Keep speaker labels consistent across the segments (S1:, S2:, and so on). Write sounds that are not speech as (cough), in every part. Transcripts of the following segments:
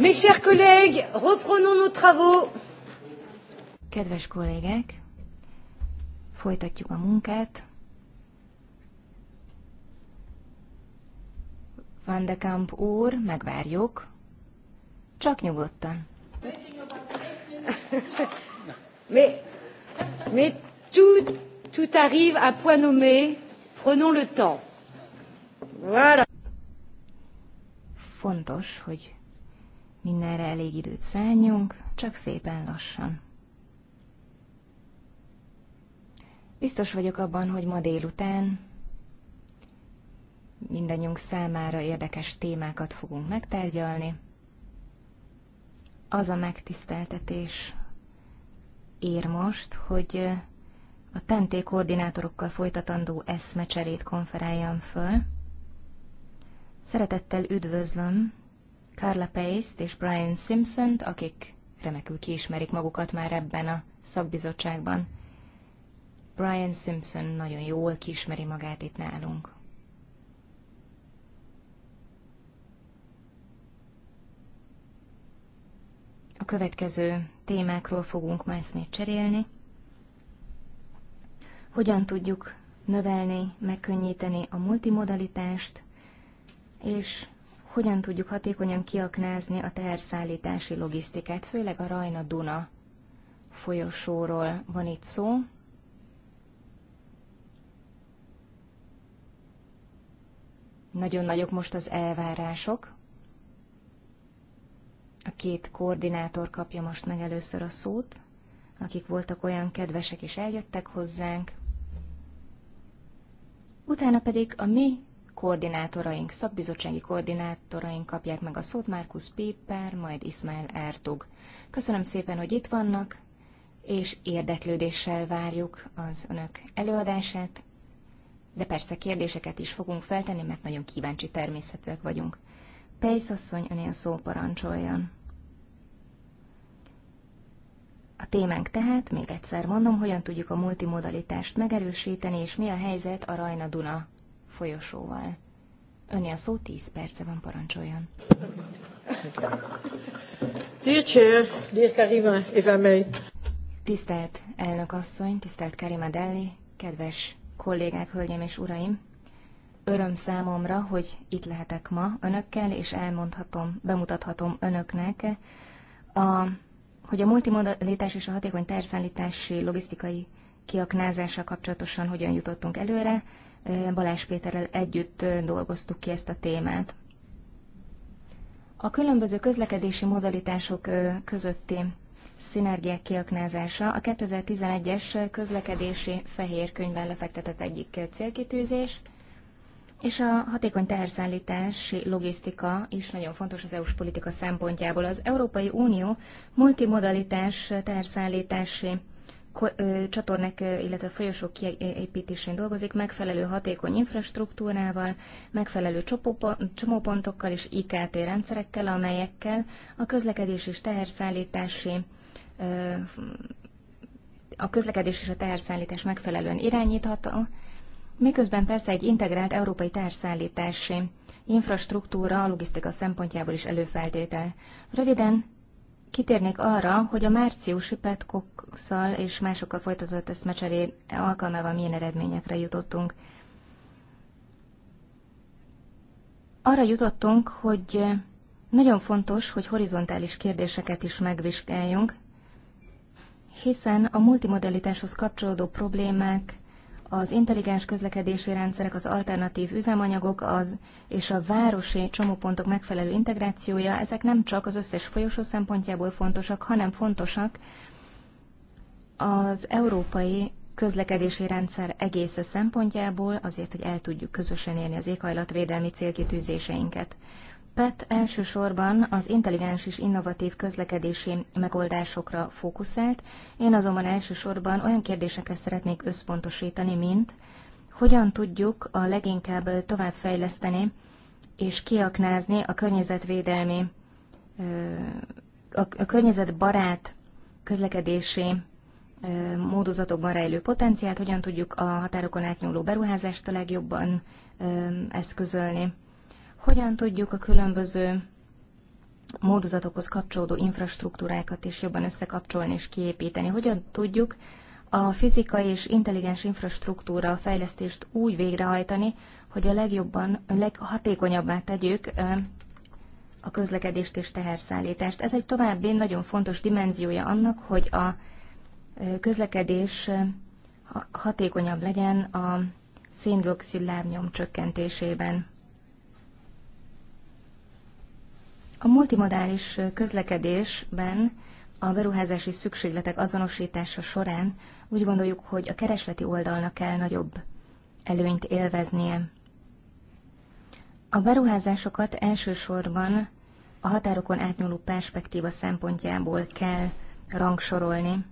S1: Mes chers collègues, reprenons nos travaux.
S2: Kedves kollégek, folytatjuk a munkát. Van de Kamp úr, megvárjuk. Csak nyugodtan. Mais, mais tout, tout arrive à point nommé. Prenons le temps. Voilà. Fontos, hogy mindenre elég időt szálljunk, csak szépen lassan. Biztos vagyok abban, hogy ma délután mindannyiunk számára érdekes témákat fogunk megtárgyalni. Az a megtiszteltetés ér most, hogy a TENTÉ koordinátorokkal folytatandó eszmecserét konferáljam föl. Szeretettel üdvözlöm Carla Pace-t és Brian Simpson-t, akik remekül kiismerik magukat már ebben a szakbizottságban. Brian Simpson nagyon jól kiismeri magát itt nálunk. A következő témákról fogunk már eszmét cserélni. Hogyan tudjuk növelni, megkönnyíteni a multimodalitást, és hogyan tudjuk hatékonyan kiaknázni a teherszállítási logisztikát, főleg a Rajna-Duna folyosóról van itt szó. Nagyon nagyok most az elvárások. A két koordinátor kapja most meg először a szót, akik voltak olyan kedvesek és eljöttek hozzánk. Utána pedig a mi koordinátoraink, szakbizottsági koordinátoraink kapják meg a szót, Márkusz Péper, majd Ismail Ertug. Köszönöm szépen, hogy itt vannak, és érdeklődéssel várjuk az önök előadását, de persze kérdéseket is fogunk feltenni, mert nagyon kíváncsi természetűek vagyunk. Pejsz asszony, önél szó parancsoljon. A témánk tehát, még egyszer mondom, hogyan tudjuk a multimodalitást megerősíteni, és mi a helyzet a Rajna-Duna folyosóval. Önni a szó, tíz perce van, parancsoljon. Tisztelt elnök asszony, tisztelt Karima Delli, kedves kollégák, hölgyeim és uraim! Öröm számomra, hogy itt lehetek ma önökkel, és elmondhatom, bemutathatom önöknek, a, hogy a multimodalitás és a hatékony terszállítási logisztikai kiaknázással kapcsolatosan hogyan jutottunk előre, Balázs Péterrel együtt dolgoztuk ki ezt a témát. A különböző közlekedési modalitások közötti szinergiák kiaknázása a 2011-es közlekedési fehér könyvben lefektetett egyik célkitűzés, és a hatékony teherszállítási logisztika is nagyon fontos az EU-s politika szempontjából. Az Európai Unió multimodalitás teherszállítási csatornák, illetve folyosók kiépítésén dolgozik, megfelelő hatékony infrastruktúrával, megfelelő csomópontokkal és IKT rendszerekkel, amelyekkel a közlekedés és teherszállítási a közlekedés és a teherszállítás megfelelően irányítható, miközben persze egy integrált európai teherszállítási infrastruktúra a logisztika szempontjából is előfeltétel. Röviden, kitérnék arra, hogy a márciusi petkokszal és másokkal folytatott eszmecseré alkalmával milyen eredményekre jutottunk. Arra jutottunk, hogy nagyon fontos, hogy horizontális kérdéseket is megvizsgáljunk, hiszen a multimodalitáshoz kapcsolódó problémák az intelligens közlekedési rendszerek, az alternatív üzemanyagok az, és a városi csomópontok megfelelő integrációja, ezek nem csak az összes folyosó szempontjából fontosak, hanem fontosak az európai közlekedési rendszer egésze szempontjából, azért, hogy el tudjuk közösen élni az éghajlatvédelmi célkitűzéseinket. PET elsősorban az intelligens és innovatív közlekedési megoldásokra fókuszált, én azonban elsősorban olyan kérdésekre szeretnék összpontosítani, mint hogyan tudjuk a leginkább továbbfejleszteni és kiaknázni a környezetvédelmi, a környezetbarát közlekedési módozatokban rejlő potenciált, hogyan tudjuk a határokon átnyúló beruházást a legjobban eszközölni, hogyan tudjuk a különböző módozatokhoz kapcsolódó infrastruktúrákat is jobban összekapcsolni és kiépíteni? Hogyan tudjuk a fizikai és intelligens infrastruktúra fejlesztést úgy végrehajtani, hogy a legjobban, a leghatékonyabbá tegyük a közlekedést és teherszállítást. Ez egy további nagyon fontos dimenziója annak, hogy a közlekedés hatékonyabb legyen a széndiokszid lábnyom csökkentésében. A multimodális közlekedésben a beruházási szükségletek azonosítása során úgy gondoljuk, hogy a keresleti oldalnak kell nagyobb előnyt élveznie. A beruházásokat elsősorban a határokon átnyúló perspektíva szempontjából kell rangsorolni.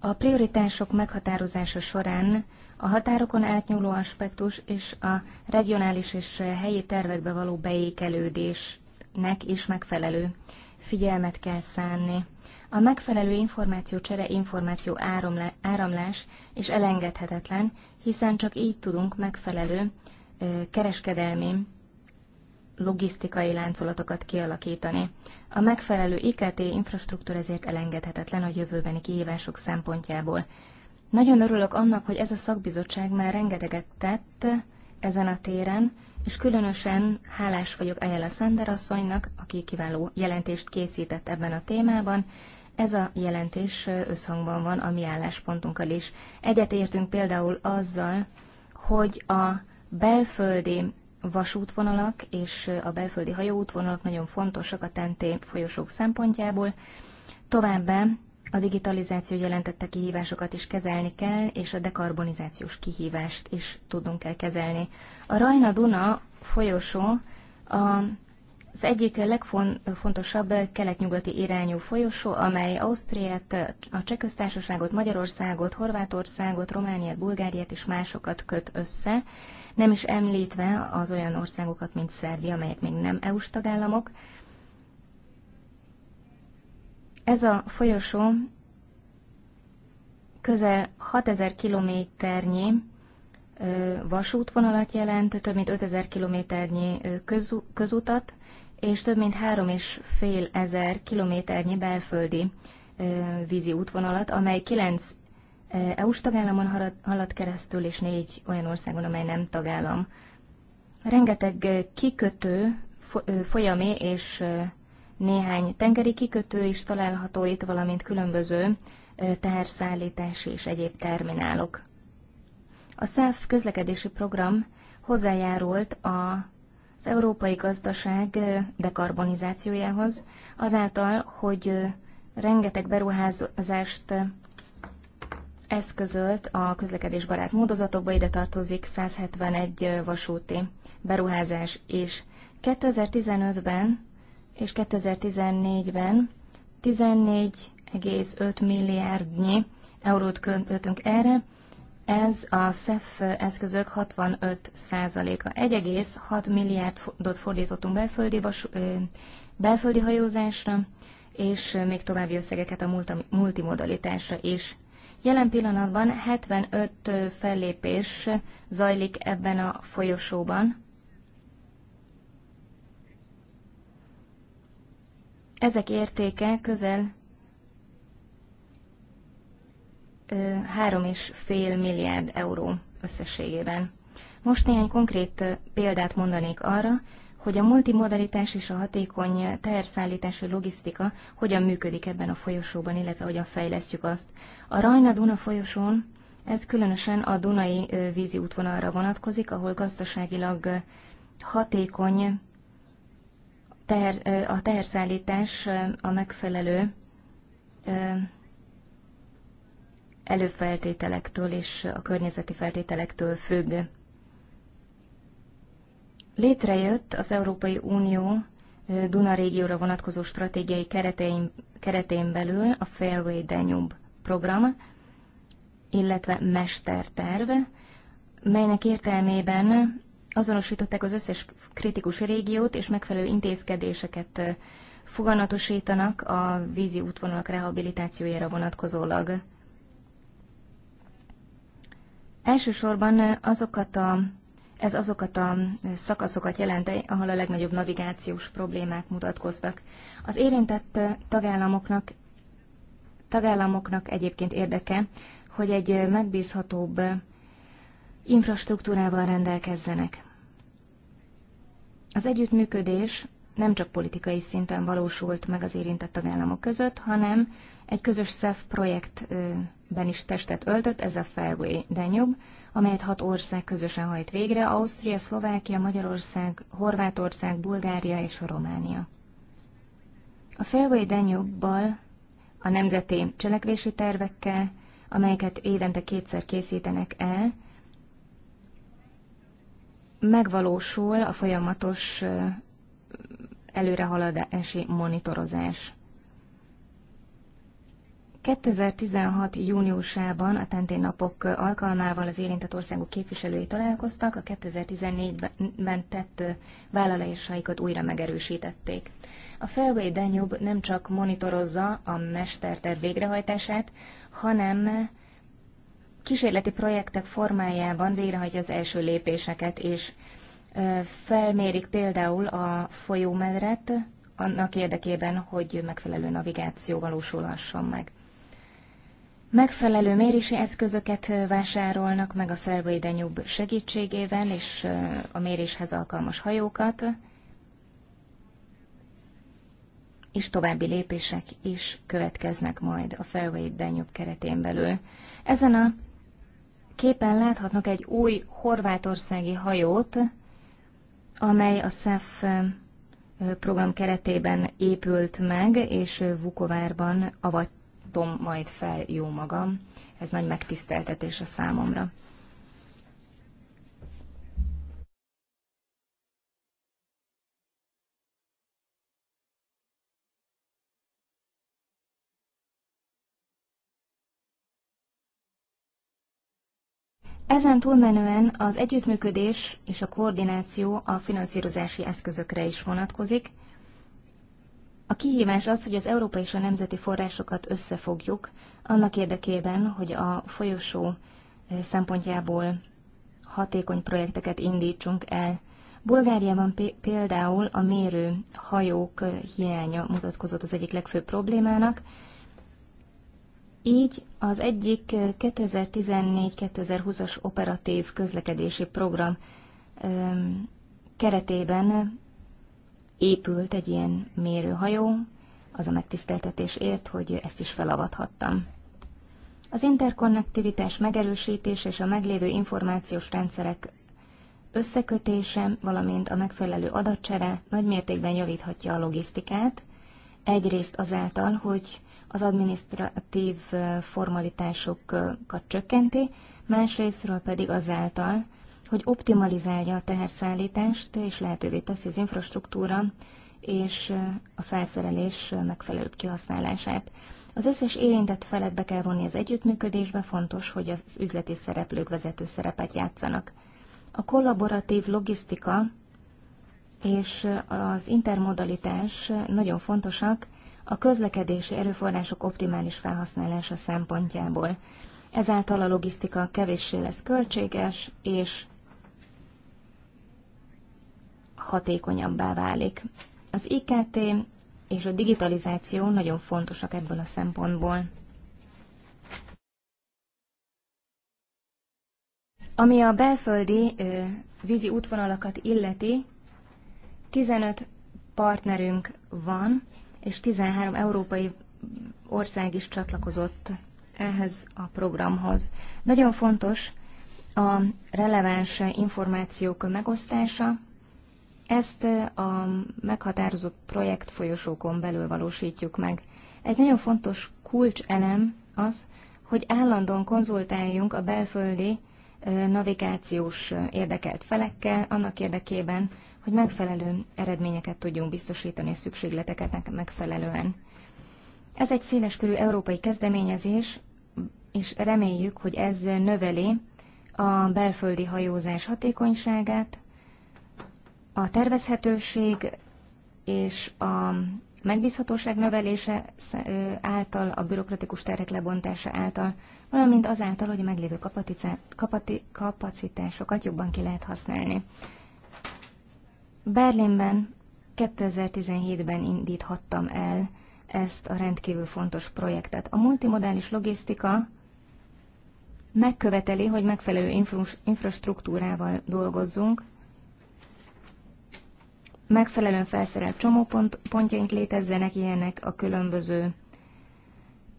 S2: A prioritások meghatározása során a határokon átnyúló aspektus és a regionális és helyi tervekbe való beékelődésnek is megfelelő figyelmet kell szánni. A megfelelő információ csere, információ áramlás és elengedhetetlen, hiszen csak így tudunk megfelelő kereskedelmi logisztikai láncolatokat kialakítani. A megfelelő IKT infrastruktúra ezért elengedhetetlen a jövőbeni kihívások szempontjából. Nagyon örülök annak, hogy ez a szakbizottság már rengeteget tett ezen a téren, és különösen hálás vagyok Ayala Sander asszonynak, aki kiváló jelentést készített ebben a témában. Ez a jelentés összhangban van a mi álláspontunkkal is. Egyetértünk például azzal, hogy a belföldi vasútvonalak és a belföldi hajóútvonalak nagyon fontosak a tenté folyosók szempontjából. Továbbá a digitalizáció jelentette kihívásokat is kezelni kell, és a dekarbonizációs kihívást is tudunk kell kezelni. A Rajna-Duna folyosó a az egyik legfontosabb kelet-nyugati irányú folyosó, amely Ausztriát, a Csehköztársaságot, Magyarországot, Horvátországot, Romániát, Bulgáriát és másokat köt össze, nem is említve az olyan országokat, mint Szerbia, amelyek még nem EU-s tagállamok, ez a folyosó közel 6000 kilométernyi vasútvonalat jelent, több mint 5000 kilométernyi közutat, és több mint 3500 kilométernyi belföldi vízi útvonalat, amely 9 EU-s tagállamon haladt keresztül, és négy olyan országon, amely nem tagállam. Rengeteg kikötő, folyamé és néhány tengeri kikötő is található itt, valamint különböző teherszállítási és egyéb terminálok. A SZEF közlekedési program hozzájárult a az európai gazdaság dekarbonizációjához, azáltal, hogy rengeteg beruházást eszközölt a közlekedésbarát módozatokba, ide tartozik 171 vasúti beruházás is. 2015-ben és 2014-ben 14,5 milliárdnyi eurót költöttünk erre, ez a SEF eszközök 65%-a. 1,6 milliárdot fordítottunk belföldi, vas, belföldi hajózásra, és még további összegeket a multimodalitásra is. Jelen pillanatban 75 fellépés zajlik ebben a folyosóban, Ezek értéke közel 3,5 milliárd euró összességében. Most néhány konkrét példát mondanék arra, hogy a multimodalitás és a hatékony teherszállítási logisztika hogyan működik ebben a folyosóban, illetve hogyan fejlesztjük azt. A Rajna-Duna folyosón ez különösen a Dunai vízi útvonalra vonatkozik, ahol gazdaságilag hatékony teher, a teherszállítás a megfelelő előfeltételektől és a környezeti feltételektől függ. Létrejött az Európai Unió Duna régióra vonatkozó stratégiai keretein, keretén belül a Fairway Danube program, illetve mesterterv, melynek értelmében azonosították az összes kritikus régiót, és megfelelő intézkedéseket foganatosítanak a vízi útvonalak rehabilitációjára vonatkozólag. Elsősorban azokat a, ez azokat a szakaszokat jelenti, ahol a legnagyobb navigációs problémák mutatkoztak. Az érintett tagállamoknak, tagállamoknak egyébként érdeke, hogy egy megbízhatóbb infrastruktúrával rendelkezzenek. Az együttműködés nem csak politikai szinten valósult meg az érintett tagállamok között, hanem egy közös SZEF projektben is testet öltött, ez a Fairway Danube, amelyet hat ország közösen hajt végre, Ausztria, Szlovákia, Magyarország, Horvátország, Bulgária és Románia. A Fairway Danube-bal a nemzeti cselekvési tervekkel, amelyeket évente kétszer készítenek el, megvalósul a folyamatos előrehaladási monitorozás. 2016. júniusában a Tentén napok alkalmával az érintett országok képviselői találkoztak, a 2014-ben tett vállalásaikat újra megerősítették. A Fairway Danube nem csak monitorozza a mesterterv végrehajtását, hanem kísérleti projektek formájában végrehajtja az első lépéseket, és felmérik például a folyómedret annak érdekében, hogy megfelelő navigáció valósulhasson meg. Megfelelő mérési eszközöket vásárolnak meg a felvédenyúbb segítségével, és a méréshez alkalmas hajókat, és további lépések is következnek majd a felvédenyúbb keretén belül. Ezen a Képen láthatnak egy új horvátországi hajót, amely a SZEF program keretében épült meg, és Vukovárban avatom majd fel jó magam. Ez nagy megtiszteltetés a számomra. Ezen túlmenően az együttműködés és a koordináció a finanszírozási eszközökre is vonatkozik. A kihívás az, hogy az európai és a nemzeti forrásokat összefogjuk, annak érdekében, hogy a folyosó eh, szempontjából hatékony projekteket indítsunk el. Bulgáriában például a mérő hajók eh, hiánya mutatkozott az egyik legfőbb problémának, így az egyik 2014-2020-as operatív közlekedési program keretében épült egy ilyen mérőhajó, az a megtiszteltetés ért, hogy ezt is felavathattam. Az interkonnektivitás megerősítése és a meglévő információs rendszerek összekötése, valamint a megfelelő adatcsere nagymértékben javíthatja a logisztikát, egyrészt azáltal, hogy az adminisztratív formalitásokat csökkenti, másrésztről pedig azáltal, hogy optimalizálja a teherszállítást, és lehetővé teszi az infrastruktúra és a felszerelés megfelelőbb kihasználását. Az összes érintett felet be kell vonni az együttműködésbe, fontos, hogy az üzleti szereplők vezető szerepet játszanak. A kollaboratív logisztika és az intermodalitás nagyon fontosak, a közlekedési erőforrások optimális felhasználása szempontjából. Ezáltal a logisztika kevéssé lesz költséges, és hatékonyabbá válik. Az IKT és a digitalizáció nagyon fontosak ebből a szempontból. Ami a belföldi ö, vízi útvonalakat illeti, 15 partnerünk van, és 13 európai ország is csatlakozott ehhez a programhoz. Nagyon fontos a releváns információk megosztása, ezt a meghatározott projekt folyosókon belül valósítjuk meg. Egy nagyon fontos kulcselem az, hogy állandóan konzultáljunk a belföldi navigációs érdekelt felekkel annak érdekében, hogy megfelelő eredményeket tudjunk biztosítani a szükségleteknek megfelelően. Ez egy széleskörű európai kezdeményezés, és reméljük, hogy ez növeli a belföldi hajózás hatékonyságát, a tervezhetőség és a megbízhatóság növelése által, a bürokratikus terek lebontása által, valamint azáltal, hogy a meglévő kapacitásokat jobban ki lehet használni. Berlinben 2017-ben indíthattam el ezt a rendkívül fontos projektet. A multimodális logisztika megköveteli, hogy megfelelő infrastruktúrával dolgozzunk, megfelelően felszerelt csomópontjaink létezzenek, ilyenek a különböző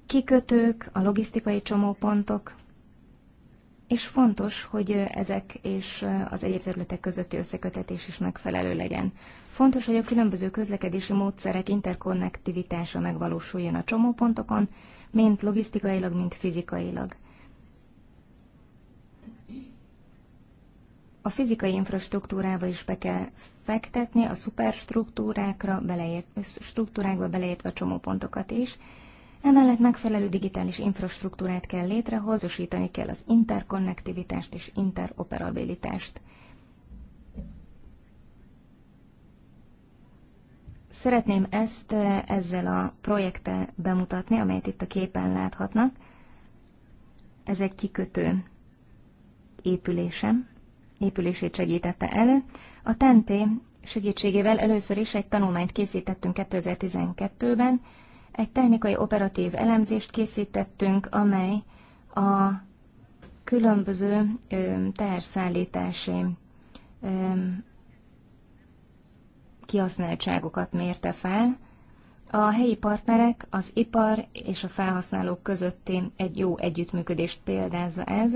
S2: kikötők, a logisztikai csomópontok, és fontos, hogy ezek és az egyéb területek közötti összekötetés is megfelelő legyen. Fontos, hogy a különböző közlekedési módszerek interkonnektivitása megvalósuljon a csomópontokon, mint logisztikailag, mint fizikailag. A fizikai infrastruktúrába is be kell fektetni, a szuperstruktúrákra, beleért, struktúrákba beleértve a csomópontokat is, Emellett megfelelő digitális infrastruktúrát kell létrehozósítani kell az interkonnektivitást és interoperabilitást. Szeretném ezt eh, ezzel a projekttel bemutatni, amelyet itt a képen láthatnak. Ez egy kikötő épülésem, épülését segítette elő. A TENTÉ segítségével először is egy tanulmányt készítettünk 2012-ben, egy technikai operatív elemzést készítettünk, amely a különböző teherszállítási kihasználtságokat mérte fel. A helyi partnerek, az ipar és a felhasználók közötti egy jó együttműködést példázza ez,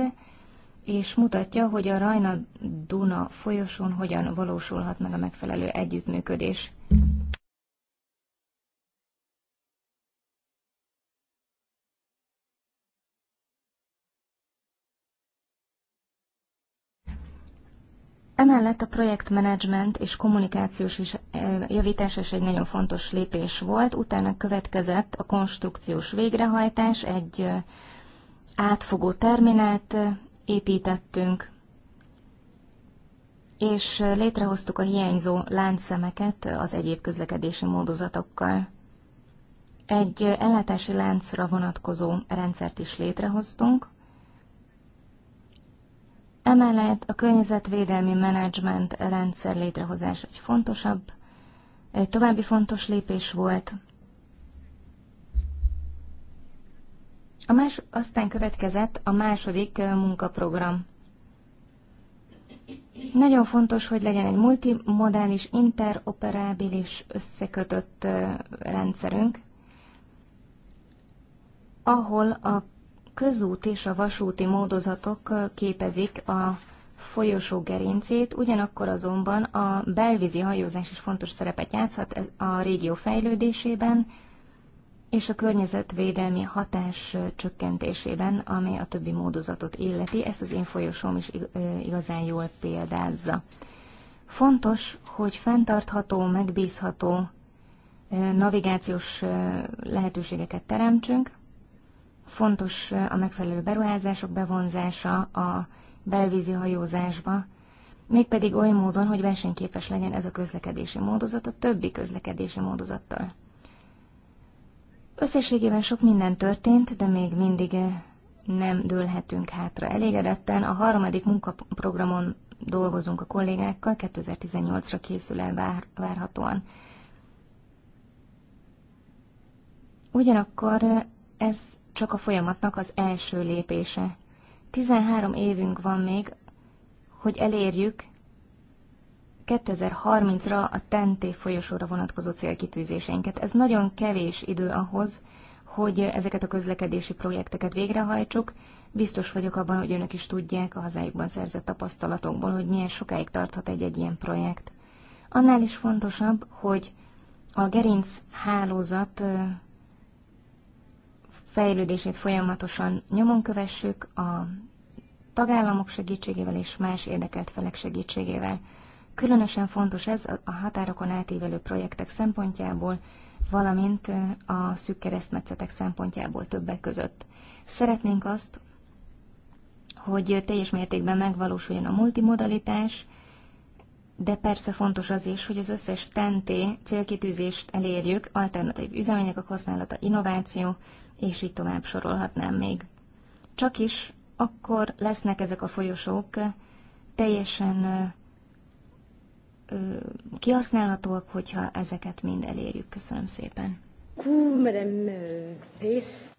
S2: és mutatja, hogy a Rajna-Duna folyosón hogyan valósulhat meg a megfelelő együttműködés. Emellett a projektmenedzsment és kommunikációs is javítás is egy nagyon fontos lépés volt, utána következett a konstrukciós végrehajtás, egy átfogó terminált építettünk, és létrehoztuk a hiányzó láncszemeket az egyéb közlekedési módozatokkal. Egy ellátási láncra vonatkozó rendszert is létrehoztunk, Emellett a környezetvédelmi menedzsment rendszer létrehozás egy fontosabb, egy további fontos lépés volt. A más, aztán következett a második munkaprogram. Nagyon fontos, hogy legyen egy multimodális, interoperábilis, összekötött rendszerünk, ahol a közút és a vasúti módozatok képezik a folyosó gerincét, ugyanakkor azonban a belvízi hajózás is fontos szerepet játszhat e- a régió fejlődésében és a környezetvédelmi hatás csökkentésében, ami a többi módozatot illeti. Ezt az én folyosóm is igazán jól példázza. Fontos, hogy fenntartható, megbízható navigációs lehetőségeket teremtsünk, Fontos eh, a megfelelő beruházások bevonzása a belvízi hajózásba, mégpedig oly módon, hogy versenyképes legyen ez a közlekedési módozat a többi közlekedési módozattal. Összességében sok minden történt, de még mindig eh, nem dőlhetünk hátra elégedetten. A harmadik munkaprogramon dolgozunk a kollégákkal, 2018-ra készül el vár, várhatóan. Ugyanakkor eh, ez csak a folyamatnak az első lépése. 13 évünk van még, hogy elérjük 2030-ra a TENTÉ folyosóra vonatkozó célkitűzéseinket. Ez nagyon kevés idő ahhoz, hogy ezeket a közlekedési projekteket végrehajtsuk. Biztos vagyok abban, hogy önök is tudják a hazájukban szerzett tapasztalatokból, hogy milyen sokáig tarthat egy-egy ilyen projekt. Annál is fontosabb, hogy a gerinc hálózat fejlődését folyamatosan nyomon kövessük a tagállamok segítségével és más érdekelt felek segítségével. Különösen fontos ez a határokon átívelő projektek szempontjából, valamint a szűk keresztmetszetek szempontjából többek között. Szeretnénk azt, hogy teljes mértékben megvalósuljon a multimodalitás, de persze fontos az is, hogy az összes TNT célkitűzést elérjük, alternatív üzemanyagok használata, innováció, és így tovább sorolhatnám még. Csak is akkor lesznek ezek a folyosók teljesen kihasználhatóak, hogyha ezeket mind elérjük. Köszönöm szépen.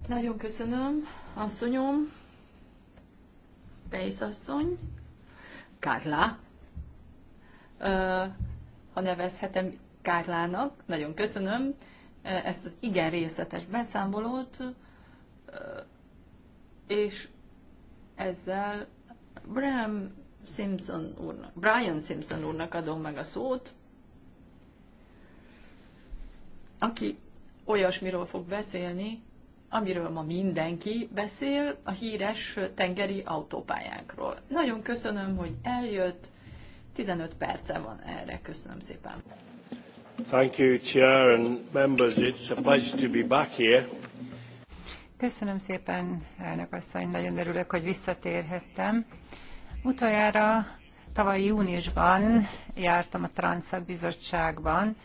S3: Nagyon köszönöm, asszonyom. Pész asszony. Kárla. Ö, ha nevezhetem Kárlának, nagyon köszönöm. E, ezt az igen részletes beszámolót, e, és ezzel Bram Simpson úrnak, Brian Simpson úrnak adom meg a szót, aki olyasmiről fog beszélni, amiről ma mindenki beszél, a híres tengeri autópályákról. Nagyon köszönöm, hogy eljött,
S1: 15 perce van erre, köszönöm szépen. Köszönöm szépen, elnök asszony, nagyon örülök, hogy visszatérhettem. Utoljára tavaly júniusban jártam a Transzak bizottságban,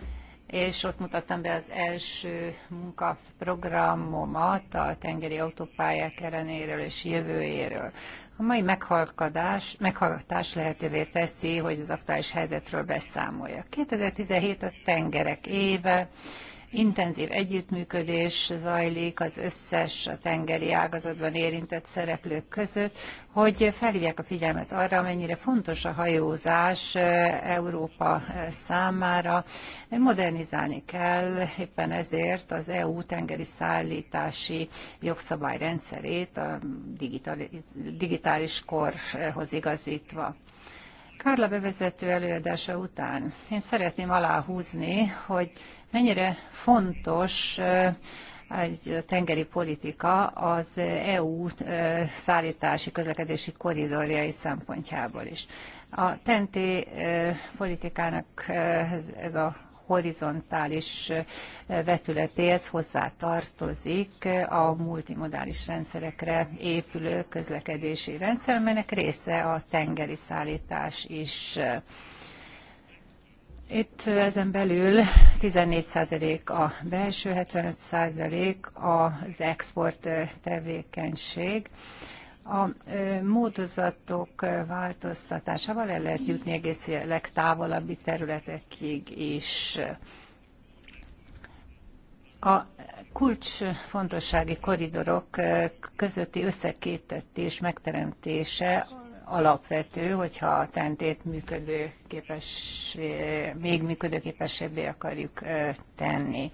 S1: és ott mutattam be az első munkaprogramomat a tengeri autópályák ellenéről és jövőjéről. A mai meghallgatás, meghallgatás lehetővé teszi, hogy az aktuális helyzetről beszámoljak. 2017 a tengerek éve, Intenzív együttműködés zajlik az összes a tengeri ágazatban érintett szereplők között, hogy felhívják a figyelmet arra, mennyire fontos a hajózás eh, Európa eh, számára. Modernizálni kell éppen ezért az EU tengeri szállítási jogszabályrendszerét a digitális korhoz igazítva. Kárla bevezető előadása után én szeretném aláhúzni, hogy mennyire fontos egy tengeri politika az EU szállítási közlekedési koridorjai szempontjából is. A TNT politikának ez a horizontális vetületéhez tartozik a multimodális rendszerekre épülő közlekedési rendszer, melynek része a tengeri szállítás is. Itt ezen belül 14% a belső, 75% az export tevékenység. A módozatok változtatásával el lehet jutni egész legtávolabbi területekig is. A kulcsfontossági koridorok közötti összekétetés megteremtése alapvető, hogyha a tentét működőképes, még működőképesebbé akarjuk tenni.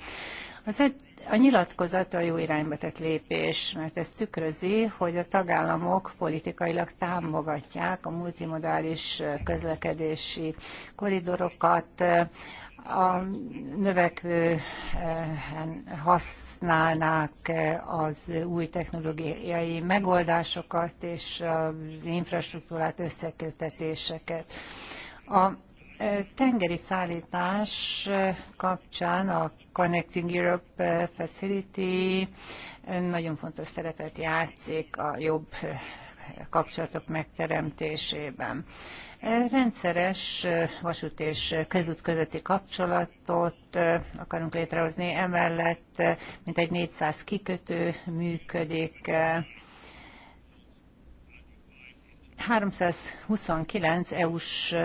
S1: Az egy a nyilatkozat a jó irányba tett lépés, mert ez tükrözi, hogy a tagállamok politikailag támogatják a multimodális közlekedési koridorokat, a növekvő használnák az új technológiai megoldásokat és az infrastruktúrát, összekötetéseket. A tengeri szállítás kapcsán a Connecting Europe Facility nagyon fontos szerepet játszik a jobb kapcsolatok megteremtésében. Rendszeres vasút és közút közötti kapcsolatot akarunk létrehozni, emellett mintegy 400 kikötő működik, 329 EU-s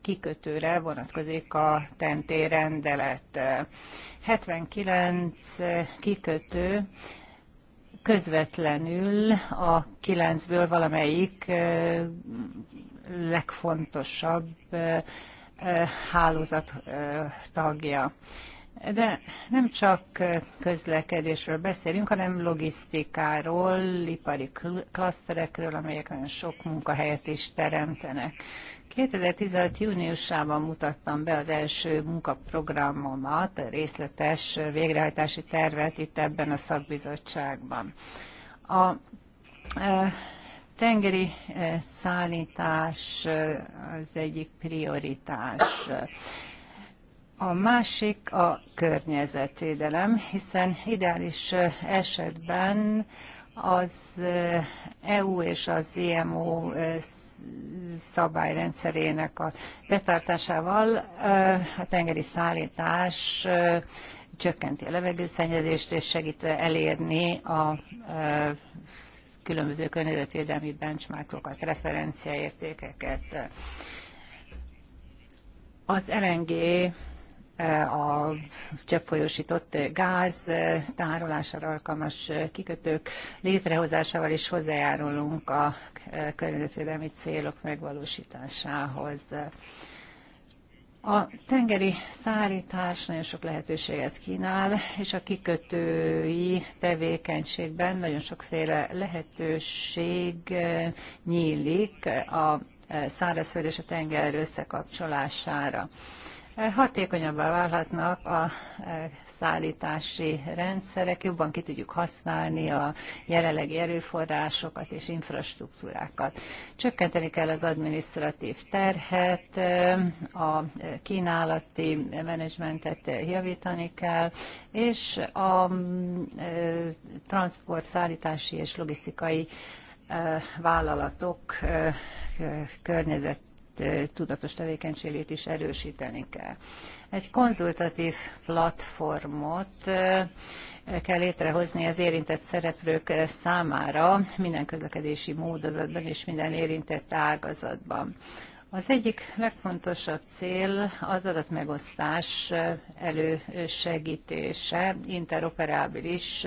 S1: kikötőre vonatkozik a TNT rendelet. 79 kikötő közvetlenül a kilencből valamelyik legfontosabb hálózat tagja. De nem csak közlekedésről beszélünk, hanem logisztikáról, ipari klaszterekről, amelyek nagyon sok munkahelyet is teremtenek. 2016. júniusában mutattam be az első munkaprogramomat, részletes végrehajtási tervet itt ebben a szakbizottságban. A tengeri eh, szállítás eh, az egyik prioritás. A másik a környezetvédelem, hiszen ideális eh, esetben az EU e és az IMO szabályrendszerének a betartásával a tengeri szállítás csökkenti a levegőszennyezést és segít elérni a különböző környezetvédelmi benchmarkokat, referenciaértékeket. Az LNG eh, a cseppfolyósított gáz eh, tárolására alkalmas eh, kikötők létrehozásával is hozzájárulunk a környezetvédelmi célok megvalósításához. A tengeri szállítás nagyon sok lehetőséget kínál, és a kikötői tevékenységben nagyon sokféle lehetőség eh, nyílik a eh, szárazföld és a tenger összekapcsolására hatékonyabbá válhatnak a e, szállítási rendszerek, jobban ki tudjuk használni a jelenlegi erőforrásokat és infrastruktúrákat. Csökkenteni kell az adminisztratív terhet, e, a kínálati menedzsmentet javítani kell, és a e, transport, szállítási és logisztikai vállalatok környezet tudatos tevékenységét is erősíteni kell. Egy konzultatív platformot kell létrehozni az érintett szereplők számára minden közlekedési módozatban és minden érintett ágazatban. Az egyik legfontosabb cél az adatmegosztás elősegítése, interoperábilis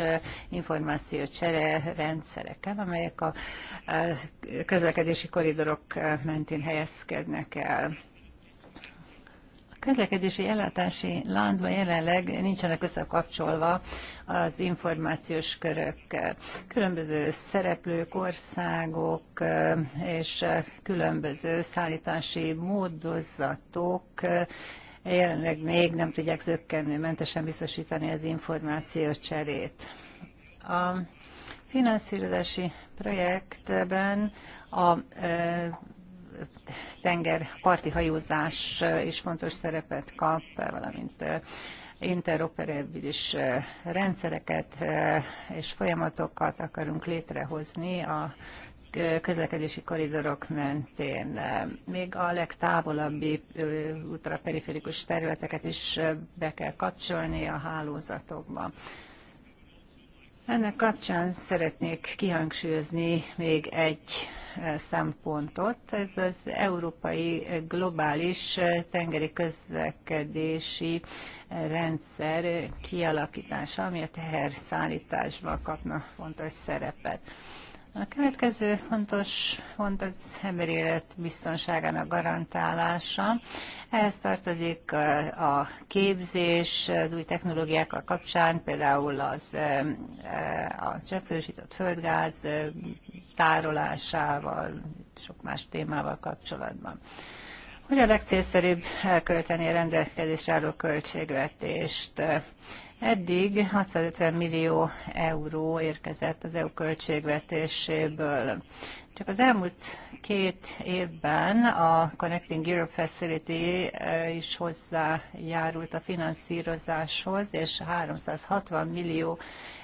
S1: információcsere rendszerekkel, amelyek a közlekedési koridorok mentén helyezkednek el közlekedési ellátási láncban jelenleg nincsenek összekapcsolva az információs körök. Különböző szereplők, országok és különböző szállítási módozatok jelenleg még nem tudják zöggenőmentesen biztosítani az információ cserét. A finanszírozási projektben a tengerparti hajózás is fontos szerepet kap, valamint interoperabilis rendszereket és folyamatokat akarunk létrehozni a közlekedési koridorok mentén. Még a legtávolabbi ultraperiférikus területeket is be kell kapcsolni a hálózatokba. Ennek kapcsán szeretnék kihangsúlyozni még egy e, szempontot. Ez az európai globális e, tengeri közlekedési e, rendszer kialakítása, ami a teherszállításban kapna fontos szerepet. A következő fontos pont az emberi élet biztonságának garantálása. Ehhez tartozik a képzés az új technológiákkal kapcsán, például az, a cseppfolyósított földgáz tárolásával, sok más témával kapcsolatban. Hogy a legszélszerűbb elkölteni a rendelkezésre álló költségvetést? Eddig 650 millió euró érkezett az EU költségvetéséből. Csak az elmúlt két évben a Connecting Europe Facility eh, is hozzájárult a finanszírozáshoz, és 360 millió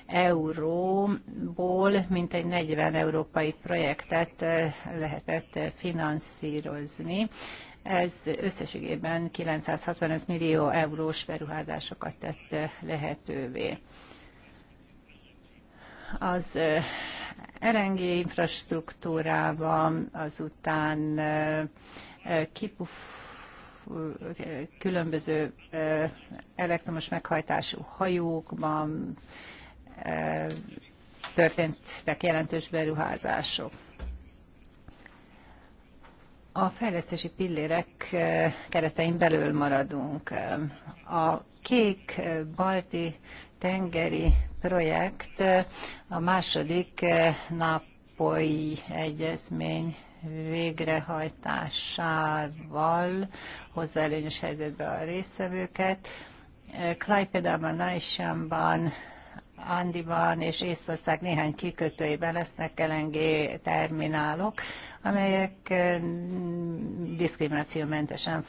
S1: euróból mintegy 40 európai projektet eh, lehetett eh, finanszírozni. Ez összességében 965 millió eurós beruházásokat tett lehetővé. Az LNG infrastruktúrában azután különböző elektromos meghajtású hajókban történtek jelentős beruházások a fejlesztési pillérek eh, keretein belül maradunk. A kék eh, balti tengeri projekt eh, a második nápolyi egyezmény végrehajtásával hozzá előnyös helyzetbe a résztvevőket. Klaipedában, Naishamban, Andiban és Észország néhány kikötőjében lesznek LNG terminálok, amelyek diszkriminációmentesen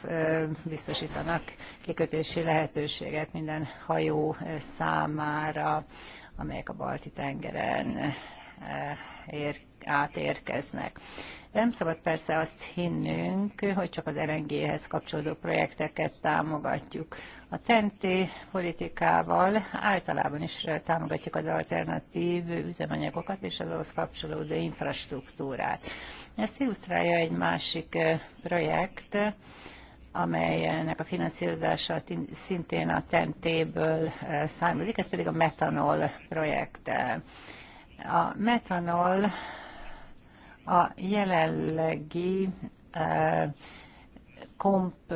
S1: biztosítanak kikötési lehetőséget minden hajó számára, amelyek a Balti tengeren ér átérkeznek. nem szabad persze azt hinnünk, hogy csak az LNG-hez kapcsolódó projekteket támogatjuk. A TNT politikával általában is támogatjuk az alternatív üzemanyagokat és az ahhoz kapcsolódó infrastruktúrát. Ezt illusztrálja egy másik projekt, amelynek a finanszírozása szintén a TNT-ből származik, ez pedig a metanol projekt. A metanol a jelenlegi komp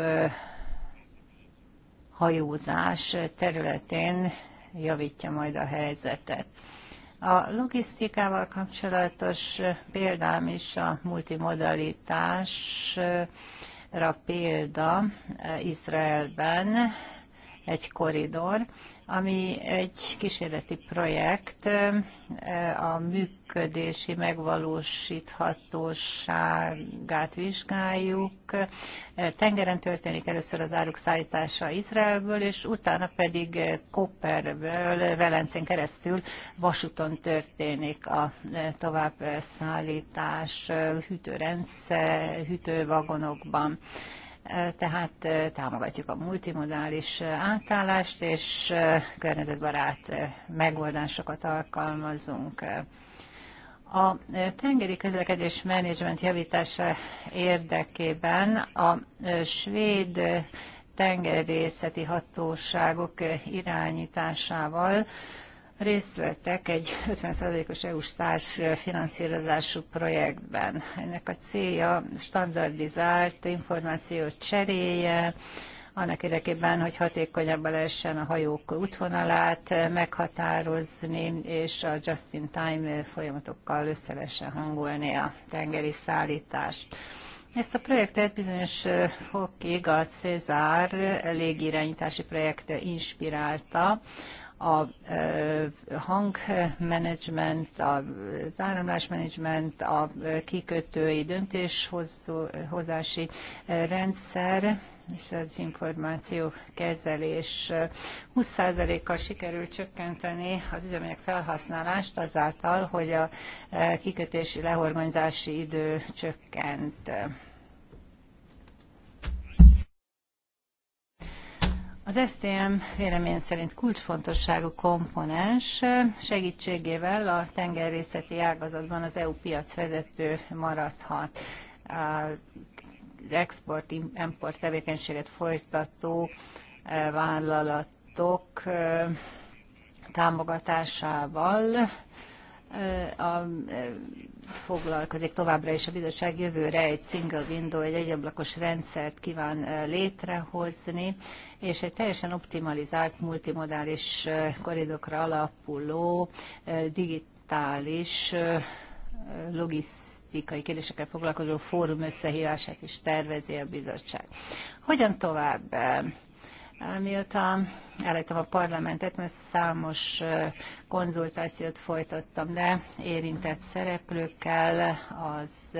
S1: hajózás területén javítja majd a helyzetet. A logisztikával kapcsolatos példám is a multimodalitásra példa Izraelben, egy koridor, ami egy kísérleti projekt a működési megvalósíthatóságát vizsgáljuk. Tengeren történik először az áruk szállítása Izraelből, és utána pedig Koperből, Velencén keresztül vasúton történik a továbbszállítás hűtőrendszer, hűtővagonokban tehát támogatjuk a multimodális átállást, és környezetbarát megoldásokat alkalmazunk. A tengeri közlekedés menedzsment javítása érdekében a svéd tengerészeti hatóságok irányításával részt vettek egy 50%-os EU-s társfinanszírozású projektben. Ennek a célja standardizált információ cseréje, annak érdekében, hogy hatékonyabban lehessen a hajók útvonalát meghatározni, és a just-in-time folyamatokkal össze lehessen hangolni a tengeri szállítást. Ezt a projektet bizonyos fokig a Cézár légirányítási projekt inspirálta, a hangmenedzsment, az áramlásmenedzsment, a kikötői döntéshozási rendszer és az információ kezelés 20%-kal sikerült csökkenteni az üzemanyag felhasználást azáltal, hogy a kikötési lehorgonyzási idő csökkent. Az STM vélemény szerint kulcsfontosságú komponens segítségével a tengerészeti ágazatban az EU piac vezető maradhat. Export-import tevékenységet folytató e, vállalatok e, támogatásával a, foglalkozik továbbra is a bizottság jövőre egy single window, egy egyablakos rendszert kíván létrehozni, és egy teljesen optimalizált multimodális koridokra alapuló digitális logisztikai kérdésekkel foglalkozó fórum összehívását is tervezi a bizottság. Hogyan tovább? Miután elhagytam a parlamentet, mert számos konzultációt folytattam le érintett szereplőkkel, az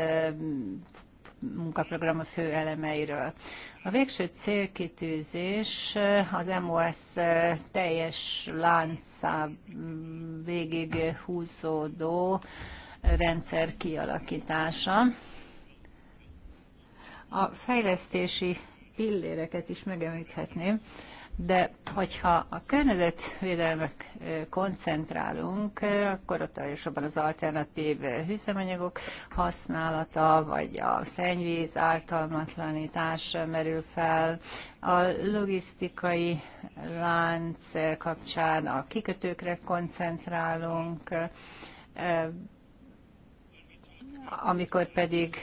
S1: munkaprogram a fő elemeiről. A végső célkitűzés az MOS teljes láncá végig húzódó rendszer kialakítása. A fejlesztési pilléreket is megemlíthetném, de hogyha a környezetvédelmek koncentrálunk, akkor ott elsősorban az alternatív hűszemanyagok használata, vagy a szennyvíz ártalmatlanítás merül fel, a logisztikai lánc kapcsán a kikötőkre koncentrálunk, amikor pedig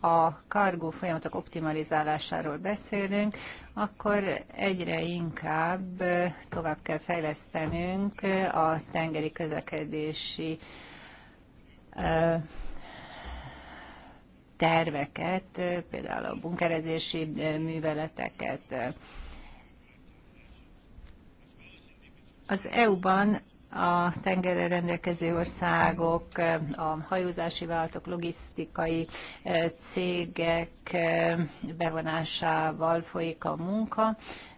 S1: a kargó folyamatok optimalizálásáról beszélünk, akkor egyre inkább tovább kell fejlesztenünk a tengeri közlekedési terveket, például a bunkerezési műveleteket. Az EU-ban a tengerre rendelkező országok, a hajózási vállalatok, logisztikai e, cégek e, bevonásával folyik a munka.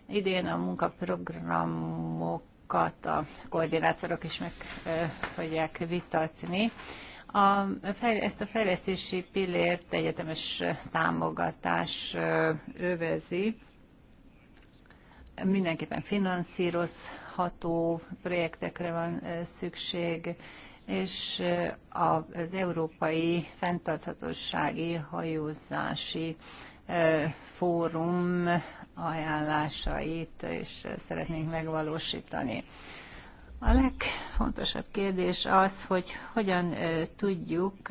S1: Idén a munkaprogramokat a koordinátorok is meg e, fogják vitatni. A, ezt a fejlesztési pillért egyetemes támogatás övezi, mindenképpen finanszírozható projektekre van eh, szükség, és eh, az európai fenntarthatósági hajózási eh, fórum ajánlásait is szeretnénk megvalósítani. A legfontosabb kérdés az, hogy hogyan tudjuk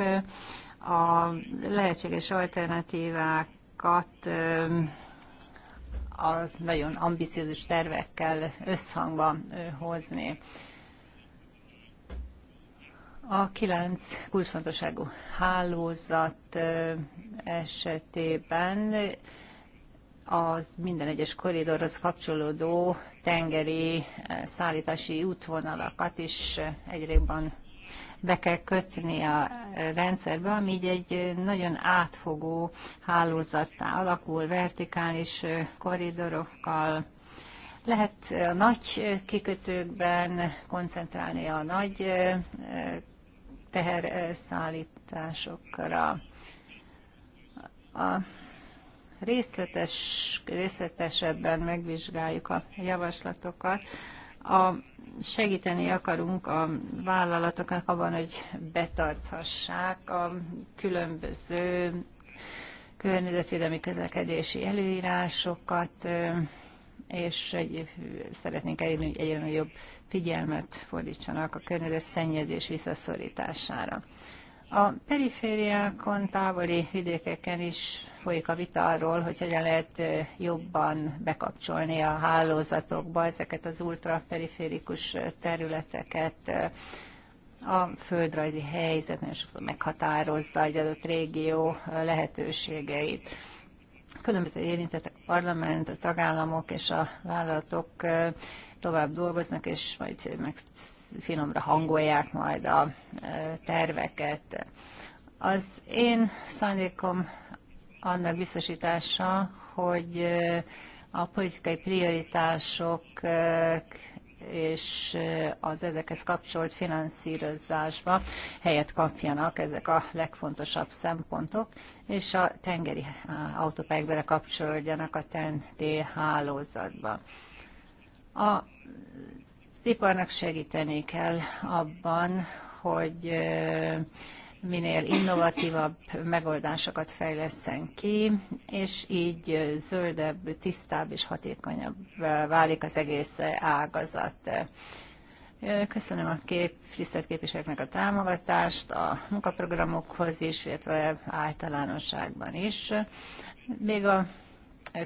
S1: a lehetséges alternatívákat a nagyon ambiciózus tervekkel összhangba hozni. A kilenc kulcsfontosságú hálózat esetében az minden egyes korridorhoz kapcsolódó tengeri szállítási útvonalakat is egyre jobban be kell kötni a rendszerbe, ami így egy nagyon átfogó hálózattá alakul, vertikális koridorokkal, lehet a nagy kikötőkben koncentrálni a nagy teherszállításokra. A részletes, részletesebben megvizsgáljuk a javaslatokat. A segíteni akarunk a vállalatoknak abban, hogy betarthassák a különböző környezetvédelmi közlekedési előírásokat, és egy, szeretnénk elérni, hogy egyre nagyobb figyelmet fordítsanak a környezet szennyezés visszaszorítására. A perifériákon, távoli vidékeken is folyik a vita arról, hogy hogyan lehet jobban bekapcsolni a hálózatokba ezeket az ultraperiférikus területeket. A földrajzi helyzet nagyon sokszor meghatározza egy adott régió lehetőségeit különböző érintettek, a parlament, a tagállamok és a vállalatok tovább dolgoznak, és majd meg finomra hangolják majd a terveket. Az én szándékom annak biztosítása, hogy a politikai prioritások és az ezekhez kapcsolt finanszírozásba helyet kapjanak ezek a legfontosabb szempontok, és a tengeri autópályák kapcsolódjanak a TEN-T hálózatba. A iparnak segíteni kell abban, hogy minél innovatívabb megoldásokat fejleszten ki, és így zöldebb, tisztább és hatékonyabb válik az egész ágazat. Köszönöm a kép, tisztelt képviselőknek a támogatást, a munkaprogramokhoz is, illetve általánosságban is. Még a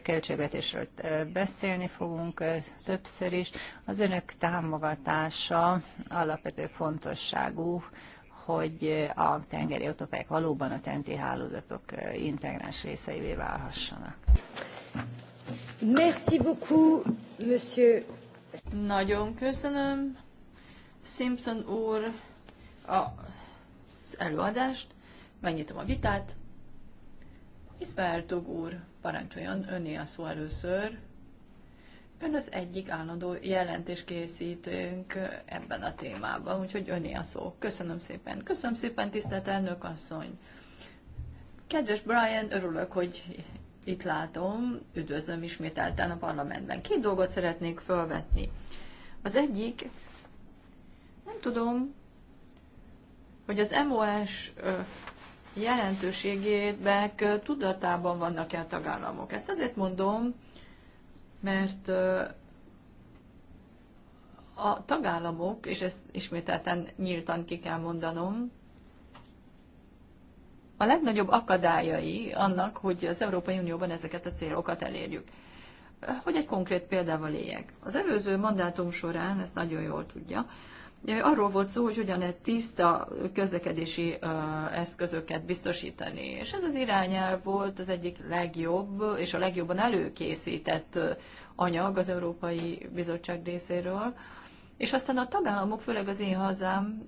S1: költségvetésről beszélni fogunk többször is. Az önök támogatása alapvető fontosságú, hogy a tengeri autópályák valóban a tenti hálózatok integráns részeivé válhassanak.
S3: Merci beaucoup, monsieur. Nagyon köszönöm, Simpson úr, a, az előadást. Megnyitom a vitát. Isbertog úr. Parancsoljon, öné a szó először. Ön az egyik állandó jelentés készítőnk ebben a témában, úgyhogy öné a szó. Köszönöm szépen. Köszönöm szépen, tisztelt elnök asszony. Kedves Brian, örülök, hogy itt látom. Üdvözlöm ismételten a parlamentben. Két dolgot szeretnék felvetni. Az egyik, nem tudom, hogy az MOS jelentőségét meg tudatában vannak-e a tagállamok. Ezt azért mondom, mert a tagállamok, és ezt ismételten nyíltan ki kell mondanom, a legnagyobb akadályai annak, hogy az Európai Unióban ezeket a célokat elérjük. Hogy egy konkrét példával éljek. Az előző mandátum során, ezt nagyon jól tudja, Arról volt szó, hogy hogyan lehet tiszta közlekedési eszközöket biztosítani. És ez az irányelv volt az egyik legjobb és a legjobban előkészített anyag az Európai Bizottság részéről. És aztán a tagállamok, főleg az én hazám,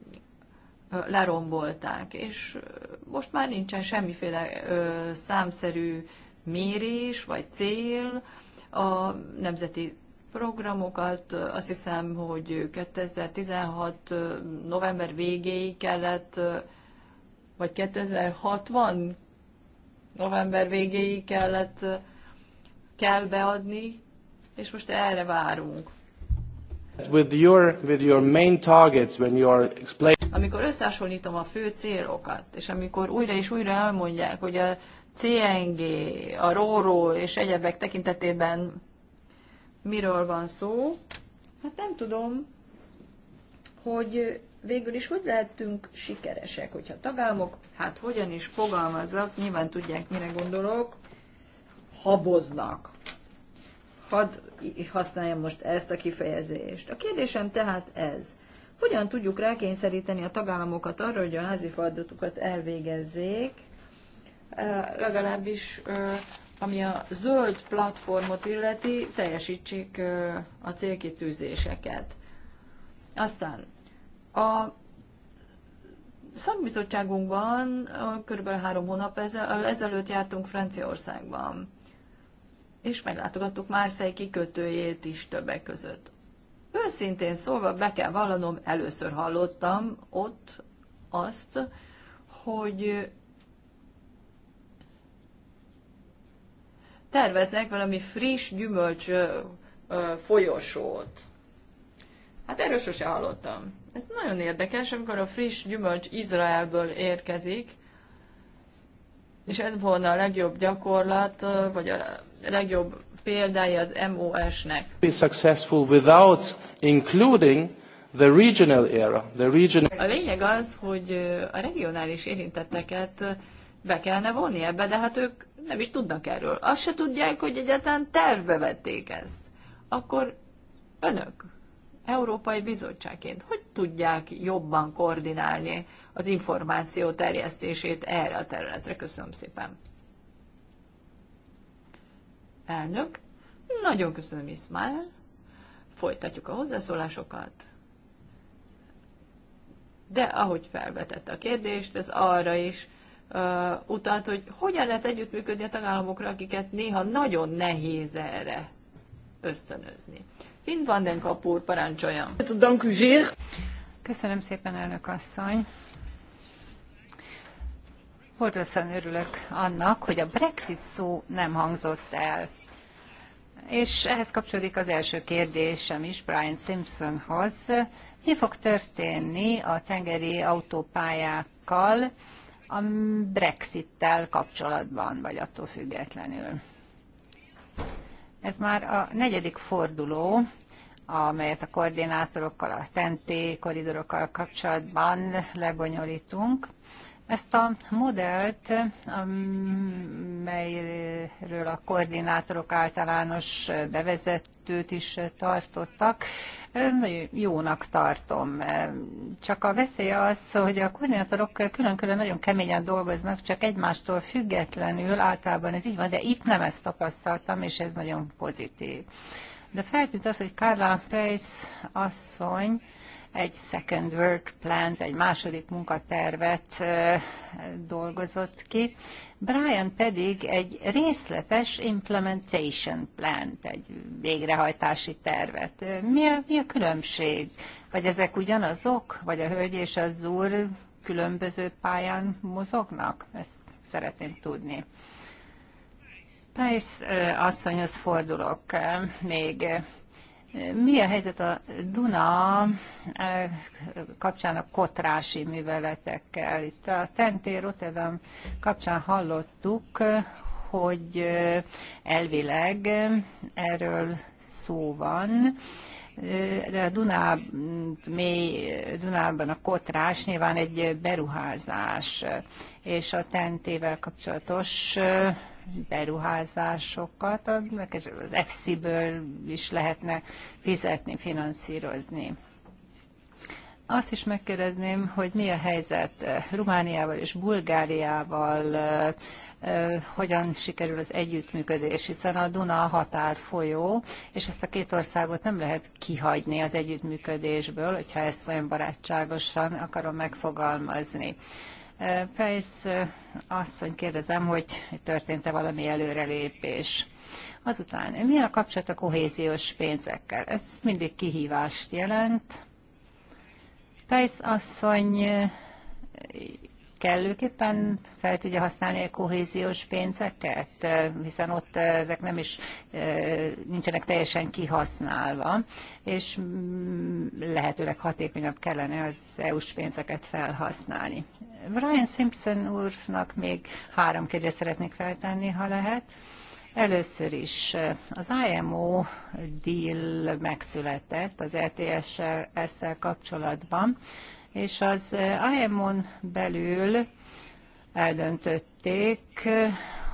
S3: lerombolták, és most már nincsen semmiféle számszerű mérés vagy cél a nemzeti programokat. Azt hiszem, hogy 2016. november végéig kellett, vagy 2060. november végéig kellett kell beadni, és most erre várunk. With your, with your main targets, when you are explaining... Amikor összehasonlítom a fő célokat, és amikor újra és újra elmondják, hogy a CNG, a RORO és egyebek tekintetében miről van szó. Hát nem tudom, hogy végül is hogy lehetünk sikeresek, hogyha a tagállamok, hát hogyan is fogalmazzak, nyilván tudják, mire gondolok, haboznak.
S1: Hadd használjam most ezt a kifejezést. A kérdésem tehát ez. Hogyan tudjuk rákényszeríteni a tagállamokat arra, hogy a házi feladatukat elvégezzék,
S3: legalábbis ami a zöld platformot illeti, teljesítsék a célkitűzéseket. Aztán a szakbizottságunkban kb. három hónap ezelőtt jártunk Franciaországban, és meglátogattuk Márszely kikötőjét is többek között. Őszintén szólva, be kell vallanom, először hallottam ott azt, hogy terveznek valami friss gyümölcs folyosót. Hát erről sose hallottam. Ez nagyon érdekes, amikor a friss gyümölcs Izraelből érkezik, és ez volna a legjobb gyakorlat, vagy a legjobb példája az MOS-nek. Be successful without including the regional era, the regional... A lényeg az, hogy a regionális érintetteket be kellene vonni ebbe, de hát ők nem is tudnak erről. Azt se tudják, hogy egyáltalán tervbe vették ezt. Akkor önök, Európai Bizottságként, hogy tudják jobban koordinálni az információ terjesztését erre a területre? Köszönöm szépen. Elnök, nagyon köszönöm, Ismail. Folytatjuk a hozzászólásokat. De ahogy felvetett a kérdést, ez arra is utalt, hogy hogyan lehet együttműködni a tagállamokra, akiket néha nagyon nehéz erre ösztönözni. Finn van den kapúr, parancsoljam.
S1: Köszönöm szépen, elnök asszony. Borzasztóan örülök annak, hogy a Brexit szó nem hangzott el. És ehhez kapcsolódik az első kérdésem is Brian Simpsonhoz. Mi fog történni a tengeri autópályákkal, a Brexittel kapcsolatban, vagy attól függetlenül. Ez már a negyedik forduló, amelyet a koordinátorokkal, a tenté koridorokkal kapcsolatban lebonyolítunk. Ezt a modellt, amelyről a koordinátorok általános bevezetőt is tartottak, nagyon jónak tartom. Csak a veszély az, hogy a koordinátorok külön-külön nagyon keményen dolgoznak, csak egymástól függetlenül általában ez így van, de itt nem ezt tapasztaltam, és ez nagyon pozitív. De feltűnt az, hogy Carla Price asszony egy second work plan, egy második munkatervet dolgozott ki. Brian pedig egy részletes implementation plan, egy végrehajtási tervet. Mi a, mi a különbség? Vagy ezek ugyanazok? Vagy a hölgy és az úr különböző pályán mozognak? Ezt szeretném tudni. Price asszonyhoz fordulok még mi a helyzet a Duna eh, kapcsán a kotrási műveletekkel? Itt a Tenté Rotterdam kapcsán hallottuk, hogy eh, elvileg erről szó van, eh, de a Duná, mély, Dunában a kotrás nyilván egy beruházás, és a tentével kapcsolatos beruházásokat, az FC-ből is lehetne fizetni, finanszírozni. Azt is megkérdezném, hogy mi a helyzet Romániával és Bulgáriával, hogyan sikerül az együttműködés, hiszen a Duna határ folyó, és ezt a két országot nem lehet kihagyni az együttműködésből, hogyha ezt olyan barátságosan akarom megfogalmazni. Price eh, asszony, kérdezem, hogy történt-e valami előrelépés. Azután, mi a kapcsolat a kohéziós pénzekkel? Ez mindig kihívást jelent. Price asszony eh, kellőképpen fel tudja használni a kohéziós pénzeket, hiszen ott eh, ezek nem is eh, nincsenek teljesen kihasználva, és mm, lehetőleg hatékonyabb kellene az EU-s pénzeket felhasználni. Brian Simpson úrnak még három kérdést szeretnék feltenni, ha lehet. Először is eh, az IMO deal megszületett az ETS-szel kapcsolatban és az eh, AEMON belül eldöntötték,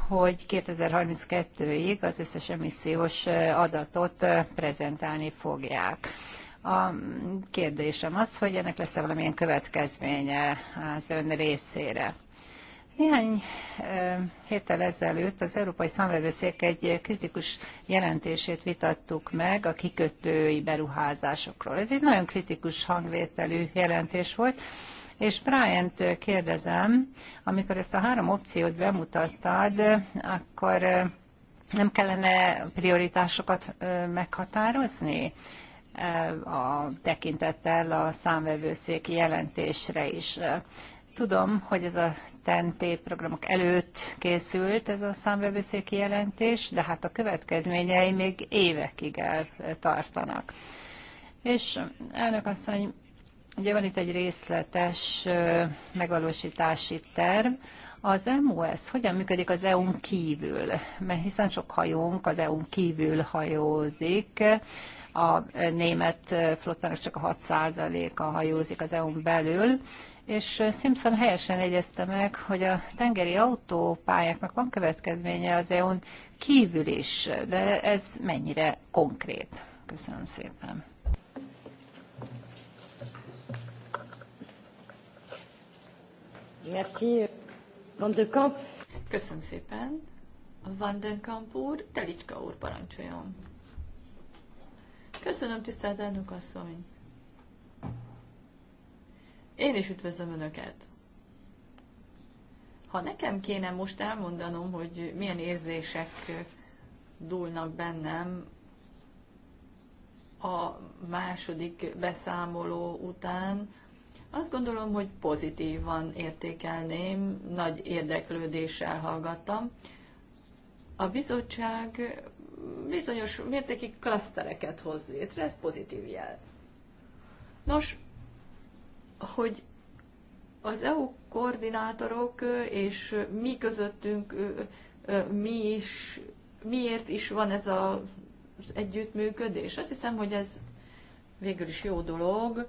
S1: hogy 2032-ig az összes emissziós eh, adatot eh, prezentálni fogják. A kérdésem az, hogy ennek lesz-e valamilyen következménye az ön részére. Néhány héttel ezelőtt az Európai Számvevőszék egy kritikus jelentését vitattuk meg a kikötői beruházásokról. Ez egy nagyon kritikus hangvételű jelentés volt, és Bryant kérdezem, amikor ezt a három opciót bemutattad, akkor nem kellene prioritásokat meghatározni? a tekintettel a számvevőszéki jelentésre is. Tudom, hogy ez a TNT programok előtt készült ez a számvevőszéki jelentés, de hát a következményei még évekig eltartanak. És elnök asszony, ugye van itt egy részletes megvalósítási terv, az MOS hogyan működik az EU-n kívül? Mert hiszen sok hajónk az EU-n kívül hajózik, a német flottának csak a 6%-a hajózik az EU-n belül, és eh, Simpson helyesen jegyezte meg, hogy a tengeri autópályáknak van következménye az EU-n kívül is, de ez mennyire konkrét. Köszönöm szépen. Merci, Van
S3: de Kamp. Köszönöm szépen. Van den Kamp úr, Telicska úr, parancsoljon. Köszönöm, tisztelt elnök asszony. Én is üdvözlöm Önöket! Ha nekem kéne most elmondanom, hogy milyen érzések dúlnak bennem a második beszámoló után, azt gondolom, hogy pozitívan értékelném, nagy érdeklődéssel hallgattam. A bizottság bizonyos mértékig klasztereket hoz létre, ez pozitív jel. Nos, hogy az EU koordinátorok és mi közöttünk, mi is, miért is van ez a, az együttműködés. Azt hiszem, hogy ez végül is jó dolog.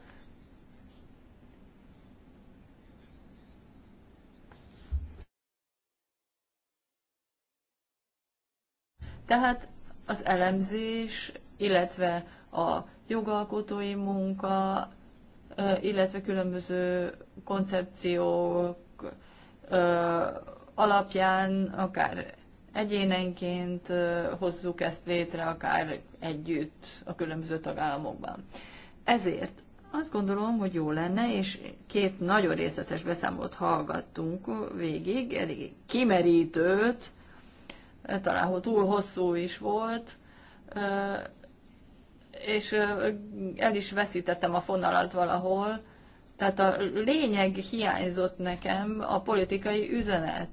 S3: Tehát az elemzés, illetve a jogalkotói munka, illetve különböző koncepciók alapján, akár egyénenként hozzuk ezt létre, akár együtt a különböző tagállamokban. Ezért azt gondolom, hogy jó lenne, és két nagyon részletes beszámolót hallgattunk végig, elég kimerítőt, talán túl hosszú is volt, és el is veszítettem a fonalat valahol. Tehát a lényeg hiányzott nekem a politikai üzenet.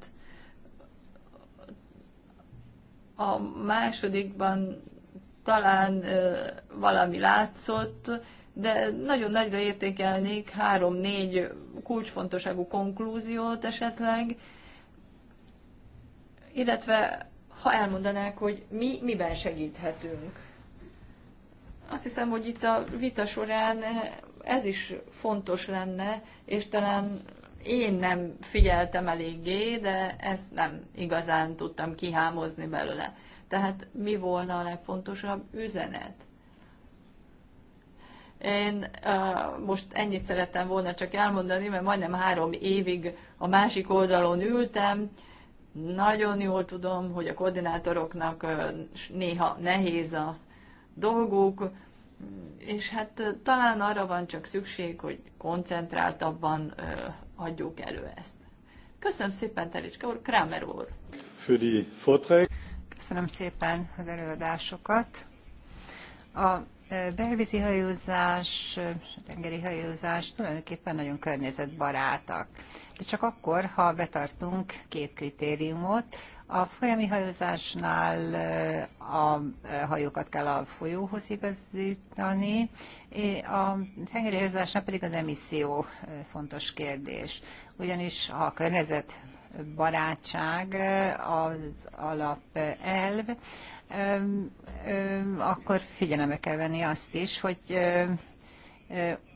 S3: A másodikban talán valami látszott, de nagyon nagyra értékelnék három-négy kulcsfontosságú konklúziót esetleg, illetve ha elmondanák, hogy mi miben segíthetünk. Azt hiszem, hogy itt a vita során ez is fontos lenne, és talán én nem figyeltem eléggé, de ezt nem igazán tudtam kihámozni belőle. Tehát mi volna a legfontosabb üzenet? Én uh, most ennyit szerettem volna csak elmondani, mert majdnem három évig a másik oldalon ültem. Nagyon jól tudom, hogy a koordinátoroknak uh, néha nehéz a dolguk, és hát talán arra van csak szükség, hogy koncentráltabban adjuk elő ezt. Köszönöm szépen, Telicska
S1: úr, Kramer úr. Köszönöm szépen az előadásokat. A belvízi hajózás, tengeri hajózás tulajdonképpen nagyon környezetbarátak. De csak akkor, ha betartunk két kritériumot, a folyami hajózásnál eh, a eh, hajókat kell a folyóhoz igazítani, a tengeri hajózásnál pedig az emisszió eh, fontos kérdés. Ugyanis a környezet barátság az alapelv, akkor figyelembe kell venni azt is, hogy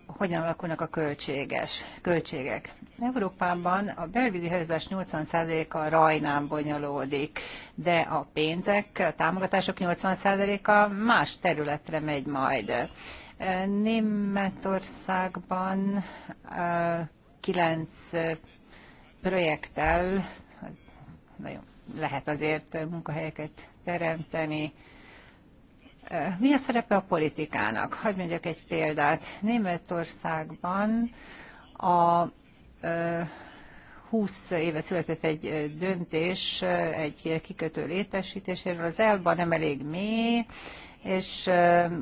S1: hogyan alakulnak a költséges, költségek. Európában a belvízi hajózás 80%-a rajnán bonyolódik, de a pénzek, a támogatások 80%-a más területre megy majd. Németországban kilenc projekttel nagyon lehet azért munkahelyeket teremteni. Mi a szerepe a politikának? Hagy mondjak egy példát. Németországban a 20 éve született egy döntés egy kikötő létesítéséről. Az elba nem elég mély, és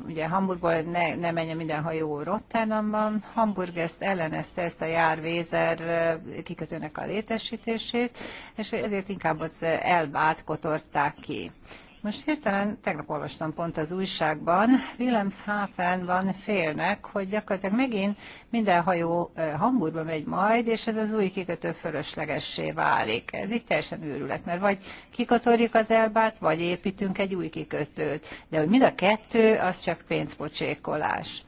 S1: ugye Hamburgból ne, ne menjen minden hajó Rotterdamban. Hamburg ezt ellenezte, ezt a járvézer kikötőnek a létesítését, és ezért inkább az elbát kotorták ki. Most hirtelen tegnap olvastam pont az újságban, Wilhelmshaven van félnek, hogy gyakorlatilag megint minden hajó Hamburgba megy majd, és ez az új kikötő fölöslegessé válik. Ez itt teljesen őrület, mert vagy kikotorjuk az elbát, vagy építünk egy új kikötőt. De hogy mind a kettő, az csak pénzpocsékolás.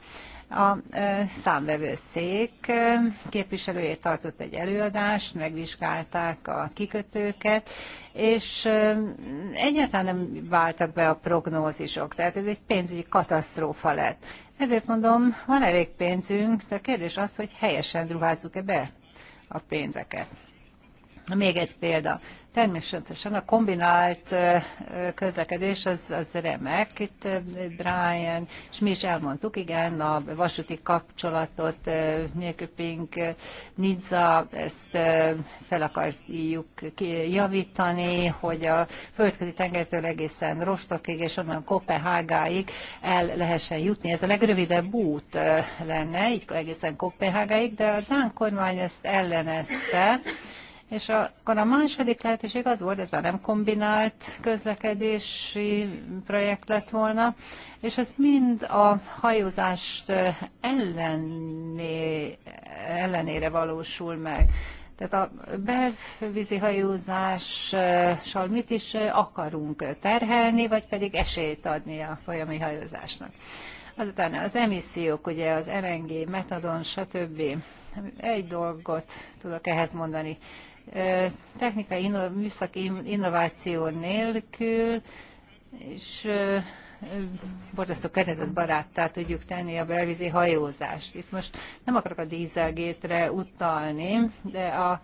S1: A számvevőszék képviselője tartott egy előadást, megvizsgálták a kikötőket, és egyáltalán nem váltak be a prognózisok, tehát ez egy pénzügyi katasztrófa lett. Ezért mondom, van elég pénzünk, de a kérdés az, hogy helyesen ruházzuk-e be a pénzeket. Még egy példa. Természetesen a kombinált közlekedés az, az remek. Itt Brian, és mi is elmondtuk, igen, a vasúti kapcsolatot Nyököping Nidza, ezt fel akarjuk javítani, hogy a földközi tengertől egészen Rostokig és onnan Kopenhágáig el lehessen jutni. Ez a legrövidebb út lenne, így egészen Kopenhágáig, de a Dán kormány ezt ellenezte, és akkor a második lehetőség az volt, ez már nem kombinált közlekedési projekt lett volna, és ez mind a hajózást ellené, ellenére valósul meg. Tehát a belvízi hajózással mit is akarunk terhelni, vagy pedig esélyt adni a folyami hajózásnak. Azután az emissziók, ugye az LNG, metadon, stb. Egy dolgot tudok ehhez mondani technikai, műszaki innováció nélkül, és borzasztó környezetbaráttá tudjuk tenni a belvízi hajózást. Itt most nem akarok a dízelgétre utalni, de a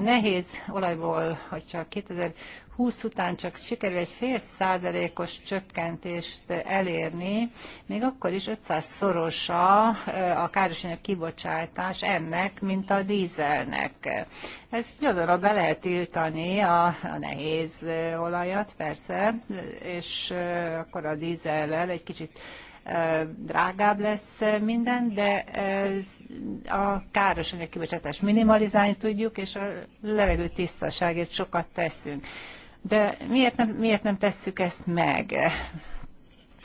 S1: Nehéz olajból, hogy csak 2020 után csak sikerül egy fél százalékos csökkentést elérni, még akkor is 500 szorosa a károsanyag kibocsátás ennek, mint a dízelnek. Ez gyodora be lehet tiltani a, a nehéz olajat, persze, és akkor a dízellel egy kicsit drágább lesz minden, de a káros anyagkibocsátás minimalizálni tudjuk, és a levegő tisztaságért sokat teszünk. De miért nem, miért nem tesszük ezt meg?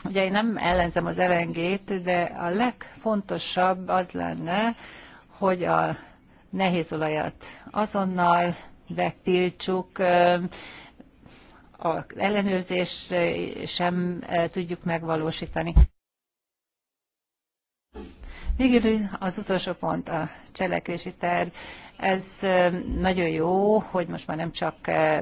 S1: Ugye én nem ellenzem az elengét, de a legfontosabb az lenne, hogy a olajat azonnal betiltsuk, az ellenőrzés sem tudjuk megvalósítani. Végül az utolsó pont, a cselekvési terv. Ez nagyon jó, hogy most már nem csak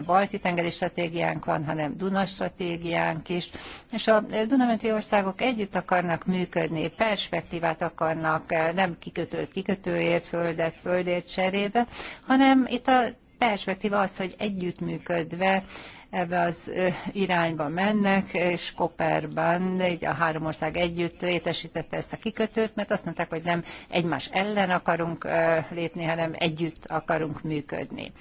S1: balti tengeri stratégiánk van, hanem Duna stratégiánk is, és a Dunamenti országok együtt akarnak működni, perspektívát akarnak, nem kikötőt kikötőért, földet földért cserébe, hanem itt a perspektíva az, hogy együttműködve ebbe az irányba mennek, és Koperban a három ország együtt létesítette ezt a kikötőt, mert azt mondták, hogy nem egymás ellen akarunk lépni, hanem együtt akarunk működni.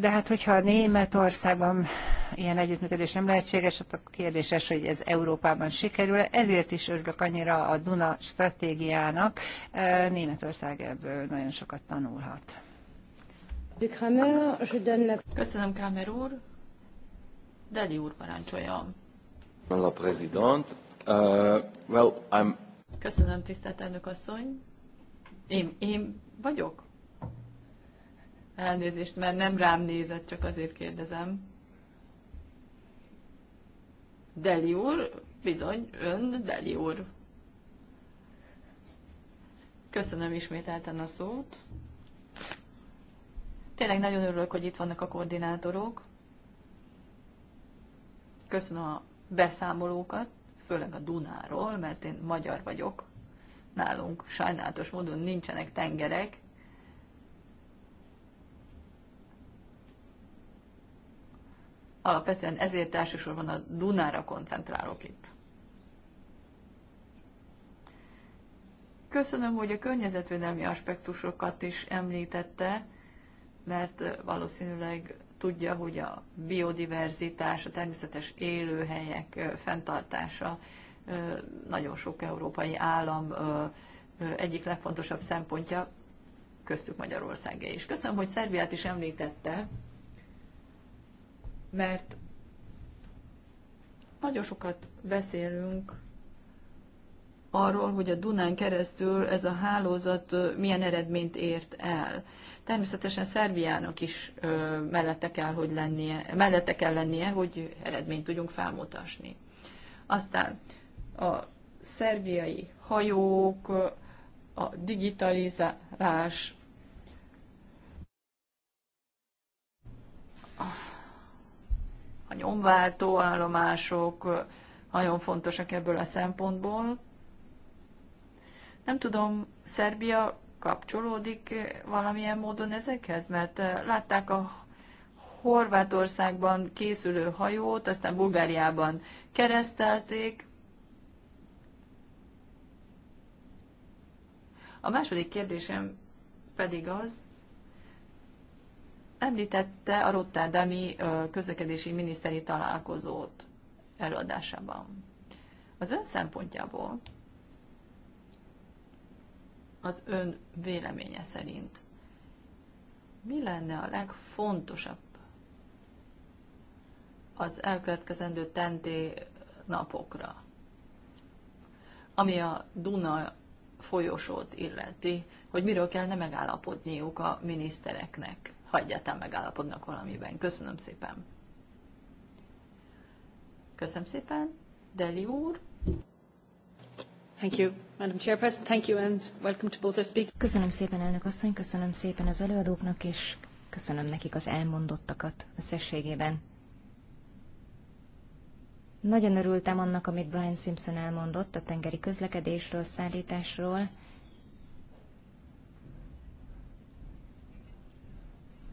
S1: De hát, hogyha Németországban ilyen együttműködés nem lehetséges, hát akkor kérdéses, hogy ez Európában sikerül. Ezért is örülök annyira a Duna stratégiának. Németország ebből nagyon sokat tanulhat. Köszönöm, Kramer úr. Deli úr, parancsolja. La présidente. Uh, well, I'm...
S3: Köszönöm, tisztelt elnök asszony. Én, én vagyok? Elnézést, mert nem rám nézett, csak azért kérdezem. Deli úr, bizony, ön Deli úr. Köszönöm ismételten a szót. Tényleg nagyon örülök, hogy itt vannak a koordinátorok. Köszönöm a beszámolókat, főleg a Dunáról, mert én magyar vagyok. Nálunk sajnálatos módon nincsenek tengerek, alapvetően ezért elsősorban a Dunára koncentrálok itt. Köszönöm, hogy a környezetvédelmi aspektusokat is említette, mert valószínűleg tudja, hogy a biodiverzitás, a természetes élőhelyek fenntartása nagyon sok európai állam egyik legfontosabb szempontja, köztük Magyarországé is. Köszönöm, hogy Szerbiát is említette, mert nagyon sokat beszélünk arról, hogy a Dunán keresztül ez a hálózat milyen eredményt ért el. Természetesen Szerbiának is mellette kell, hogy lennie, mellette kell lennie, hogy eredményt tudjunk felmutasni. Aztán a szerbiai hajók, a digitalizálás, a nyomváltó állomások nagyon fontosak ebből a szempontból. Nem tudom, Szerbia kapcsolódik valamilyen módon ezekhez? Mert eh, látták a Horvátországban készülő hajót, aztán Bulgáriában keresztelték. A második kérdésem pedig az, említette a Rotterdami közlekedési miniszteri találkozót előadásában. Az ön szempontjából az ön véleménye szerint mi lenne a legfontosabb az elkövetkezendő tenté napokra, ami a Duna folyosót illeti, hogy miről kellene megállapodniuk a minisztereknek, ha egyáltalán megállapodnak valamiben. Köszönöm szépen. Köszönöm szépen, Deli úr. Thank you. Madam Chairperson, thank you and welcome to
S2: both our speakers. Köszönöm szépen, elnök asszony, köszönöm szépen az előadóknak, és köszönöm nekik az elmondottakat összességében. Nagyon örültem annak, amit Brian Simpson elmondott a tengeri közlekedésről, szállításról.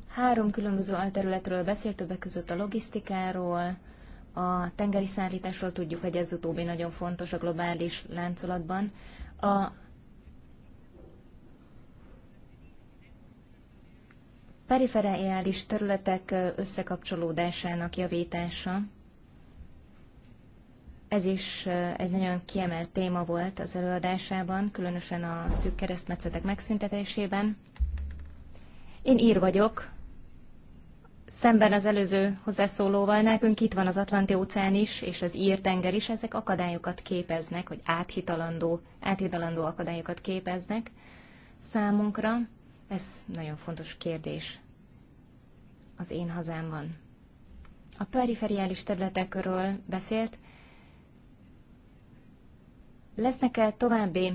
S2: Három különböző alterületről beszélt, többek között a logisztikáról, a tengeri szállításról tudjuk, hogy ez utóbbi nagyon fontos a globális láncolatban. A periferiális területek összekapcsolódásának javítása, ez is egy nagyon kiemelt téma volt az előadásában, különösen a szűk keresztmetszetek megszüntetésében. Én ír vagyok, Szemben az előző hozzászólóval nekünk itt van az Atlanti-óceán is, és az Ír-tenger is, ezek akadályokat képeznek, hogy áthitalandó, áthitalandó akadályokat képeznek számunkra. Ez nagyon fontos kérdés az én hazámban. A periferiális területekről beszélt. Lesznek-e további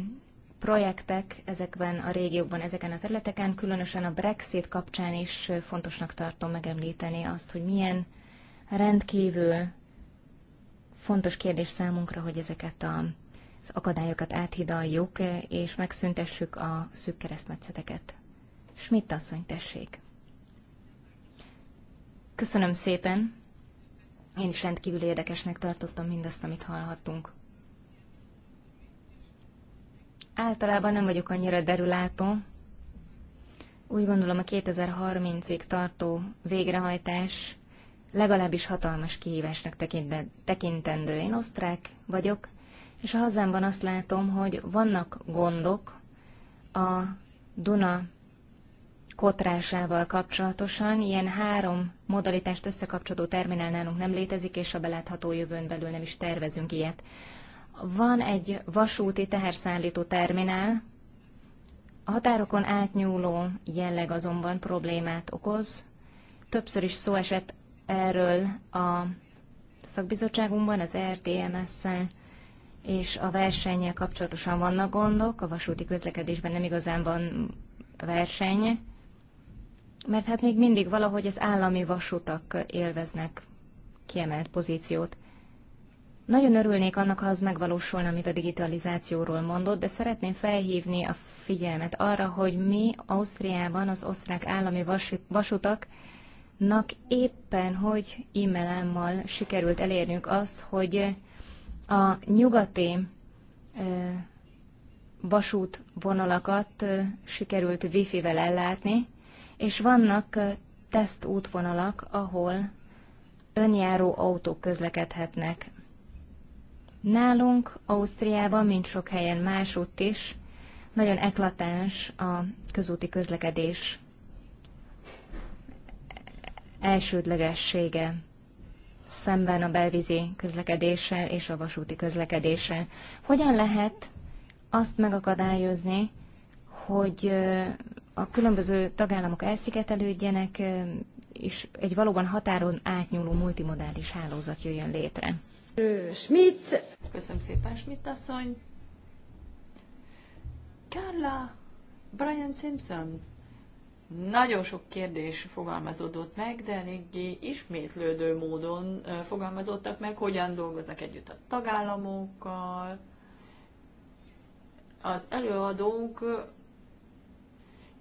S2: projektek ezekben a régiókban, ezeken a területeken, különösen a Brexit kapcsán is fontosnak tartom megemlíteni azt, hogy milyen rendkívül fontos kérdés számunkra, hogy ezeket a, az akadályokat áthidaljuk, és megszüntessük a szűk keresztmetszeteket. Schmidt asszony, tessék! Köszönöm szépen! Én is rendkívül érdekesnek tartottam mindazt, amit hallhattunk. Általában nem vagyok annyira derülátó. Úgy gondolom a 2030-ig tartó végrehajtás legalábbis hatalmas kihívásnak tekintendő. Én osztrák vagyok, és a hazámban azt látom, hogy vannak gondok a Duna kotrásával kapcsolatosan. Ilyen három modalitást összekapcsoló terminál nálunk nem létezik, és a belátható jövőn belül nem is tervezünk ilyet. Van egy vasúti teherszállító terminál, a határokon átnyúló jelleg azonban problémát okoz. Többször is szó esett erről a szakbizottságunkban, az RTMS-szel, és a versennyel kapcsolatosan vannak gondok, a vasúti közlekedésben nem igazán van verseny, mert hát még mindig valahogy az állami vasutak élveznek kiemelt pozíciót. Nagyon örülnék annak, ha az megvalósulna, amit a digitalizációról mondott, de szeretném felhívni a figyelmet arra, hogy mi Ausztriában az osztrák állami vasutaknak éppen, hogy e-mailámmal sikerült elérnünk azt, hogy a nyugati vasútvonalakat sikerült wifi-vel ellátni, és vannak tesztútvonalak, ahol önjáró autók közlekedhetnek Nálunk, Ausztriában, mint sok helyen másutt is, nagyon eklatáns a közúti közlekedés elsődlegessége szemben a belvízi közlekedéssel és a vasúti közlekedéssel. Hogyan lehet azt megakadályozni, hogy a különböző tagállamok elszigetelődjenek, és egy valóban határon átnyúló multimodális hálózat jöjjön létre? Schmidt.
S3: Köszönöm szépen, Schmidt asszony. Carla, Brian Simpson. Nagyon sok kérdés fogalmazódott meg, de eléggé ismétlődő módon fogalmazottak meg, hogyan dolgoznak együtt a tagállamokkal. Az előadónk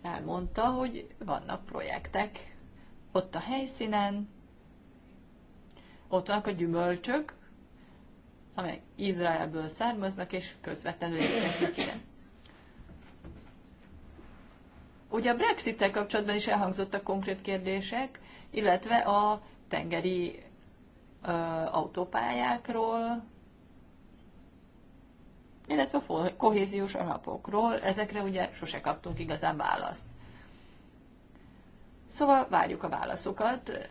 S3: elmondta, hogy vannak projektek ott a helyszínen, ott vannak a gyümölcsök, amelyek Izraelből származnak, és közvetlenül érkeznek ide. Ugye a Brexit-tel kapcsolatban is elhangzottak konkrét kérdések, illetve a tengeri ö, autópályákról, illetve a kohéziós alapokról. Ezekre ugye sose kaptunk igazán választ. Szóval várjuk a válaszokat,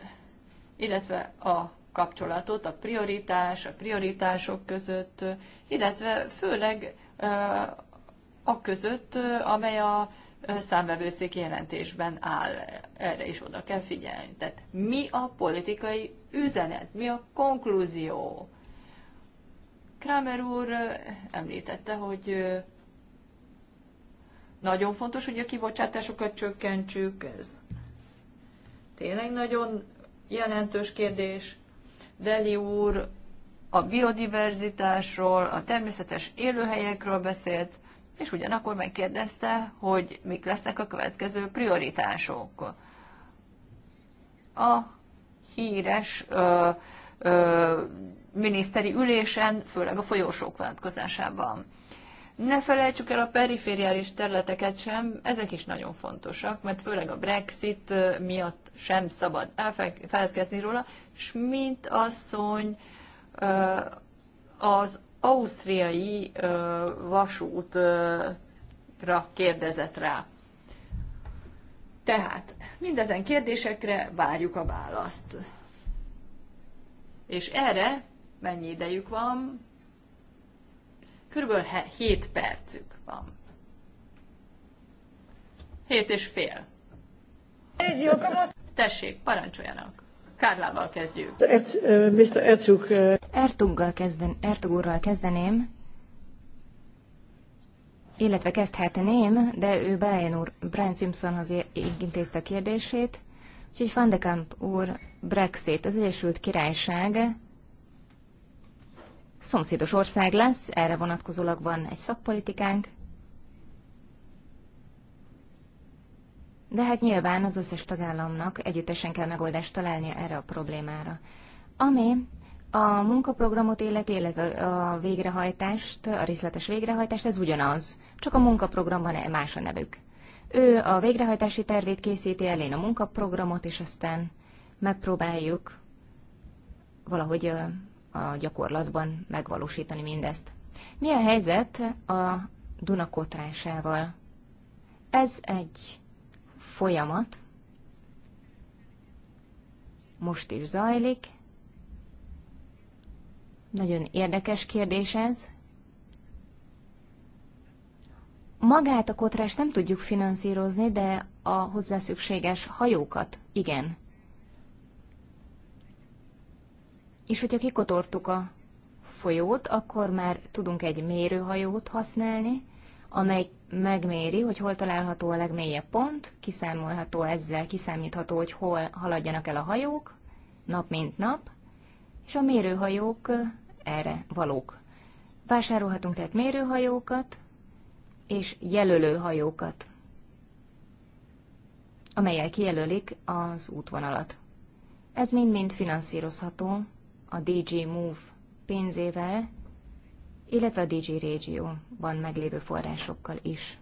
S3: illetve a kapcsolatot a prioritás, a prioritások között, illetve főleg a között, amely a számvevőszék jelentésben áll. Erre is oda kell figyelni. Tehát mi a politikai üzenet, mi a konklúzió? Kramer úr említette, hogy nagyon fontos, hogy a kibocsátásokat csökkentsük. Ez tényleg nagyon jelentős kérdés. Deli úr a biodiverzitásról, a természetes élőhelyekről beszélt, és ugyanakkor megkérdezte, hogy mik lesznek a következő prioritások. A híres ö, ö, miniszteri ülésen, főleg a folyósók vonatkozásában. Ne felejtsük el a perifériális területeket sem, ezek is nagyon fontosak, mert főleg a Brexit miatt sem szabad elfeledkezni róla. mint asszony az ausztriai vasútra kérdezett rá. Tehát mindezen kérdésekre várjuk a választ. És erre mennyi idejük van, Körülbelül 7 percük van. 7 és fél. Ez jó, Tessék, parancsoljanak. Kárlával kezdjük.
S2: Mr. Ertug. Ertuggal kezden, Ertug kezdeném. Illetve kezdhetném, de ő Brian, úr, Brian Simpsonhoz intézte a kérdését. Úgyhogy Van de Kamp úr, Brexit, az Egyesült Királyság szomszédos ország lesz, erre vonatkozólag van egy szakpolitikánk, de hát nyilván az összes tagállamnak együttesen kell megoldást találnia erre a problémára. Ami a munkaprogramot illeti, illetve a végrehajtást, a részletes végrehajtást, ez ugyanaz, csak a munkaprogramban más a nevük. Ő a végrehajtási tervét készíti el, én a munkaprogramot, és aztán megpróbáljuk valahogy a gyakorlatban megvalósítani mindezt. Mi a helyzet a Duna Ez egy folyamat, most is zajlik. Nagyon érdekes kérdés ez. Magát a kotrást nem tudjuk finanszírozni, de a hozzá szükséges hajókat igen. És hogyha kikotortuk a folyót, akkor már tudunk egy mérőhajót használni, amely megméri, hogy hol található a legmélyebb pont, kiszámolható ezzel, kiszámítható, hogy hol haladjanak el a hajók, nap mint nap, és a mérőhajók erre valók. Vásárolhatunk tehát mérőhajókat és jelölőhajókat, amelyel kijelölik az útvonalat. Ez mind-mind finanszírozható a DJ Move pénzével, illetve a DJ Régióban meglévő forrásokkal is.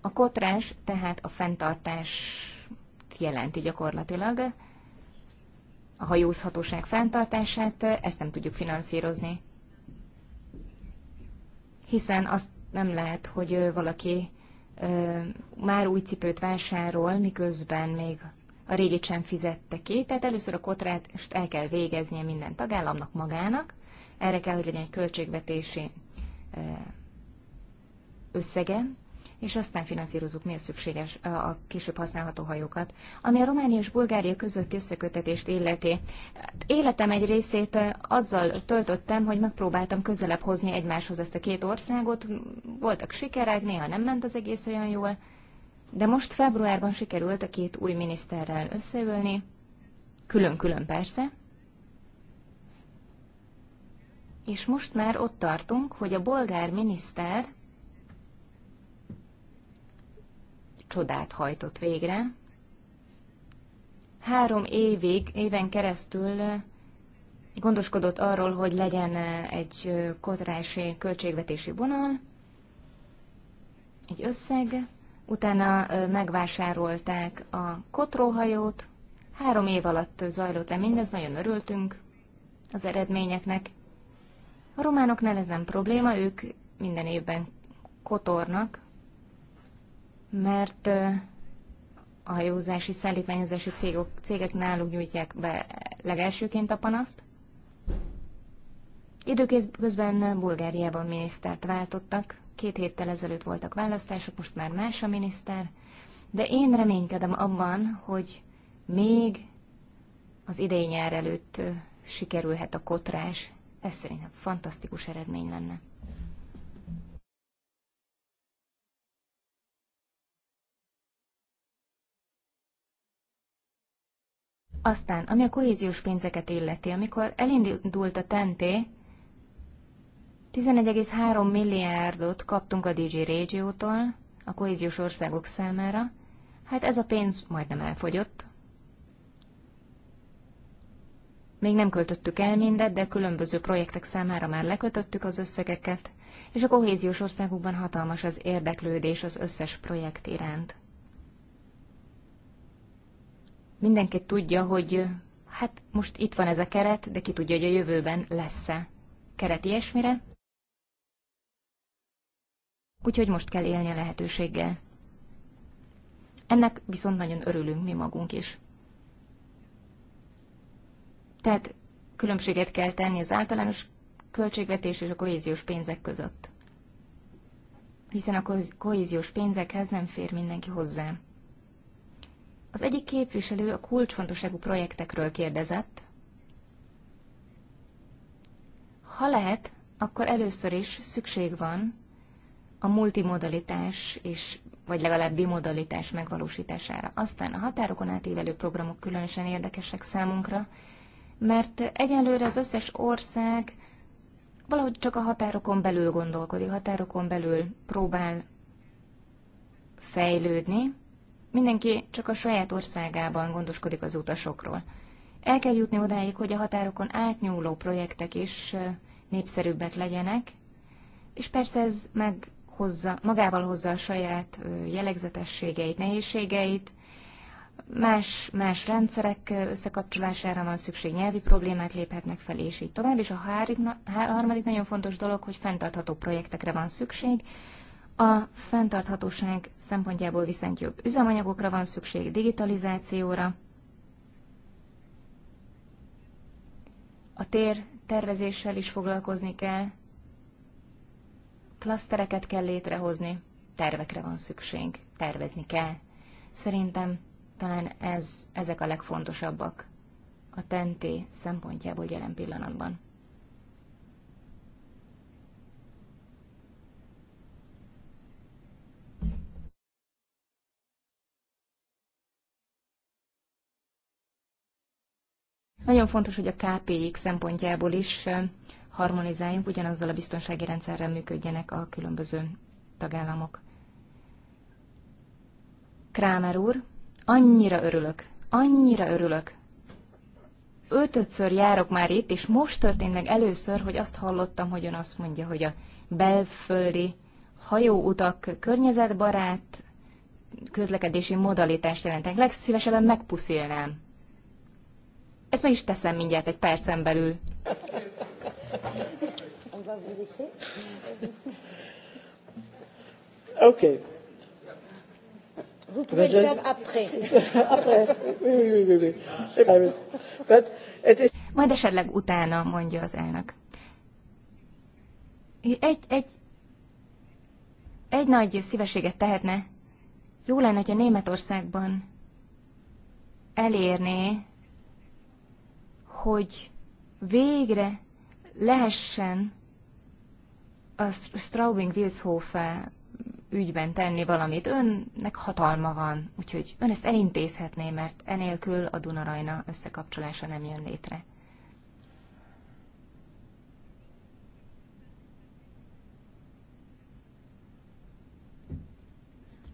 S2: A kotrás tehát a fenntartás jelenti gyakorlatilag, a hajózhatóság fenntartását, ezt nem tudjuk finanszírozni. Hiszen azt nem lehet, hogy valaki már új cipőt vásárol, miközben még a régit sem fizette ki, tehát először a kotrást el kell végeznie minden tagállamnak magának, erre kell, hogy legyen egy költségvetési összege, és aztán finanszírozunk mi a szükséges a később használható hajókat. Ami a Románia és Bulgária közötti összekötetést illeti, hát életem egy részét azzal töltöttem, hogy megpróbáltam közelebb hozni egymáshoz ezt a két országot. Voltak sikerek, néha nem ment az egész olyan jól, de most februárban sikerült a két új miniszterrel összeülni, külön-külön persze, és most már ott tartunk, hogy a bolgár miniszter csodát hajtott végre. Három évig, éven keresztül gondoskodott arról, hogy legyen egy kotrási költségvetési vonal, egy összeg, utána megvásárolták a kotróhajót, három év alatt zajlott le mindez, nagyon örültünk az eredményeknek. A románoknál ez nem probléma, ők minden évben kotornak, mert a hajózási, szállítmányozási cégok, cégek náluk nyújtják be legelsőként a panaszt. Időközben Bulgáriában minisztert váltottak, Két héttel ezelőtt voltak választások, most már más a miniszter, de én reménykedem abban, hogy még az idei nyár előtt sikerülhet a kotrás. Ez szerintem fantasztikus eredmény lenne. Aztán, ami a kohéziós pénzeket illeti, amikor elindult a tenté, 11,3 milliárdot kaptunk a DG Régiótól, a kohéziós országok számára. Hát ez a pénz majdnem elfogyott. Még nem költöttük el mindet, de különböző projektek számára már lekötöttük az összegeket, és a kohéziós országokban hatalmas az érdeklődés az összes projekt iránt. Mindenki tudja, hogy hát most itt van ez a keret, de ki tudja, hogy a jövőben lesz-e keret ilyesmire. Úgyhogy most kell élni a lehetőséggel. Ennek viszont nagyon örülünk mi magunk is. Tehát különbséget kell tenni az általános költségvetés és a kohéziós pénzek között. Hiszen a kohéziós pénzekhez nem fér mindenki hozzá. Az egyik képviselő a kulcsfontosságú projektekről kérdezett. Ha lehet, akkor először is szükség van a multimodalitás és vagy legalább bimodalitás megvalósítására. Aztán a határokon átívelő programok különösen érdekesek számunkra, mert egyelőre az összes ország valahogy csak a határokon belül gondolkodik, határokon belül próbál fejlődni, mindenki csak a saját országában gondoskodik az utasokról. El kell jutni odáig, hogy a határokon átnyúló projektek is népszerűbbek legyenek, és persze ez meg hozza, magával hozza a saját jellegzetességeit, nehézségeit, más, más rendszerek összekapcsolására van szükség, nyelvi problémák léphetnek fel, és így tovább. És a harmadik nagyon fontos dolog, hogy fenntartható projektekre van szükség. A fenntarthatóság szempontjából viszont jobb üzemanyagokra van szükség, digitalizációra, a tér tervezéssel is foglalkozni kell, klasztereket kell létrehozni, tervekre van szükség, tervezni kell. Szerintem talán ez, ezek a legfontosabbak a tenté szempontjából jelen pillanatban. Nagyon fontos, hogy a kpi szempontjából is harmonizáljunk, ugyanazzal a biztonsági rendszerrel működjenek a különböző tagállamok. Krámer úr, annyira örülök, annyira örülök. Ötödször járok már itt, és most történt meg először, hogy azt hallottam, hogy ön azt mondja, hogy a belföldi hajóutak környezetbarát közlekedési modalitást jelentek. Legszívesebben megpuszilnám. Ezt meg is teszem mindjárt egy percen belül. On va vous laisser. OK.
S1: Vous pouvez but le faire après. (laughs) après.
S2: Oui, oui, oui, oui. oui. Eh but, but it is... Majd esetleg utána, mondja az elnök. Egy, egy, egy nagy szívességet tehetne. Jó lenne, hogyha Németországban elérné, hogy végre lehessen a Straubing-Wilshofe ügyben tenni valamit. Önnek hatalma van, úgyhogy ön ezt elintézhetné, mert enélkül a Dunarajna összekapcsolása nem jön létre.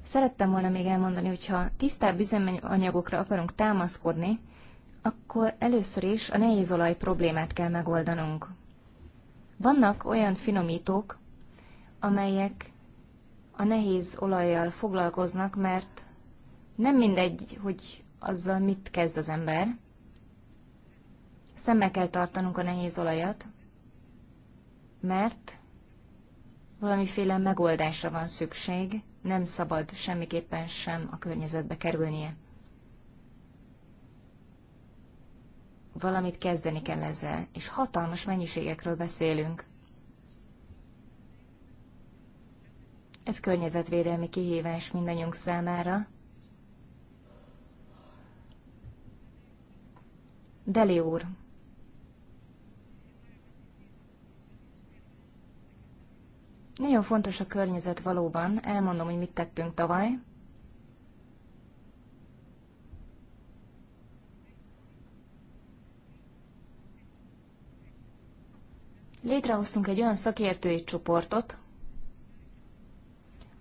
S2: Szerettem volna még elmondani, hogy ha tisztább üzemanyagokra akarunk támaszkodni, akkor először is a olaj problémát kell megoldanunk. Vannak olyan finomítók, amelyek a nehéz olajjal foglalkoznak, mert nem mindegy, hogy azzal mit kezd az ember. Szemmel kell tartanunk a nehéz olajat, mert valamiféle megoldásra van szükség, nem szabad semmiképpen sem a környezetbe kerülnie. valamit kezdeni kell ezzel, és hatalmas mennyiségekről beszélünk. Ez környezetvédelmi kihívás mindannyiunk számára. Deli úr, Nagyon fontos a környezet valóban. Elmondom, hogy mit tettünk tavaly. Létrehoztunk egy olyan szakértői csoportot,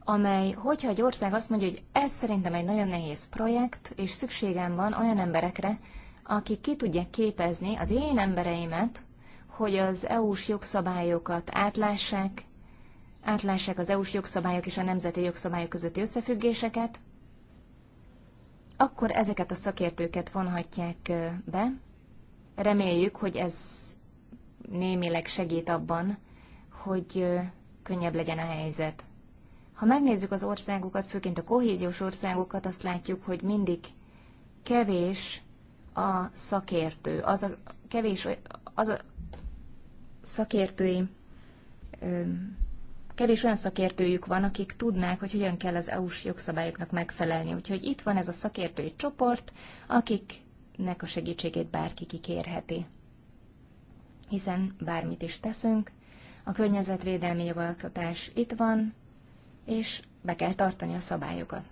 S2: amely, hogyha egy ország azt mondja, hogy ez szerintem egy nagyon nehéz projekt, és szükségem van olyan emberekre, akik ki tudják képezni az én embereimet, hogy az EU-s jogszabályokat átlássák, átlássák az EU-s jogszabályok és a nemzeti jogszabályok közötti összefüggéseket, akkor ezeket a szakértőket vonhatják be. Reméljük, hogy ez némileg segít abban, hogy könnyebb legyen a helyzet. Ha megnézzük az országokat, főként a kohéziós országokat, azt látjuk, hogy mindig kevés a szakértő, az a kevés, az a szakértői, kevés olyan szakértőjük van, akik tudnák, hogy hogyan kell az EU-s jogszabályoknak megfelelni. Úgyhogy itt van ez a szakértői csoport, akiknek a segítségét bárki kikérheti hiszen bármit is teszünk, a környezetvédelmi jogalkotás itt van, és be kell tartani a szabályokat.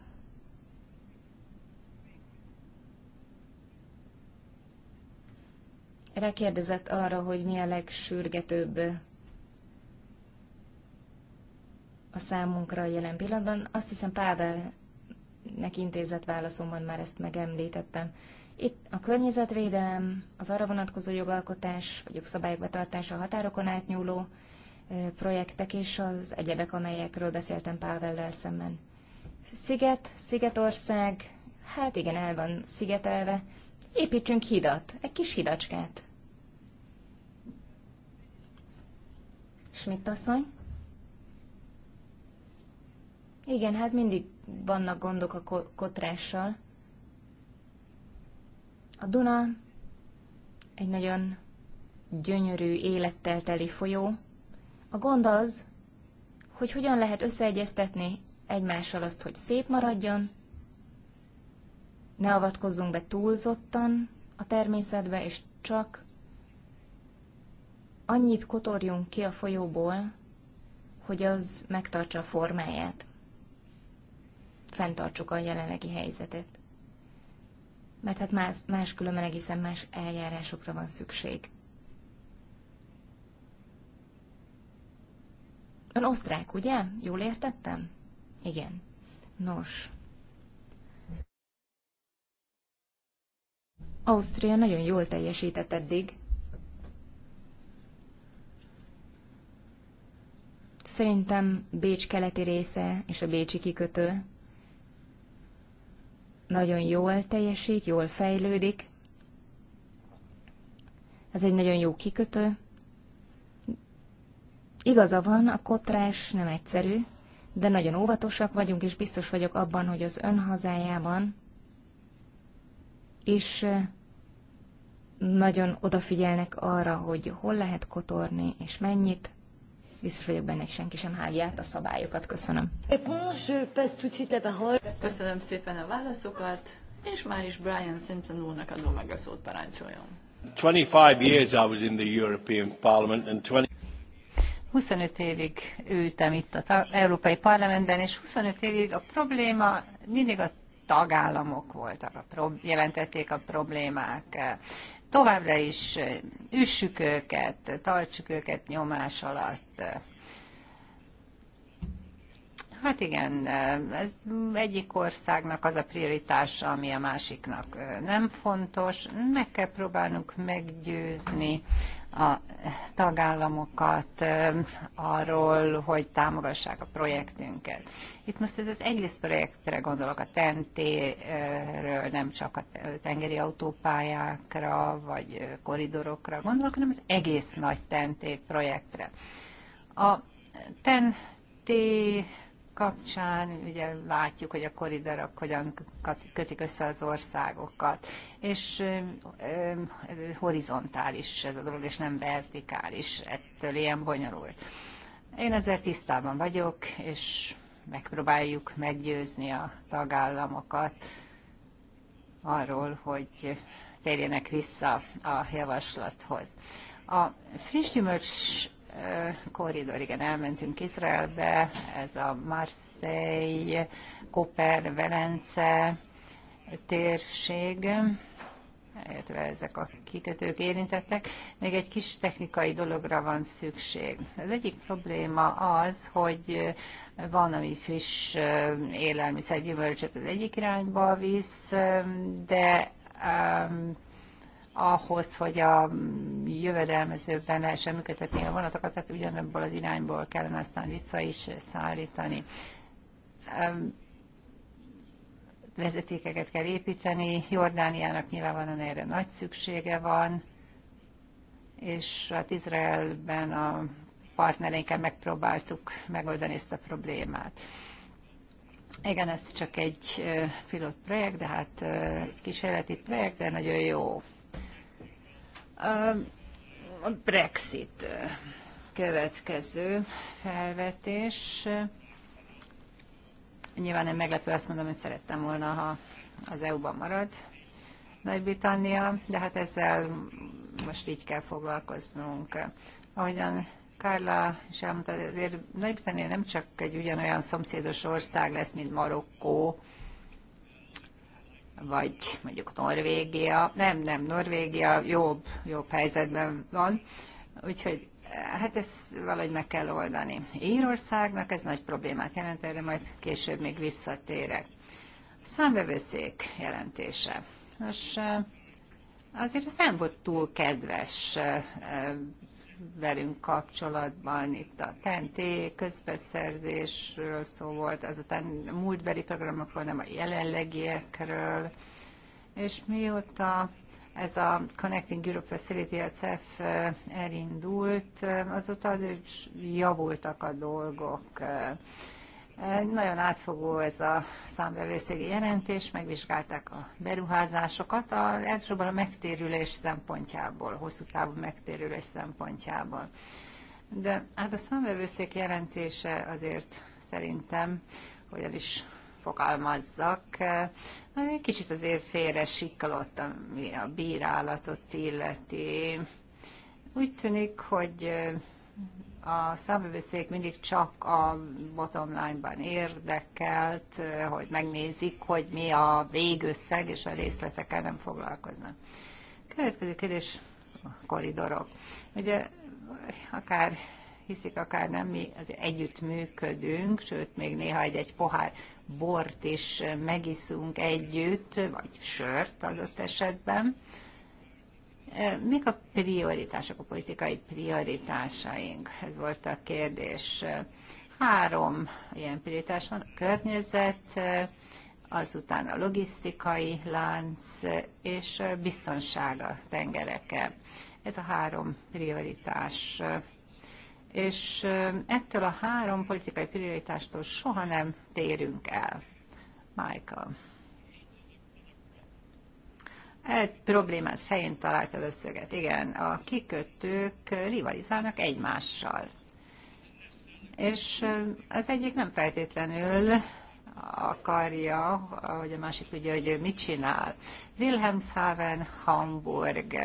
S2: Rekérdezett arra, hogy mi a legsürgetőbb a számunkra jelen pillanatban. Azt hiszem Pávelnek intézett válaszomban már ezt megemlítettem. Itt a környezetvédelem, az arra vonatkozó jogalkotás, vagy jogszabályok betartása a határokon átnyúló projektek és az egyebek, amelyekről beszéltem Pávellel szemben. Sziget, Szigetország, hát igen, el van szigetelve. Építsünk hidat, egy kis hidacskát. Schmidt asszony? Igen, hát mindig vannak gondok a kotrással. A Duna egy nagyon gyönyörű, élettel teli folyó. A gond az, hogy hogyan lehet összeegyeztetni egymással azt, hogy szép maradjon, ne avatkozzunk be túlzottan a természetbe, és csak annyit kotorjunk ki a folyóból, hogy az megtartsa a formáját. Fentartsuk a jelenlegi helyzetet mert hát más, más különben egészen más eljárásokra van szükség. Ön osztrák, ugye? Jól értettem? Igen. Nos. Ausztria nagyon jól teljesített eddig. Szerintem Bécs keleti része és a Bécsi kikötő nagyon jól teljesít, jól fejlődik. Ez egy nagyon jó kikötő. Igaza van, a kotrás nem egyszerű, de nagyon óvatosak vagyunk, és biztos vagyok abban, hogy az ön hazájában is nagyon odafigyelnek arra, hogy hol lehet kotorni, és mennyit biztos vagyok benne, hogy senki sem hágja át a szabályokat. Köszönöm.
S3: Köszönöm szépen a válaszokat, és már is Brian Simpson úrnak adom meg a szót,
S1: parancsoljon. 25 years I was in the European Parliament and 20 25 évig ültem itt az Európai Parlamentben, és 25 évig a probléma mindig a tagállamok voltak, a prob- jelentették a problémák továbbra is eh, üssük őket, tartsuk őket nyomás alatt. Hát igen, eh, ez egyik országnak az a prioritása, ami a másiknak eh, nem fontos. Meg kell próbálnunk meggyőzni a tagállamokat arról, hogy támogassák a projektünket. Itt most ez az egész projektre gondolok, a tentéről, ről nem csak a tengeri autópályákra, vagy koridorokra gondolok, hanem az egész nagy tenté projektre. A tenté kapcsán, ugye látjuk, hogy a koridorok hogyan kötik össze az országokat, és horizontális ez a dolog, és nem vertikális, ettől ilyen bonyolult. Én ezzel tisztában vagyok, és megpróbáljuk meggyőzni a tagállamokat arról, hogy térjenek vissza a javaslathoz. A friss gyümölcs korridor, igen, elmentünk Izraelbe, ez a Marseille, Koper, Velence térség, illetve ezek a kikötők érintettek. Még egy kis technikai dologra van szükség. Az egyik probléma az, hogy van, ami friss élelmiszer gyümölcsöt az egyik irányba visz, de ahhoz, hogy a jövedelmezőkben lehessen működtetni a vonatokat, tehát ugyanebből az irányból kellene aztán vissza is szállítani. Vezetékeket kell építeni, Jordániának nyilván van erre nagy szüksége van, és hát Izraelben a partnereinkkel megpróbáltuk megoldani ezt a problémát. Igen, ez csak egy pilot projekt, de hát egy kísérleti projekt, de nagyon jó. A Brexit következő felvetés. Nyilván nem meglepő azt mondom, hogy szerettem volna, ha az EU-ban marad Nagy-Britannia, de hát ezzel most így kell foglalkoznunk. Ahogyan Kárla is elmondta, azért Nagy-Britannia nem csak egy ugyanolyan szomszédos ország lesz, mint Marokkó, vagy mondjuk Norvégia, nem, nem, Norvégia jobb, jobb helyzetben van, úgyhogy hát ezt valahogy meg kell oldani. Írországnak ez nagy problémát jelent, erre majd később még visszatérek. Számbevőszék jelentése. Nos, azért ez nem volt túl kedves velünk kapcsolatban. Itt a TNT közbeszerzésről szó volt, azután múltbeli programokról, nem a jelenlegiekről. És mióta ez a Connecting Europe Facility, a CEF elindult, azóta javultak a dolgok nagyon átfogó ez a számbevőszégi jelentés, megvizsgálták a beruházásokat, a, elsősorban a megtérülés szempontjából, hosszú távú megtérülés szempontjából. De hát a számbevőszék jelentése azért szerintem, el is fogalmazzak, egy kicsit azért félre siklott, ami a bírálatot illeti. Úgy tűnik, hogy a számvevőszék mindig csak a bottom line-ban érdekelt, hogy megnézik, hogy mi a végösszeg, és a részletekkel nem foglalkoznak. Következő kérdés a koridorok. Ugye akár hiszik, akár nem, mi azért együtt működünk, sőt, még néha egy-egy pohár bort is megiszunk együtt, vagy sört adott esetben. Mik a prioritások, a politikai prioritásaink? Ez volt a kérdés. Három ilyen prioritás van, a környezet, azután a logisztikai lánc és biztonság a tengereken. Ez a három prioritás. És ettől a három politikai prioritástól soha nem térünk el. Michael probléma, problémát fején talált az összöget. Igen, a kikötők rivalizálnak egymással. És az egyik nem feltétlenül akarja, hogy a másik tudja, hogy mit csinál. Wilhelmshaven, Hamburg.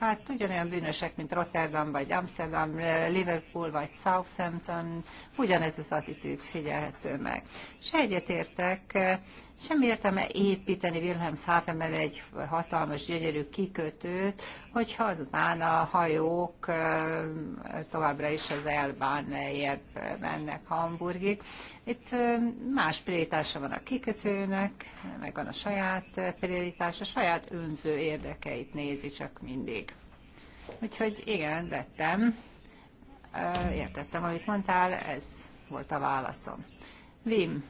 S1: Hát ugyanolyan bűnösek, mint Rotterdam, vagy Amsterdam, Liverpool, vagy Southampton. Ugyanez az attitűd figyelhető meg. És egyetértek, semmi értelme építeni Wilhelmshavenben egy hatalmas, gyönyörű kikötőt, hogyha azután a hajók továbbra is az Elbán lejjebb mennek Hamburgig. Itt más prioritása van a kikötőnek, meg van a saját prioritás a saját önző érdekeit nézi csak mindig. Úgyhogy igen, vettem. Értettem, amit mondtál, ez volt a válaszom. Vim,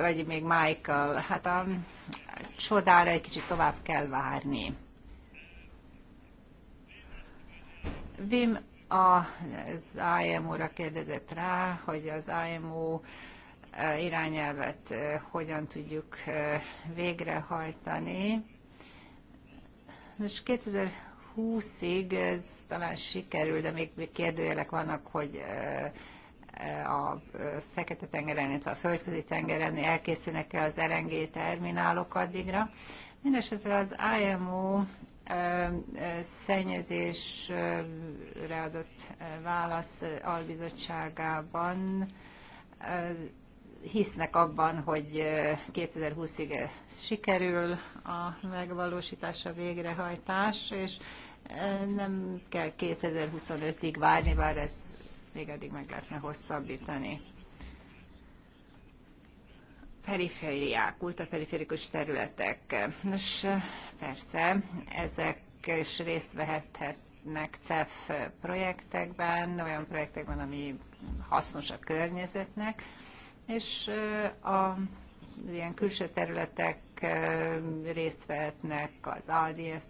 S1: vagy még Michael, hát a csodára egy kicsit tovább kell várni. Vim az IMO-ra kérdezett rá, hogy az IMO irányelvet hogyan tudjuk végrehajtani. Most 2020-ig ez talán sikerül, de még kérdőjelek vannak, hogy a Fekete-tengeren, illetve a Földközi-tengeren elkészülnek-e az LNG terminálok addigra. Mindenesetre az IMO szennyezésre adott válasz albizottságában hisznek abban, hogy 2020-ig sikerül a megvalósítása, végrehajtás, és nem kell 2025-ig várni, bár ez még eddig meg lehetne hosszabbítani. Perifériák, ultraperiférikus területek. Nos, persze, ezek is részt vehethetnek CEF projektekben, olyan projektekben, ami hasznos a környezetnek, és a ilyen külső területek részt vehetnek az ADF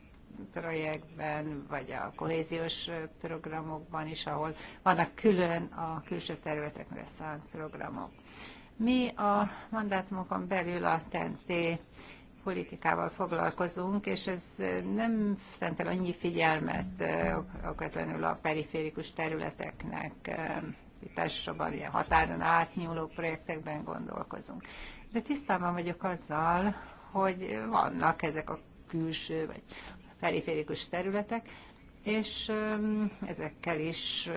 S1: projektben, vagy a kohéziós programokban is, ahol vannak külön a külső területekre szánt programok. Mi a mandátumokon belül a TNT politikával foglalkozunk, és ez nem szentel annyi figyelmet okvetlenül a periférikus területeknek, elsősorban ilyen határon átnyúló projektekben gondolkozunk. De tisztában vagyok azzal, hogy vannak ezek a külső vagy periférikus területek, és ezekkel is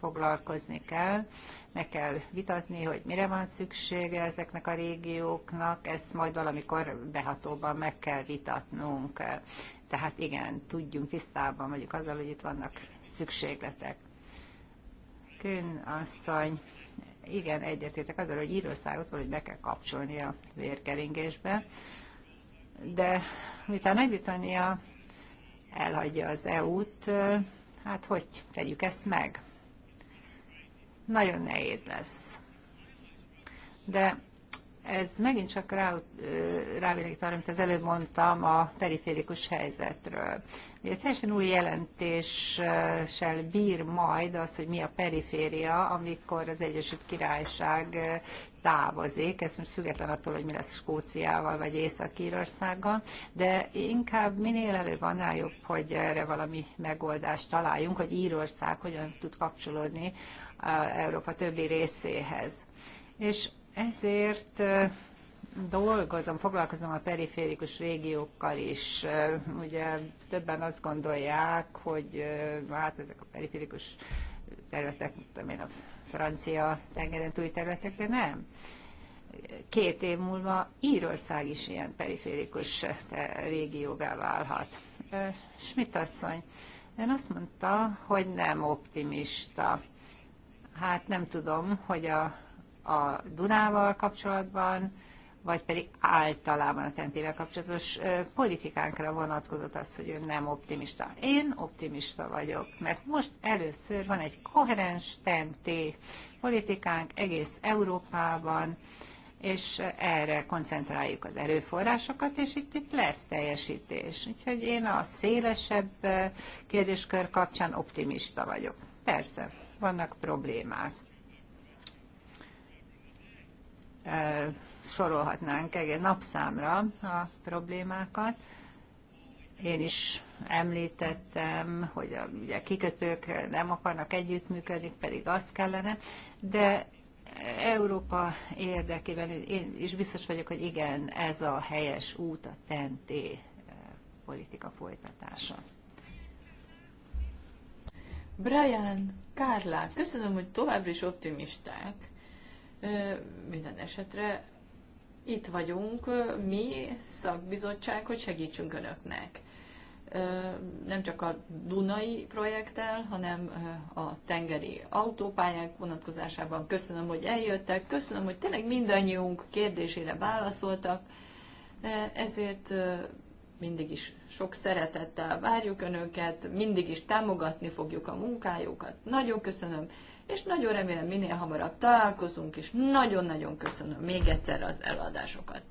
S1: foglalkozni kell, meg kell vitatni, hogy mire van szüksége ezeknek a régióknak, ezt majd valamikor behatóban meg kell vitatnunk. Tehát igen, tudjunk tisztában vagyok azzal, hogy itt vannak szükségletek. Kün asszony, igen, egyetértek azzal, hogy írószágot valahogy be kell kapcsolni a vérkeringésbe, de miután Nagy-Britannia elhagyja az EU-t, hát hogy tegyük ezt meg? Nagyon nehéz lesz. De ez megint csak rá, rávilágít arra, amit az előbb mondtam a periférikus helyzetről. Ugye teljesen új jelentéssel bír majd az, hogy mi a periféria, amikor az Egyesült Királyság távozik, ez most független attól, hogy mi lesz Skóciával vagy Észak-Írországgal, de inkább minél előbb annál jobb, hogy erre valami megoldást találjunk, hogy Írország hogyan tud kapcsolódni Európa többi részéhez. És ezért dolgozom, foglalkozom a periférikus régiókkal is. Ugye többen azt gondolják, hogy hát ezek a periférikus területek, tudom én, a francia tengeren túli területek, de nem. Két év múlva Írország is ilyen periférikus régióvá válhat. Schmidt asszony, ön azt mondta, hogy nem optimista. Hát nem tudom, hogy a a Dunával kapcsolatban, vagy pedig általában a tentével kapcsolatos politikánkra vonatkozott az, hogy ő nem optimista. Én optimista vagyok, mert most először van egy koherens tenté politikánk egész Európában, és erre koncentráljuk az erőforrásokat, és itt, itt lesz teljesítés. Úgyhogy én a szélesebb kérdéskör kapcsán optimista vagyok. Persze, vannak problémák sorolhatnánk egy napszámra a problémákat. Én is említettem, hogy a, ugye kikötők nem akarnak együttműködni, pedig azt kellene, de Európa érdekében én is biztos vagyok, hogy igen, ez a helyes út a TNT politika folytatása.
S3: Brian, Kárlá, köszönöm, hogy továbbra is optimisták. Minden esetre itt vagyunk mi, szakbizottság, hogy segítsünk Önöknek. Nem csak a Dunai projekttel, hanem a tengeri autópályák vonatkozásában. Köszönöm, hogy eljöttek, köszönöm, hogy tényleg mindannyiunk kérdésére válaszoltak, ezért mindig is sok szeretettel várjuk Önöket, mindig is támogatni fogjuk a munkájukat. Nagyon köszönöm és nagyon remélem minél hamarabb találkozunk, és nagyon-nagyon köszönöm még egyszer az előadásokat.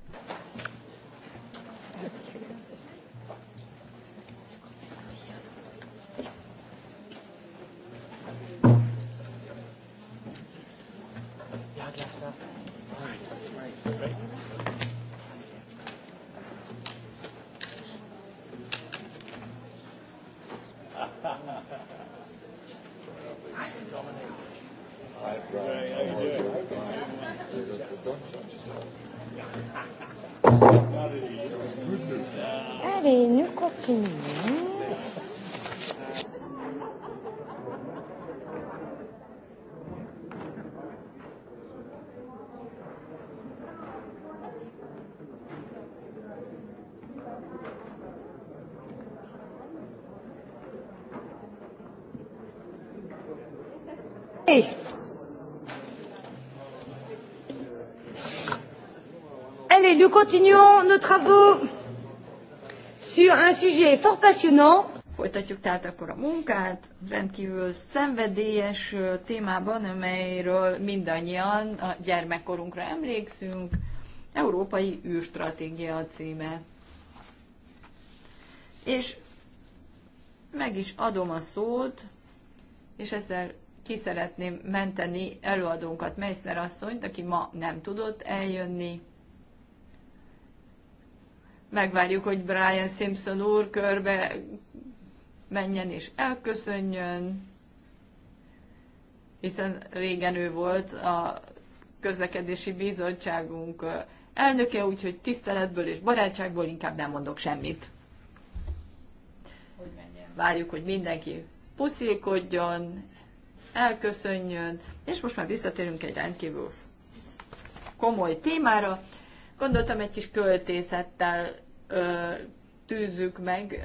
S2: Allez, nous continuons.
S1: Hey. nous continuons nos travaux sur un sujet fort
S2: passionnant.
S3: Folytatjuk tehát akkor a munkát, rendkívül szenvedélyes témában, amelyről mindannyian a gyermekkorunkra emlékszünk, Európai űrstratégia a címe. És meg is adom a szót, és ezzel ki szeretném menteni előadónkat, Meissner asszonyt, aki ma nem tudott eljönni, megvárjuk, hogy Brian Simpson úr körbe menjen és elköszönjön, hiszen régen ő volt a közlekedési bizottságunk elnöke, úgyhogy tiszteletből és barátságból inkább nem mondok semmit. Hogy Várjuk, hogy mindenki puszilkodjon, elköszönjön, és most már visszatérünk egy rendkívül komoly témára. Gondoltam egy kis költészettel tűzzük meg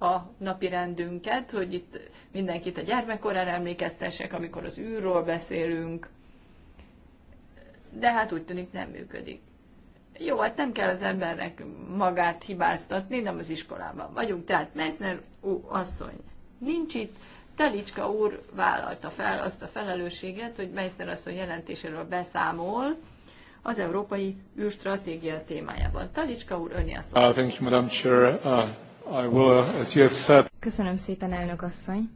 S3: a napi rendünket, hogy itt mindenkit a gyermekkorára emlékeztessek, amikor az űrről beszélünk, de hát úgy tűnik nem működik. Jó, hát nem kell az embernek magát hibáztatni, nem az iskolában vagyunk. Tehát Messner ú, asszony nincs itt, Telicska úr vállalta fel azt a felelősséget, hogy Messner asszony jelentéséről beszámol, az európai űrstratégia témájában. Talicska úr, önni a szó. Uh, thank you, Madam Chair. Uh, I will, as you have said...
S2: Köszönöm szépen, elnök asszony.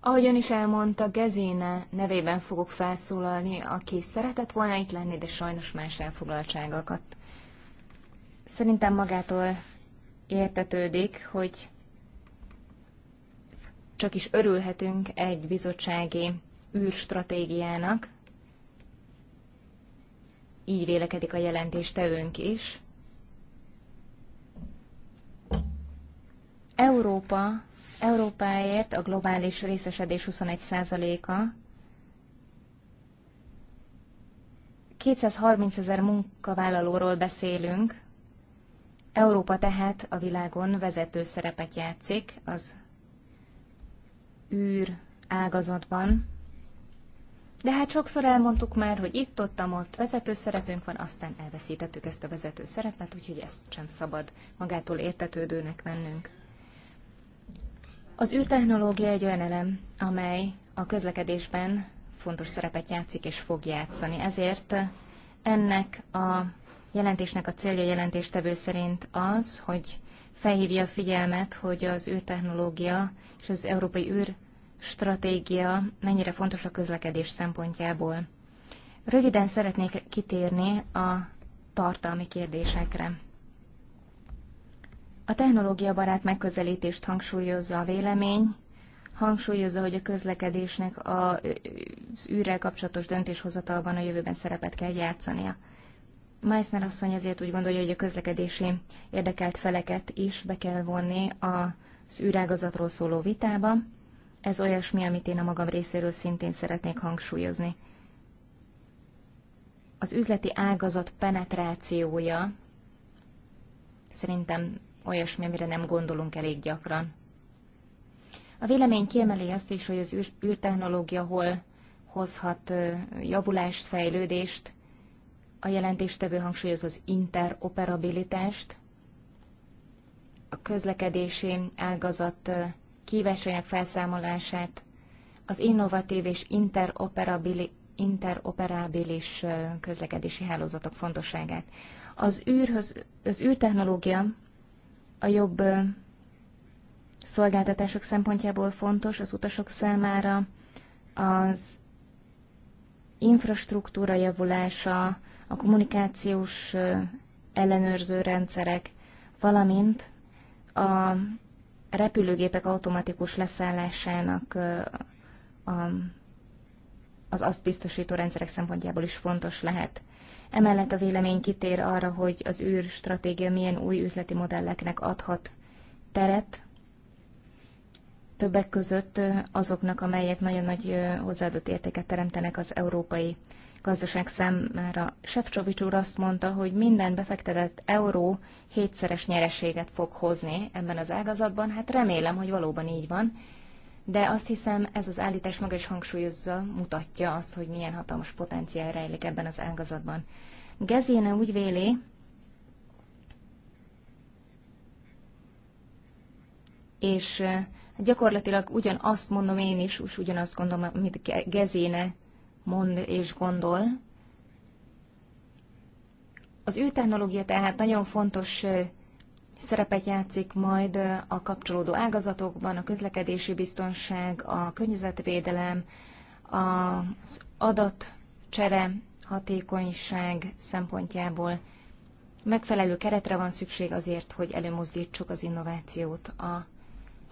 S2: Ahogy ön is elmondta, Gezéne nevében fogok felszólalni, aki szeretett volna itt lenni, de sajnos más elfoglaltságokat. Szerintem magától értetődik, hogy csak is örülhetünk egy bizottsági űrstratégiának, így vélekedik a jelentéstevőnk is. Európa, Európáért a globális részesedés 21%-a, 230 ezer munkavállalóról beszélünk, Európa tehát a világon vezető szerepet játszik az űr ágazatban. De hát sokszor elmondtuk már, hogy itt, ott, ott vezető szerepünk van, aztán elveszítettük ezt a vezető szerepet, úgyhogy ezt sem szabad magától értetődőnek vennünk. Az űrtechnológia egy olyan elem, amely a közlekedésben fontos szerepet játszik és fog játszani. Ezért ennek a jelentésnek a célja jelentéstevő szerint az, hogy felhívja a figyelmet, hogy az technológia és az európai űr stratégia mennyire fontos a közlekedés szempontjából. Röviden szeretnék kitérni a tartalmi kérdésekre. A technológia barát megközelítést hangsúlyozza a vélemény, hangsúlyozza, hogy a közlekedésnek a, az űrrel kapcsolatos döntéshozatalban a jövőben szerepet kell játszania. Meissner asszony ezért úgy gondolja, hogy a közlekedési érdekelt feleket is be kell vonni az űrágazatról szóló vitába. Ez olyasmi, amit én a magam részéről szintén szeretnék hangsúlyozni. Az üzleti ágazat penetrációja szerintem olyasmi, amire nem gondolunk elég gyakran. A vélemény kiemeli azt is, hogy az űrtechnológia hol hozhat javulást, fejlődést, a jelentéstevő hangsúlyoz az interoperabilitást, a közlekedési ágazat kívásainak felszámolását, az innovatív és interoperabilis, közlekedési hálózatok fontosságát. Az, űrhöz, az űrtechnológia a jobb szolgáltatások szempontjából fontos az utasok számára, az infrastruktúra javulása, a kommunikációs ellenőrző rendszerek, valamint a repülőgépek automatikus leszállásának a, az azt biztosító rendszerek szempontjából is fontos lehet. Emellett a vélemény kitér arra, hogy az stratégia milyen új üzleti modelleknek adhat teret, többek között azoknak, amelyek nagyon nagy hozzáadott értéket teremtenek az európai gazdaság számára. Sefcsovics úr azt mondta, hogy minden befektetett euró hétszeres nyereséget fog hozni ebben az ágazatban. Hát remélem, hogy valóban így van. De azt hiszem, ez az állítás maga is hangsúlyozza, mutatja azt, hogy milyen hatalmas potenciál rejlik ebben az ágazatban. Gezéne úgy véli, és eh, gyakorlatilag ugyanazt mondom én is, és ugyanazt gondolom, amit Gezéne mond és gondol. Az ő technológia tehát nagyon fontos szerepet játszik majd a kapcsolódó ágazatokban, a közlekedési biztonság, a környezetvédelem, az adatcsere hatékonyság szempontjából megfelelő keretre van szükség azért, hogy előmozdítsuk az innovációt a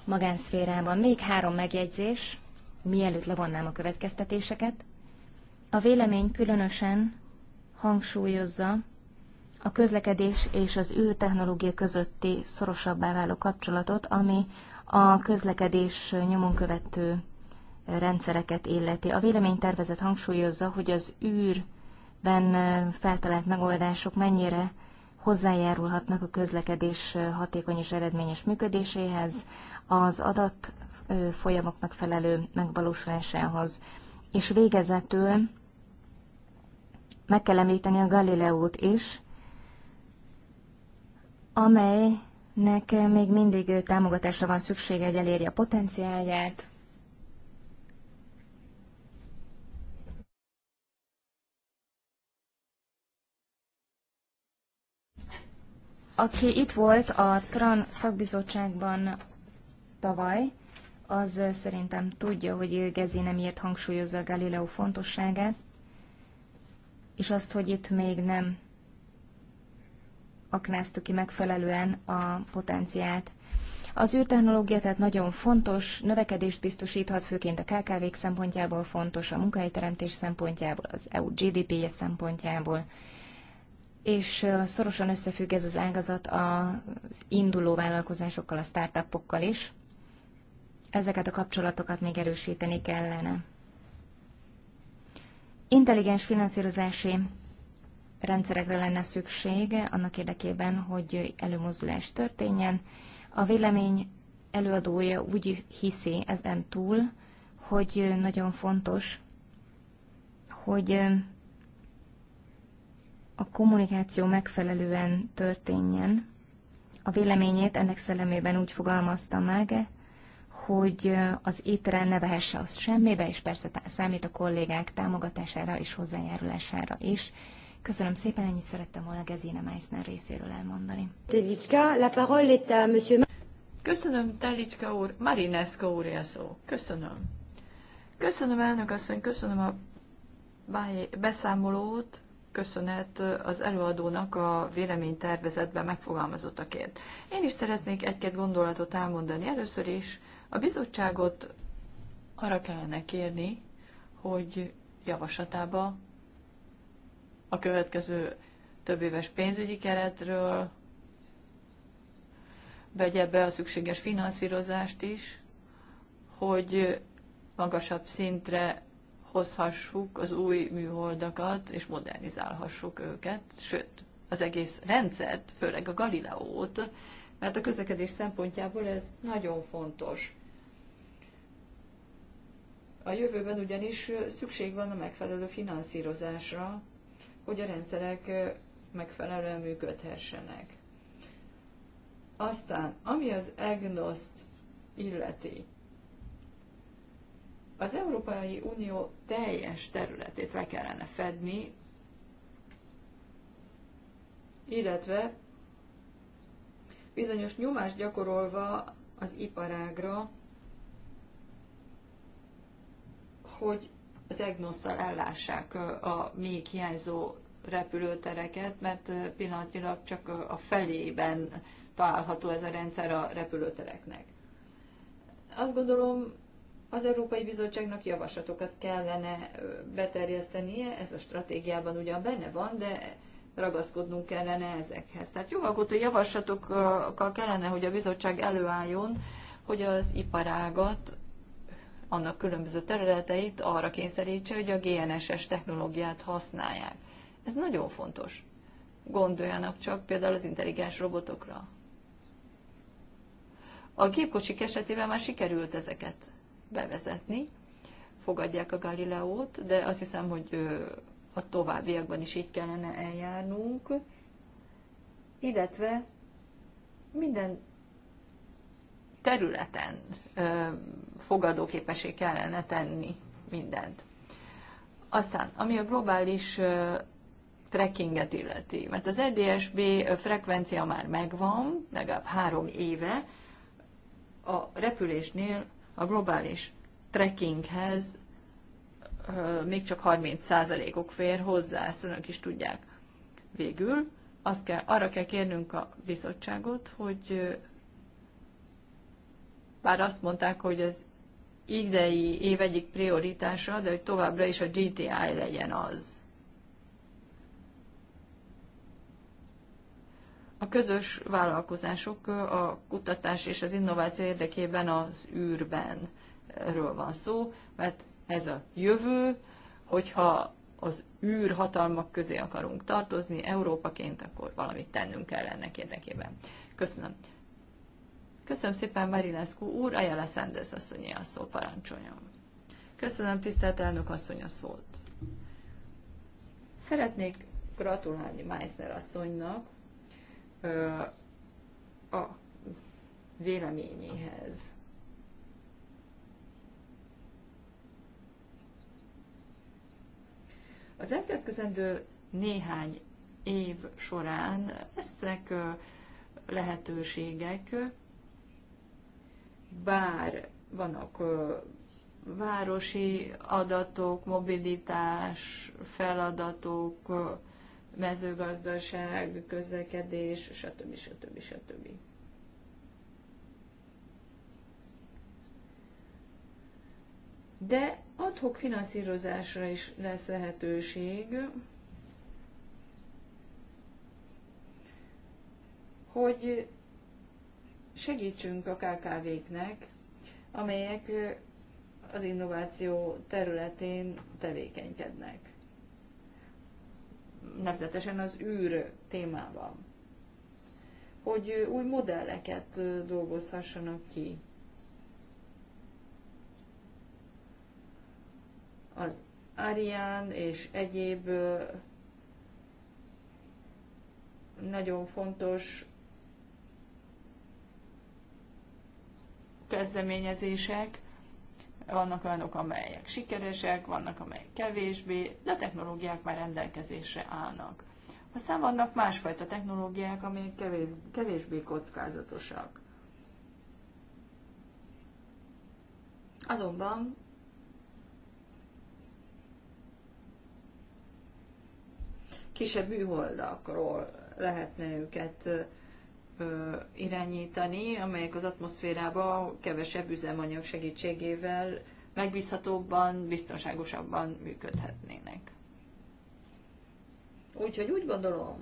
S2: magánszférában. Még három megjegyzés, mielőtt levonnám a következtetéseket. A vélemény különösen hangsúlyozza a közlekedés és az űrtechnológia közötti szorosabbá váló kapcsolatot, ami a közlekedés nyomon követő rendszereket illeti. A vélemény tervezet hangsúlyozza, hogy az űrben feltalált megoldások mennyire hozzájárulhatnak a közlekedés hatékony és eredményes működéséhez, az adat folyamok megfelelő megvalósulásához. És végezetül meg kell említeni a Galileót is, amelynek még mindig támogatásra van szüksége, hogy elérje a potenciálját. Aki itt volt a TRAN szakbizottságban tavaly, az szerintem tudja, hogy nem miért hangsúlyozza a Galileo fontosságát, és azt, hogy itt még nem aknáztuk ki megfelelően a potenciált. Az űrtechnológia tehát nagyon fontos, növekedést biztosíthat, főként a kkv szempontjából fontos, a munkahelyteremtés szempontjából, az EU GDP-je szempontjából, és szorosan összefügg ez az ágazat az induló vállalkozásokkal, a startupokkal is ezeket a kapcsolatokat még erősíteni kellene. Intelligens finanszírozási rendszerekre lenne szükség annak érdekében, hogy előmozdulás történjen. A vélemény előadója úgy hiszi ezen túl, hogy nagyon fontos, hogy a kommunikáció megfelelően történjen. A véleményét ennek szellemében úgy fogalmazta meg, hogy az étre ne vehesse azt semmibe, és persze számít a kollégák támogatására és hozzájárulására is. Köszönöm szépen, ennyit szerettem volna Gezina Meissner részéről elmondani.
S3: Telicska, la parole est à monsieur... Köszönöm, Telicska úr, Marinesco úr a szó. Köszönöm. Köszönöm, elnök asszony, köszönöm a beszámolót, köszönet az előadónak a véleménytervezetben megfogalmazottakért. Én is szeretnék egy-két gondolatot elmondani. Először is a bizottságot arra kellene kérni, hogy javaslatába a következő több éves pénzügyi keretről vegye be a szükséges finanszírozást is, hogy magasabb szintre hozhassuk az új műholdakat, és modernizálhassuk őket, sőt, az egész rendszert, főleg a Galileót mert hát a közlekedés szempontjából ez nagyon fontos. A jövőben ugyanis szükség van a megfelelő finanszírozásra, hogy a rendszerek megfelelően működhessenek. Aztán, ami az EGNOST illeti, az Európai Unió teljes területét le kellene fedni, illetve bizonyos nyomást gyakorolva az iparágra, hogy az EGNOS-szal ellássák a még hiányzó repülőtereket, mert pillanatnyilag csak a felében található ez a rendszer a repülőtereknek. Azt gondolom, az Európai Bizottságnak javaslatokat kellene beterjesztenie, ez a stratégiában ugyan benne van, de ragaszkodnunk kellene ezekhez. Tehát jogalkotó javaslatokkal kellene, hogy a bizottság előálljon, hogy az iparágat, annak különböző területeit arra kényszerítse, hogy a GNSS technológiát használják. Ez nagyon fontos. Gondoljanak csak például az intelligens robotokra. A gépkocsik esetében már sikerült ezeket bevezetni, fogadják a Galileót, de azt hiszem, hogy a továbbiakban is így kellene eljárnunk, illetve minden területen fogadóképessé kellene tenni mindent. Aztán, ami a globális trekkinget illeti, mert az EDSB frekvencia már megvan, legalább három éve, a repülésnél a globális trekkinghez még csak 30 százalékok fér hozzá, ezt önök is tudják. Végül azt kell, arra kell kérnünk a bizottságot, hogy bár azt mondták, hogy az idei év egyik prioritása, de hogy továbbra is a GTI legyen az. A közös vállalkozások a kutatás és az innováció érdekében az űrben erről van szó, mert ez a jövő, hogyha az űr hatalmak közé akarunk tartozni Európaként, akkor valamit tennünk kell ennek érdekében. Köszönöm. Köszönöm szépen Marinescu úr, Ajala Sanders asszonyi a szó, parancsoljon. Köszönöm tisztelt elnök asszony a szót. Szeretnék gratulálni Meissner asszonynak a véleményéhez. Az elkövetkezendő néhány év során lesznek lehetőségek, bár vannak városi adatok, mobilitás, feladatok, mezőgazdaság, közlekedés, stb. stb. stb. De adhok finanszírozásra is lesz lehetőség, hogy segítsünk a KKV-knek, amelyek az innováció területén tevékenykednek. Nevezetesen az űr témában. Hogy új modelleket dolgozhassanak ki az Ariane és egyéb nagyon fontos kezdeményezések, vannak olyanok, amelyek sikeresek, vannak, amelyek kevésbé, de a technológiák már rendelkezésre állnak. Aztán vannak másfajta technológiák, amelyek kevés, kevésbé kockázatosak. Azonban kisebb műholdakról lehetne őket irányítani, amelyek az atmoszférába kevesebb üzemanyag segítségével megbízhatóbban, biztonságosabban működhetnének. Úgyhogy úgy gondolom,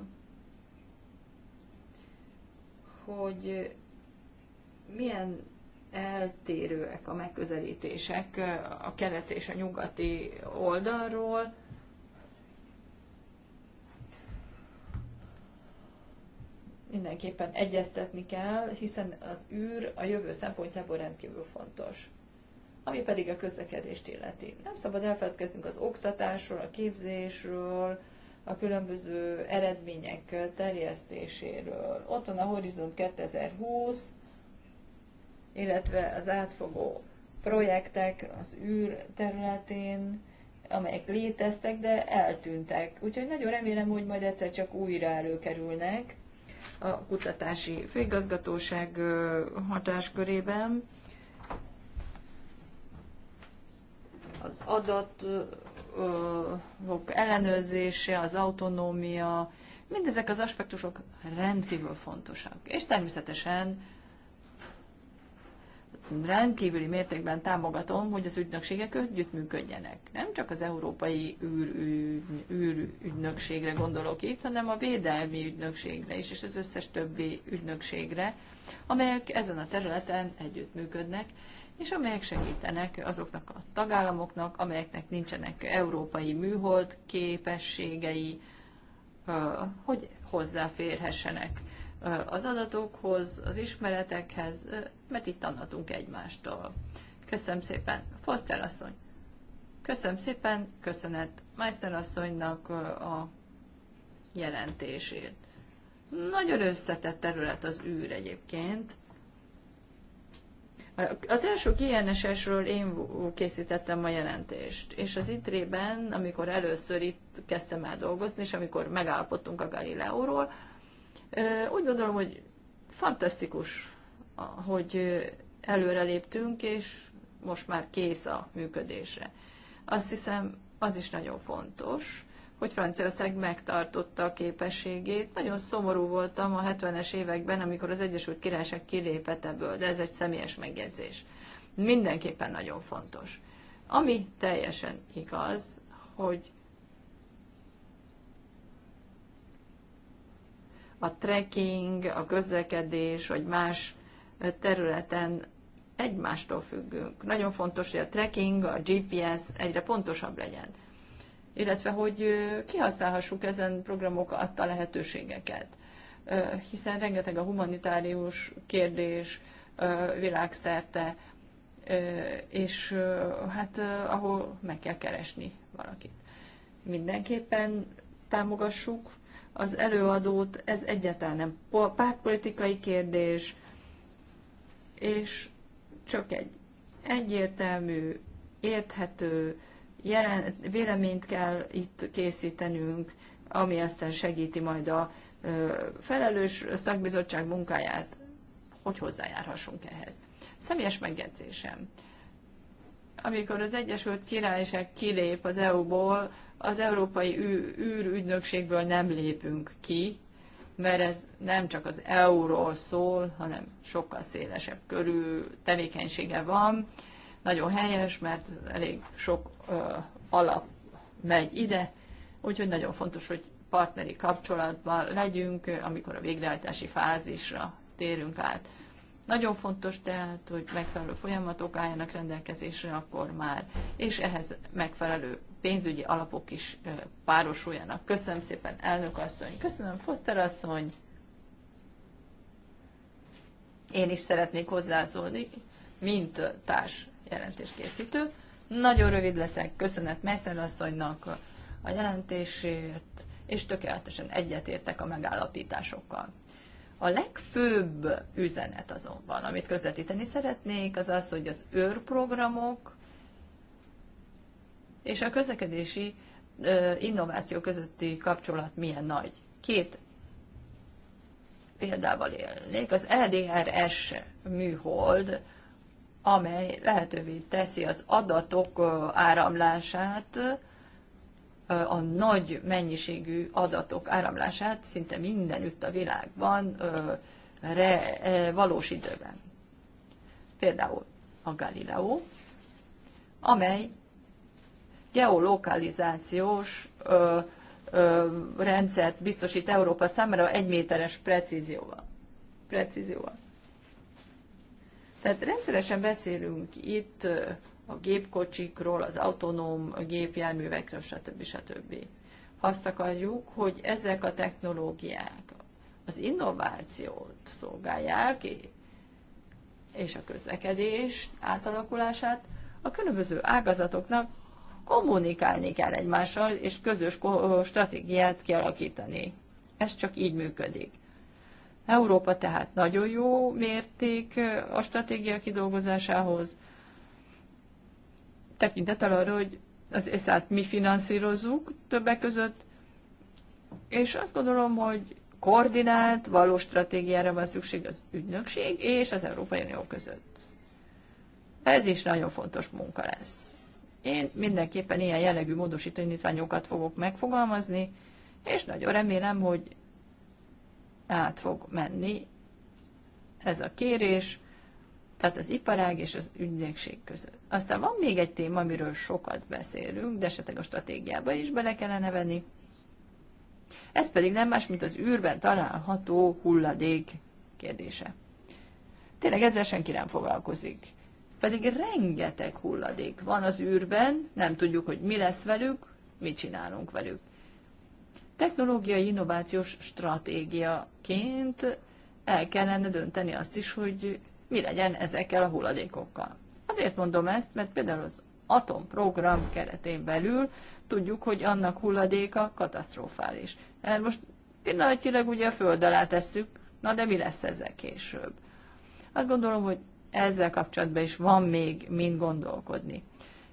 S3: hogy milyen eltérőek a megközelítések a kelet és a nyugati oldalról, mindenképpen egyeztetni kell, hiszen az űr a jövő szempontjából rendkívül fontos. Ami pedig a közlekedést illeti. Nem szabad elfeledkeznünk az oktatásról, a képzésről, a különböző eredmények terjesztéséről. Ott van a Horizont 2020, illetve az átfogó projektek az űr területén, amelyek léteztek, de eltűntek. Úgyhogy nagyon remélem, hogy majd egyszer csak újra előkerülnek, a kutatási főigazgatóság hatáskörében. Az adatok ellenőrzése, az autonómia, mindezek az aspektusok rendkívül fontosak. És természetesen rendkívüli mértékben támogatom, hogy az ügynökségek együttműködjenek. Nem csak az európai űrügynökségre űr, gondolok itt, hanem a védelmi ügynökségre is, és az összes többi ügynökségre, amelyek ezen a területen együttműködnek, és amelyek segítenek azoknak a tagállamoknak, amelyeknek nincsenek európai műhold képességei, hogy hozzáférhessenek az adatokhoz, az ismeretekhez, mert itt tanultunk egymástól. Köszönöm szépen, Foster asszony! Köszönöm szépen, köszönet Meister asszonynak a jelentését. Nagyon összetett terület az űr egyébként. Az első GNSS-ről én készítettem a jelentést, és az ITRE-ben, amikor először itt kezdtem el dolgozni, és amikor megállapodtunk a Galileóról, úgy gondolom, hogy fantasztikus, hogy előreléptünk, és most már kész a működése. Azt hiszem, az is nagyon fontos, hogy Franciaország megtartotta a képességét. Nagyon szomorú voltam a 70-es években, amikor az Egyesült Királyság kilépett ebből, de ez egy személyes megjegyzés. Mindenképpen nagyon fontos. Ami teljesen igaz, hogy a trekking, a közlekedés vagy más területen egymástól függünk. Nagyon fontos, hogy a trekking, a GPS egyre pontosabb legyen, illetve hogy kihasználhassuk ezen programok adta lehetőségeket, hiszen rengeteg a humanitárius kérdés világszerte, és hát ahol meg kell keresni valakit. Mindenképpen támogassuk az előadót, ez egyáltalán nem pártpolitikai kérdés, és csak egy egyértelmű, érthető jelen, véleményt kell itt készítenünk, ami aztán segíti majd a felelős szakbizottság munkáját, hogy hozzájárhassunk ehhez. Személyes megjegyzésem. Amikor az Egyesült Királyság kilép az EU-ból, az Európai űrügynökségből nem lépünk ki, mert ez nem csak az euróról szól, hanem sokkal szélesebb körű tevékenysége van. Nagyon helyes, mert elég sok ö, alap megy ide, úgyhogy nagyon fontos, hogy partneri kapcsolatban legyünk, amikor a végrehajtási fázisra térünk át. Nagyon fontos tehát, hogy megfelelő folyamatok álljanak rendelkezésre akkor már, és ehhez megfelelő pénzügyi alapok is párosuljanak. Köszönöm szépen, elnök asszony. Köszönöm, Foster asszony. Én is szeretnék hozzászólni, mint társ jelentéskészítő. Nagyon rövid leszek, köszönet Messzer asszonynak a jelentésért, és tökéletesen egyetértek a megállapításokkal. A legfőbb üzenet azonban, amit közvetíteni szeretnék, az az, hogy az őrprogramok és a közlekedési innováció közötti kapcsolat milyen nagy. Két példával élnék. Az EDRS műhold, amely lehetővé teszi az adatok áramlását, a nagy mennyiségű adatok áramlását szinte mindenütt a világban re, valós időben. Például a Galileo, amely geolokalizációs ö, ö, rendszert biztosít Európa számára egy méteres precízióval. precízióval. Tehát rendszeresen beszélünk itt a gépkocsikról, az autonóm gépjárművekről, stb. stb. Azt akarjuk, hogy ezek a technológiák az innovációt szolgálják, és a közlekedés átalakulását a különböző ágazatoknak kommunikálni kell egymással, és közös stratégiát kialakítani. Ez csak így működik. Európa tehát nagyon jó mérték a stratégia kidolgozásához, tekintettel arra, hogy az ESZ-t mi finanszírozzuk többek között, és azt gondolom, hogy koordinált, valós stratégiára van szükség az ügynökség és az Európai Unió között. Ez is nagyon fontos munka lesz. Én mindenképpen ilyen jellegű módosítanyítványokat fogok megfogalmazni, és nagyon remélem, hogy át fog menni ez a kérés, tehát az iparág és az ügynökség között. Aztán van még egy téma, amiről sokat beszélünk, de esetleg a stratégiába is bele kellene venni. Ez pedig nem más, mint az űrben található hulladék kérdése. Tényleg ezzel senki nem foglalkozik pedig rengeteg hulladék van az űrben, nem tudjuk, hogy mi lesz velük, mit csinálunk velük. Technológiai innovációs stratégiaként el kellene dönteni azt is, hogy mi legyen ezekkel a hulladékokkal. Azért mondom ezt, mert például az atomprogram keretén belül tudjuk, hogy annak hulladéka katasztrofális. Mert most pillanatilag ugye a föld alá tesszük, na de mi lesz ezzel később? Azt gondolom, hogy ezzel kapcsolatban is van még mind gondolkodni.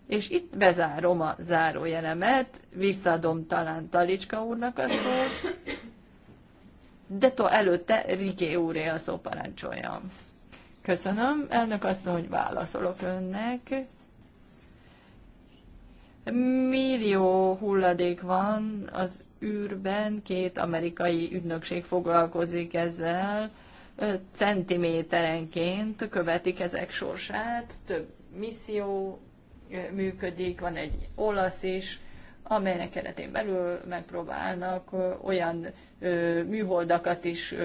S3: És itt bezárom a zárójelemet, visszaadom talán Talicska úrnak a szót, de to előtte Riké úré a szó parancsoljam. Köszönöm, elnök asszony, hogy válaszolok önnek. Millió hulladék van az űrben, két amerikai ügynökség foglalkozik ezzel, centiméterenként követik ezek sorsát, több misszió működik, van egy olasz is, amelynek keretén belül megpróbálnak olyan műholdakat is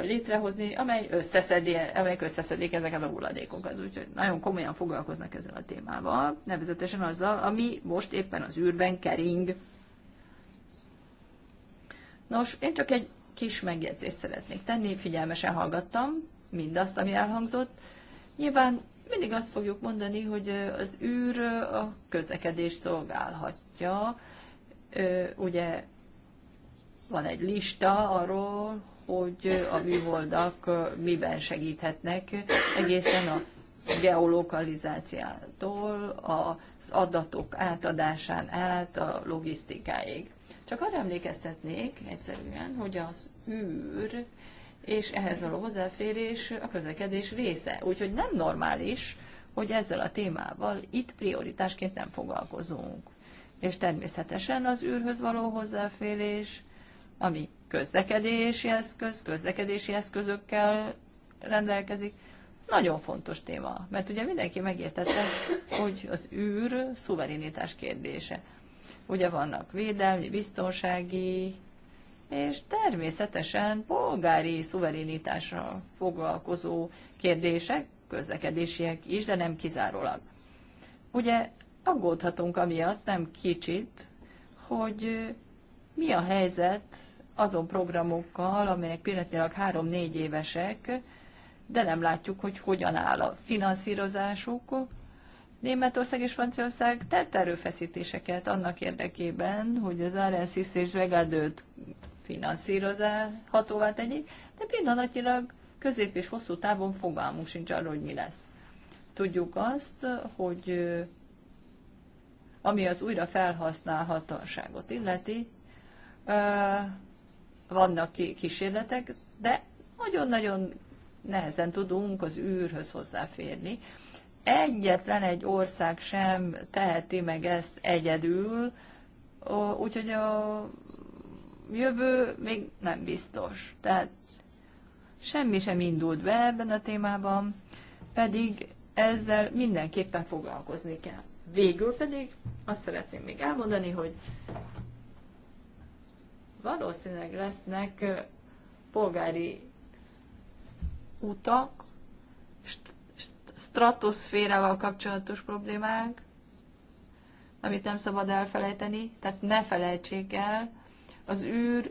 S3: létrehozni, amely összeszedi, amelyek összeszedik ezeket a hulladékokat. Úgyhogy nagyon komolyan foglalkoznak ezzel a témával, nevezetesen azzal, ami most éppen az űrben kering. Nos, én csak egy kis megjegyzést szeretnék tenni, figyelmesen hallgattam mindazt, ami elhangzott. Nyilván mindig azt fogjuk mondani, hogy az űr a közlekedés szolgálhatja. Ugye van egy lista arról, hogy a műholdak miben segíthetnek, egészen a geolokalizációtól, az adatok átadásán át a logisztikáig. Csak arra emlékeztetnék egyszerűen, hogy az űr és ehhez való hozzáférés a közlekedés része. Úgyhogy nem normális, hogy ezzel a témával itt prioritásként nem foglalkozunk. És természetesen az űrhöz való hozzáférés, ami közlekedési eszköz, közlekedési eszközökkel rendelkezik, nagyon fontos téma, mert ugye mindenki megértette, hogy az űr szuverenitás kérdése. Ugye vannak védelmi, biztonsági, és természetesen polgári szuverenitásra foglalkozó kérdések, közlekedésiek is, de nem kizárólag. Ugye aggódhatunk amiatt, nem kicsit, hogy mi a helyzet azon programokkal, amelyek pillanatnyilag 3-4 évesek, de nem látjuk, hogy hogyan áll a finanszírozásuk, Németország és Franciaország tett erőfeszítéseket annak érdekében, hogy az RNCC és Vegadőt hatóvá tegyék, de pillanatilag közép és hosszú távon fogalmunk sincs arról, hogy mi lesz. Tudjuk azt, hogy ami az újra felhasználhatóságot illeti, vannak kísérletek, de nagyon-nagyon nehezen tudunk az űrhöz hozzáférni egyetlen egy ország sem teheti meg ezt egyedül, úgyhogy a jövő még nem biztos. Tehát semmi sem indult be ebben a témában, pedig ezzel mindenképpen foglalkozni kell. Végül pedig azt szeretném még elmondani, hogy valószínűleg lesznek polgári utak, stratoszférával kapcsolatos problémánk, amit nem szabad elfelejteni, tehát ne felejtsék el, az űr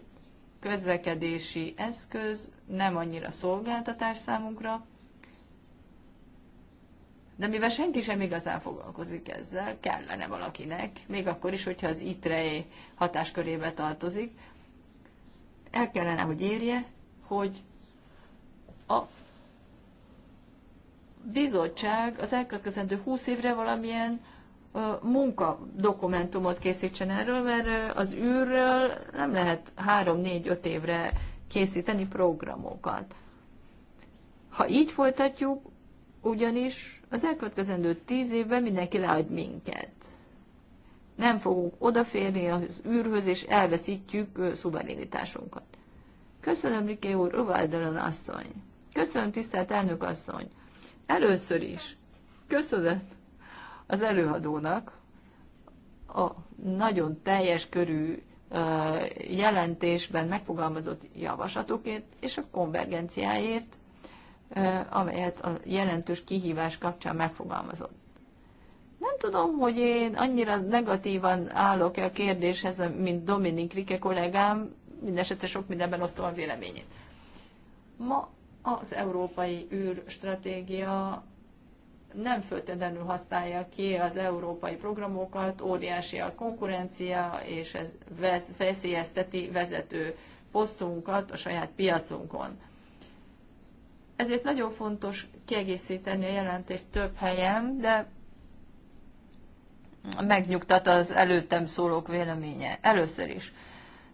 S3: közlekedési eszköz nem annyira szolgáltatás számunkra, de mivel senki sem igazán foglalkozik ezzel, kellene valakinek, még akkor is, hogyha az ITREI hatáskörébe tartozik, el kellene, hogy érje, hogy a bizottság az elkövetkezendő 20 évre valamilyen munkadokumentumot készítsen erről, mert az űrről nem lehet 3-4-5 évre készíteni programokat. Ha így folytatjuk, ugyanis az elkövetkezendő 10 évben mindenki leadj minket. Nem fogunk odaférni az űrhöz, és elveszítjük szuverenitásunkat. Köszönöm, Riké úr, Rövaldalan asszony. Köszönöm, tisztelt elnök asszony. Először is köszönet az előadónak a nagyon teljes körű jelentésben megfogalmazott javaslatokért és a konvergenciáért, amelyet a jelentős kihívás kapcsán megfogalmazott. Nem tudom, hogy én annyira negatívan állok-e a kérdéshez, mint Dominik Rike kollégám, mindesetre sok mindenben osztom a véleményét. Ma az európai űrstratégia nem föltétlenül használja ki az európai programokat, óriási a konkurencia, és ez veszélyezteti vezető posztunkat a saját piacunkon. Ezért nagyon fontos kiegészíteni a jelentést több helyen, de megnyugtat az előttem szólók véleménye. Először is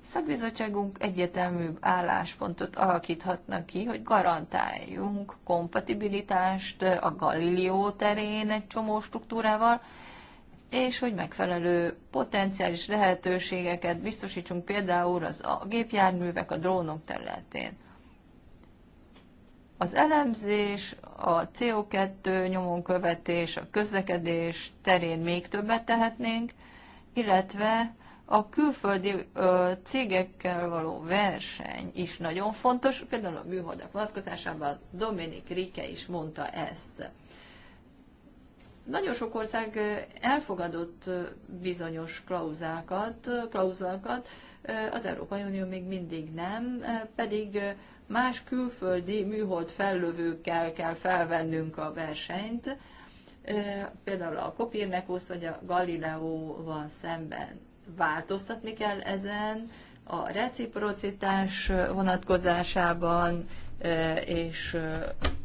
S3: szakbizottságunk egyetemű álláspontot alakíthatna ki, hogy garantáljunk kompatibilitást a Galileo terén egy csomó struktúrával, és hogy megfelelő potenciális lehetőségeket biztosítsunk például az a gépjárművek, a drónok területén. Az elemzés, a CO2 nyomon követés, a közlekedés terén még többet tehetnénk, illetve a külföldi ö, cégekkel való verseny is nagyon fontos, például a műholdak vonatkozásában Dominik Rike is mondta ezt. Nagyon sok ország elfogadott bizonyos klauzákat, klauzulákat, az Európai Unió még mindig nem, pedig más külföldi műhold fellövőkkel kell felvennünk a versenyt, például a Copernicus vagy a Galileóval szemben változtatni kell ezen a reciprocitás vonatkozásában, és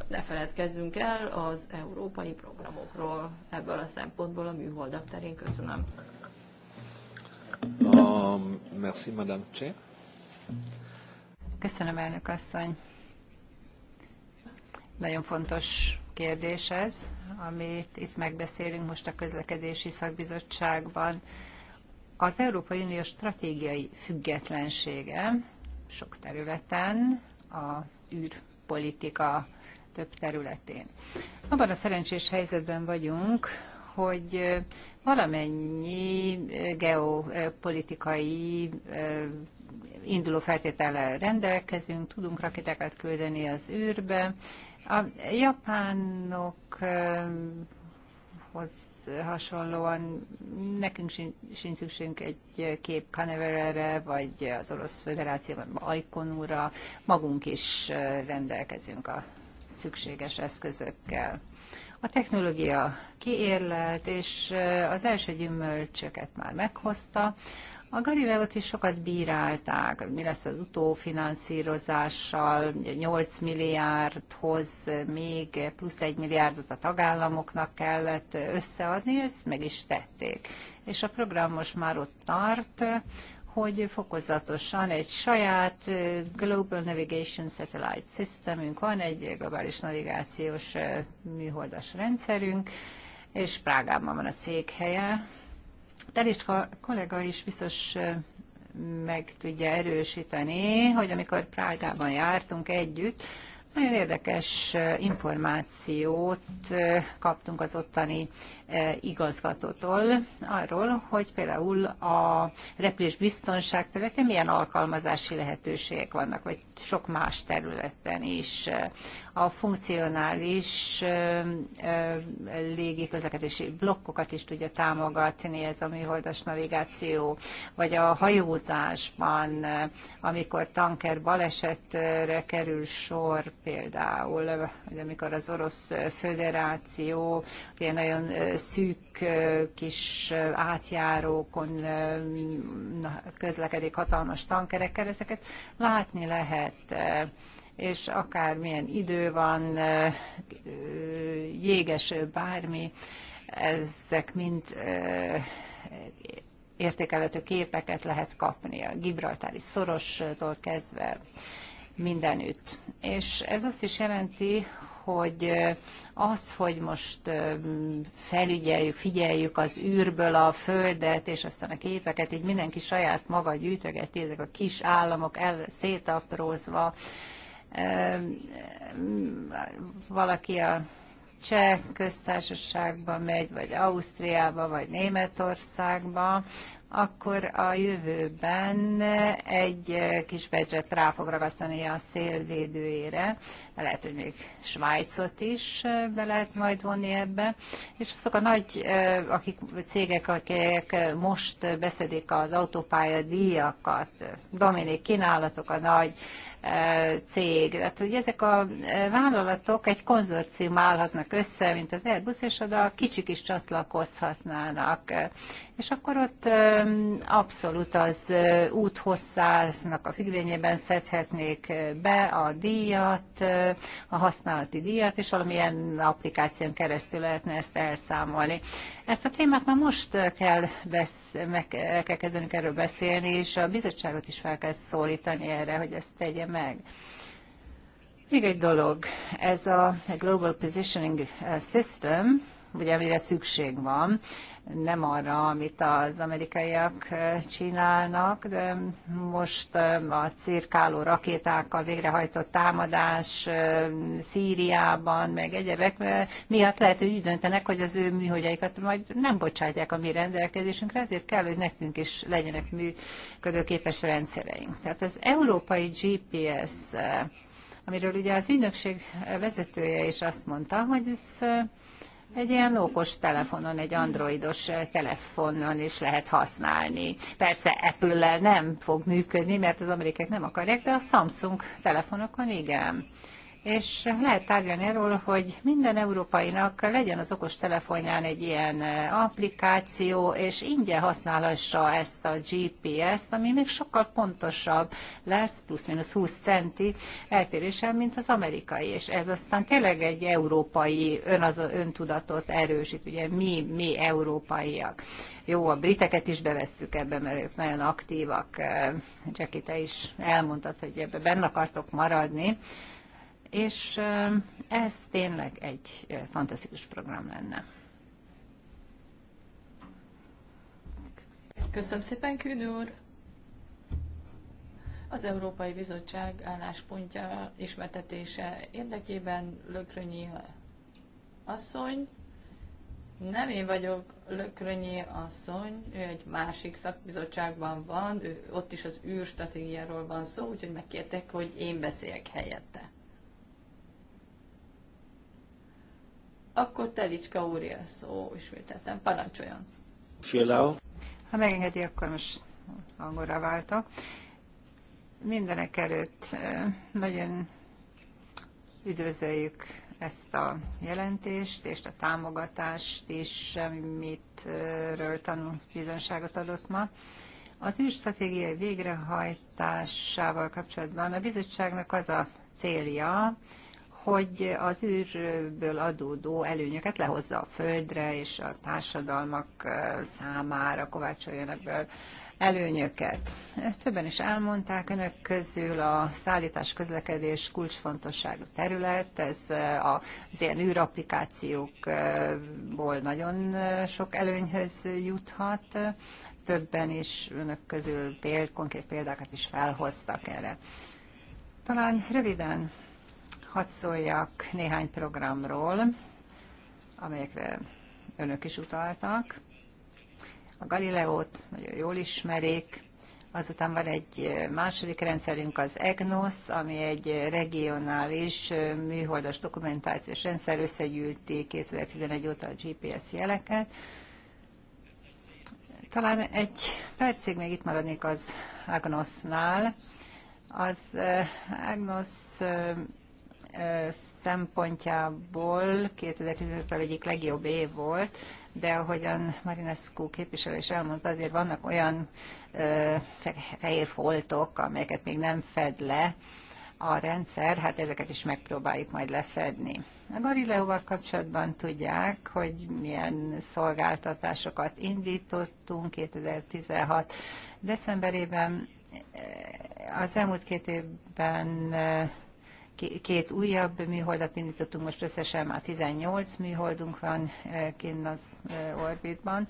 S3: ne feledkezzünk el az európai programokról ebből a szempontból a műholdak terén. Köszönöm.
S2: Um, merci, Madame Chair.
S1: Köszönöm, elnök asszony. Nagyon fontos kérdés ez, amit itt megbeszélünk most a közlekedési szakbizottságban. Az Európai Unió stratégiai függetlensége sok területen, az űrpolitika több területén. Abban a szerencsés helyzetben vagyunk, hogy valamennyi geopolitikai induló feltétellel rendelkezünk, tudunk rakétákat küldeni az űrbe. A japánok hasonlóan nekünk sincs szükségünk egy kép Caneverere, vagy az Orosz Föderációban Ajkonúra, magunk is rendelkezünk a szükséges eszközökkel. A technológia kiérlelt, és az első gyümölcsöket már meghozta. A Galileót is sokat bírálták, mi lesz az utófinanszírozással, 8 milliárdhoz még plusz 1 milliárdot a tagállamoknak kellett összeadni, ezt meg is tették. És a program most már ott tart, hogy fokozatosan egy saját Global Navigation Satellite Systemünk van, egy globális navigációs műholdas rendszerünk, és Prágában van a székhelye, Teliska kollega is biztos meg tudja erősíteni, hogy amikor Prágában jártunk együtt, nagyon érdekes információt kaptunk az ottani E, igazgatótól arról, hogy például a repülés biztonság területén milyen alkalmazási lehetőségek vannak, vagy sok más területen is. A funkcionális e, e, légiközlekedési blokkokat is tudja támogatni ez a műholdas navigáció, vagy a hajózásban, amikor tanker balesetre kerül sor például, vagy amikor az Orosz Föderáció ilyen nagyon szűk kis átjárókon közlekedik hatalmas tankerekkel, ezeket látni lehet és akár milyen idő van, jéges bármi, ezek mind értékelhető képeket lehet kapni, a Gibraltári szorostól kezdve mindenütt. És ez azt is jelenti, hogy az, hogy most felügyeljük, figyeljük az űrből a földet, és aztán a képeket, így mindenki saját maga gyűjtögeti, ezek a kis államok el, szétaprózva, valaki a cseh köztársaságba megy, vagy Ausztriába, vagy Németországba, akkor a jövőben egy kis budget rá fog ragasztani a szélvédőjére, lehet, hogy még Svájcot is be lehet majd vonni ebbe, és azok a nagy akik, cégek, akik most beszedik az autópálya díjakat, Dominik, kínálatok a nagy cég. Tehát ugye ezek a vállalatok egy konzorcium állhatnak össze, mint az Airbus, és oda kicsik is csatlakozhatnának. És akkor ott abszolút az úthosszának a függvényében szedhetnék be a díjat, a használati díjat, és valamilyen applikáción keresztül lehetne ezt elszámolni. Ezt a témát már most kell, besz, meg kell kezdenünk erről beszélni, és a bizottságot is fel kell szólítani erre, hogy ezt tegye meg. Még egy dolog, ez a Global Positioning System, ugye amire szükség van, nem arra, amit az amerikaiak csinálnak, de most a cirkáló rakétákkal végrehajtott támadás Szíriában, meg egyebek miatt lehet, hogy úgy döntenek, hogy az ő műhogyaikat majd nem bocsátják a mi rendelkezésünkre, ezért kell, hogy nekünk is legyenek működőképes rendszereink. Tehát az európai GPS amiről ugye az ügynökség vezetője is azt mondta, hogy ez egy ilyen okos telefonon, egy androidos telefonon is lehet használni. Persze apple nem fog működni, mert az amerikák nem akarják, de a Samsung telefonokon igen és lehet tárgyalni erről, hogy minden európainak legyen az okos telefonján egy ilyen applikáció, és ingyen használhassa ezt a GPS-t, ami még sokkal pontosabb lesz, plusz-minusz 20 centi eltérésen, mint az amerikai, és ez aztán tényleg egy európai az öntudatot erősít, ugye mi, mi európaiak. Jó, a briteket is bevesszük ebbe, mert ők nagyon aktívak. Jackie, te is elmondtad, hogy ebbe benne akartok maradni és ez tényleg egy fantasztikus program lenne. Köszönöm szépen, Küldő
S3: úr! Az Európai Bizottság álláspontja ismertetése érdekében Lökrönyi asszony, nem én vagyok Lökrönyi asszony, ő egy másik szakbizottságban van, ő, ott is az űrstratégiáról van szó, úgyhogy megkértek, hogy én beszéljek helyette. Akkor Telicska úr
S1: él szó, ismételtem. Parancsoljon. Filau. Ha megengedi, akkor most angolra váltok. Mindenek előtt nagyon üdvözöljük ezt a jelentést és a támogatást is, amitről tanul bizonságot adott ma. Az űrstratégiai végrehajtásával kapcsolatban a bizottságnak az a célja, hogy az űrből adódó előnyöket lehozza a földre, és a társadalmak számára kovácsoljanak belőle előnyöket. Többen is elmondták, önök közül a szállítás közlekedés kulcsfontosságú terület, ez az ilyen űrapplikációkból nagyon sok előnyhöz juthat, többen is önök közül péld, konkrét példákat is felhoztak erre. Talán röviden Hadd szóljak néhány programról, amelyekre önök is utaltak. A Galileót nagyon jól ismerik, Azután van egy második rendszerünk, az EGNOS, ami egy regionális műholdas dokumentációs rendszer összegyűlti 2011 óta a GPS jeleket. Talán egy percig még itt maradnék az EGNOS-nál. Az Agnos eh, eh, szempontjából 2015 egyik legjobb év volt, de ahogyan Marinescu képviselő is elmondta, azért vannak olyan ö, fehér foltok, amelyeket még nem fed le a rendszer, hát ezeket is megpróbáljuk majd lefedni. A Galileóval kapcsolatban tudják, hogy milyen szolgáltatásokat indítottunk 2016 decemberében. Az elmúlt két évben két újabb műholdat indítottunk, most összesen már 18 műholdunk van e, kint az e, orbitban,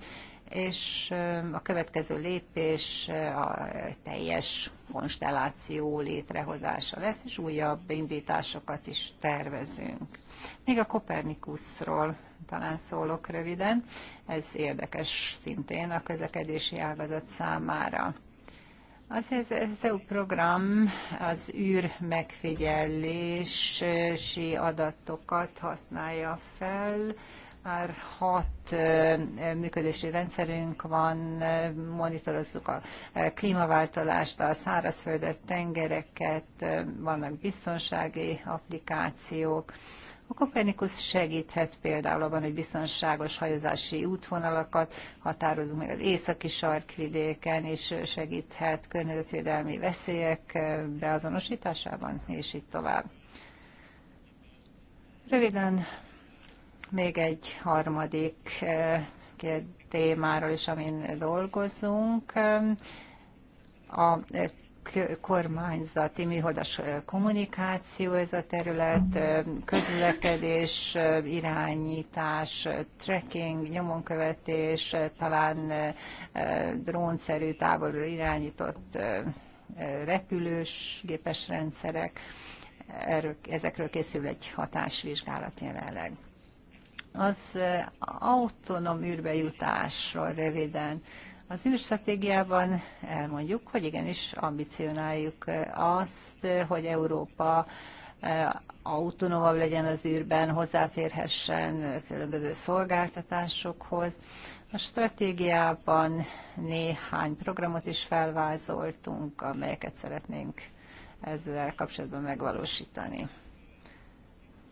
S1: és e, a következő lépés a teljes konstelláció létrehozása lesz, és újabb indításokat is tervezünk. Még a Kopernikusról talán szólok röviden, ez érdekes szintén a közlekedési ágazat számára. Az, ez, ez EU program az űr megfigyelési adatokat használja fel, már hat működési rendszerünk van, monitorozzuk a klímaváltozást, a szárazföldet, tengereket, vannak biztonsági applikációk, a Kopernikus segíthet például abban, hogy biztonságos hajózási útvonalakat határozunk meg az északi sarkvidéken, és segíthet környezetvédelmi veszélyek beazonosításában, és így tovább. Röviden még egy harmadik eh, témáról is, amin dolgozunk. A kormányzati műholdas kommunikáció ez a terület, közlekedés, irányítás, tracking, nyomonkövetés, talán drónszerű távolról irányított repülős gépes rendszerek. Erről, ezekről készül egy hatásvizsgálat jelenleg. Az autonóm űrbe jutásról röviden az űr stratégiában elmondjuk, hogy igenis ambicionáljuk eh, azt, eh, hogy Európa eh, autonómabb legyen az űrben, hozzáférhessen különböző szolgáltatásokhoz. A stratégiában néhány programot is felvázoltunk, amelyeket szeretnénk ezzel kapcsolatban megvalósítani.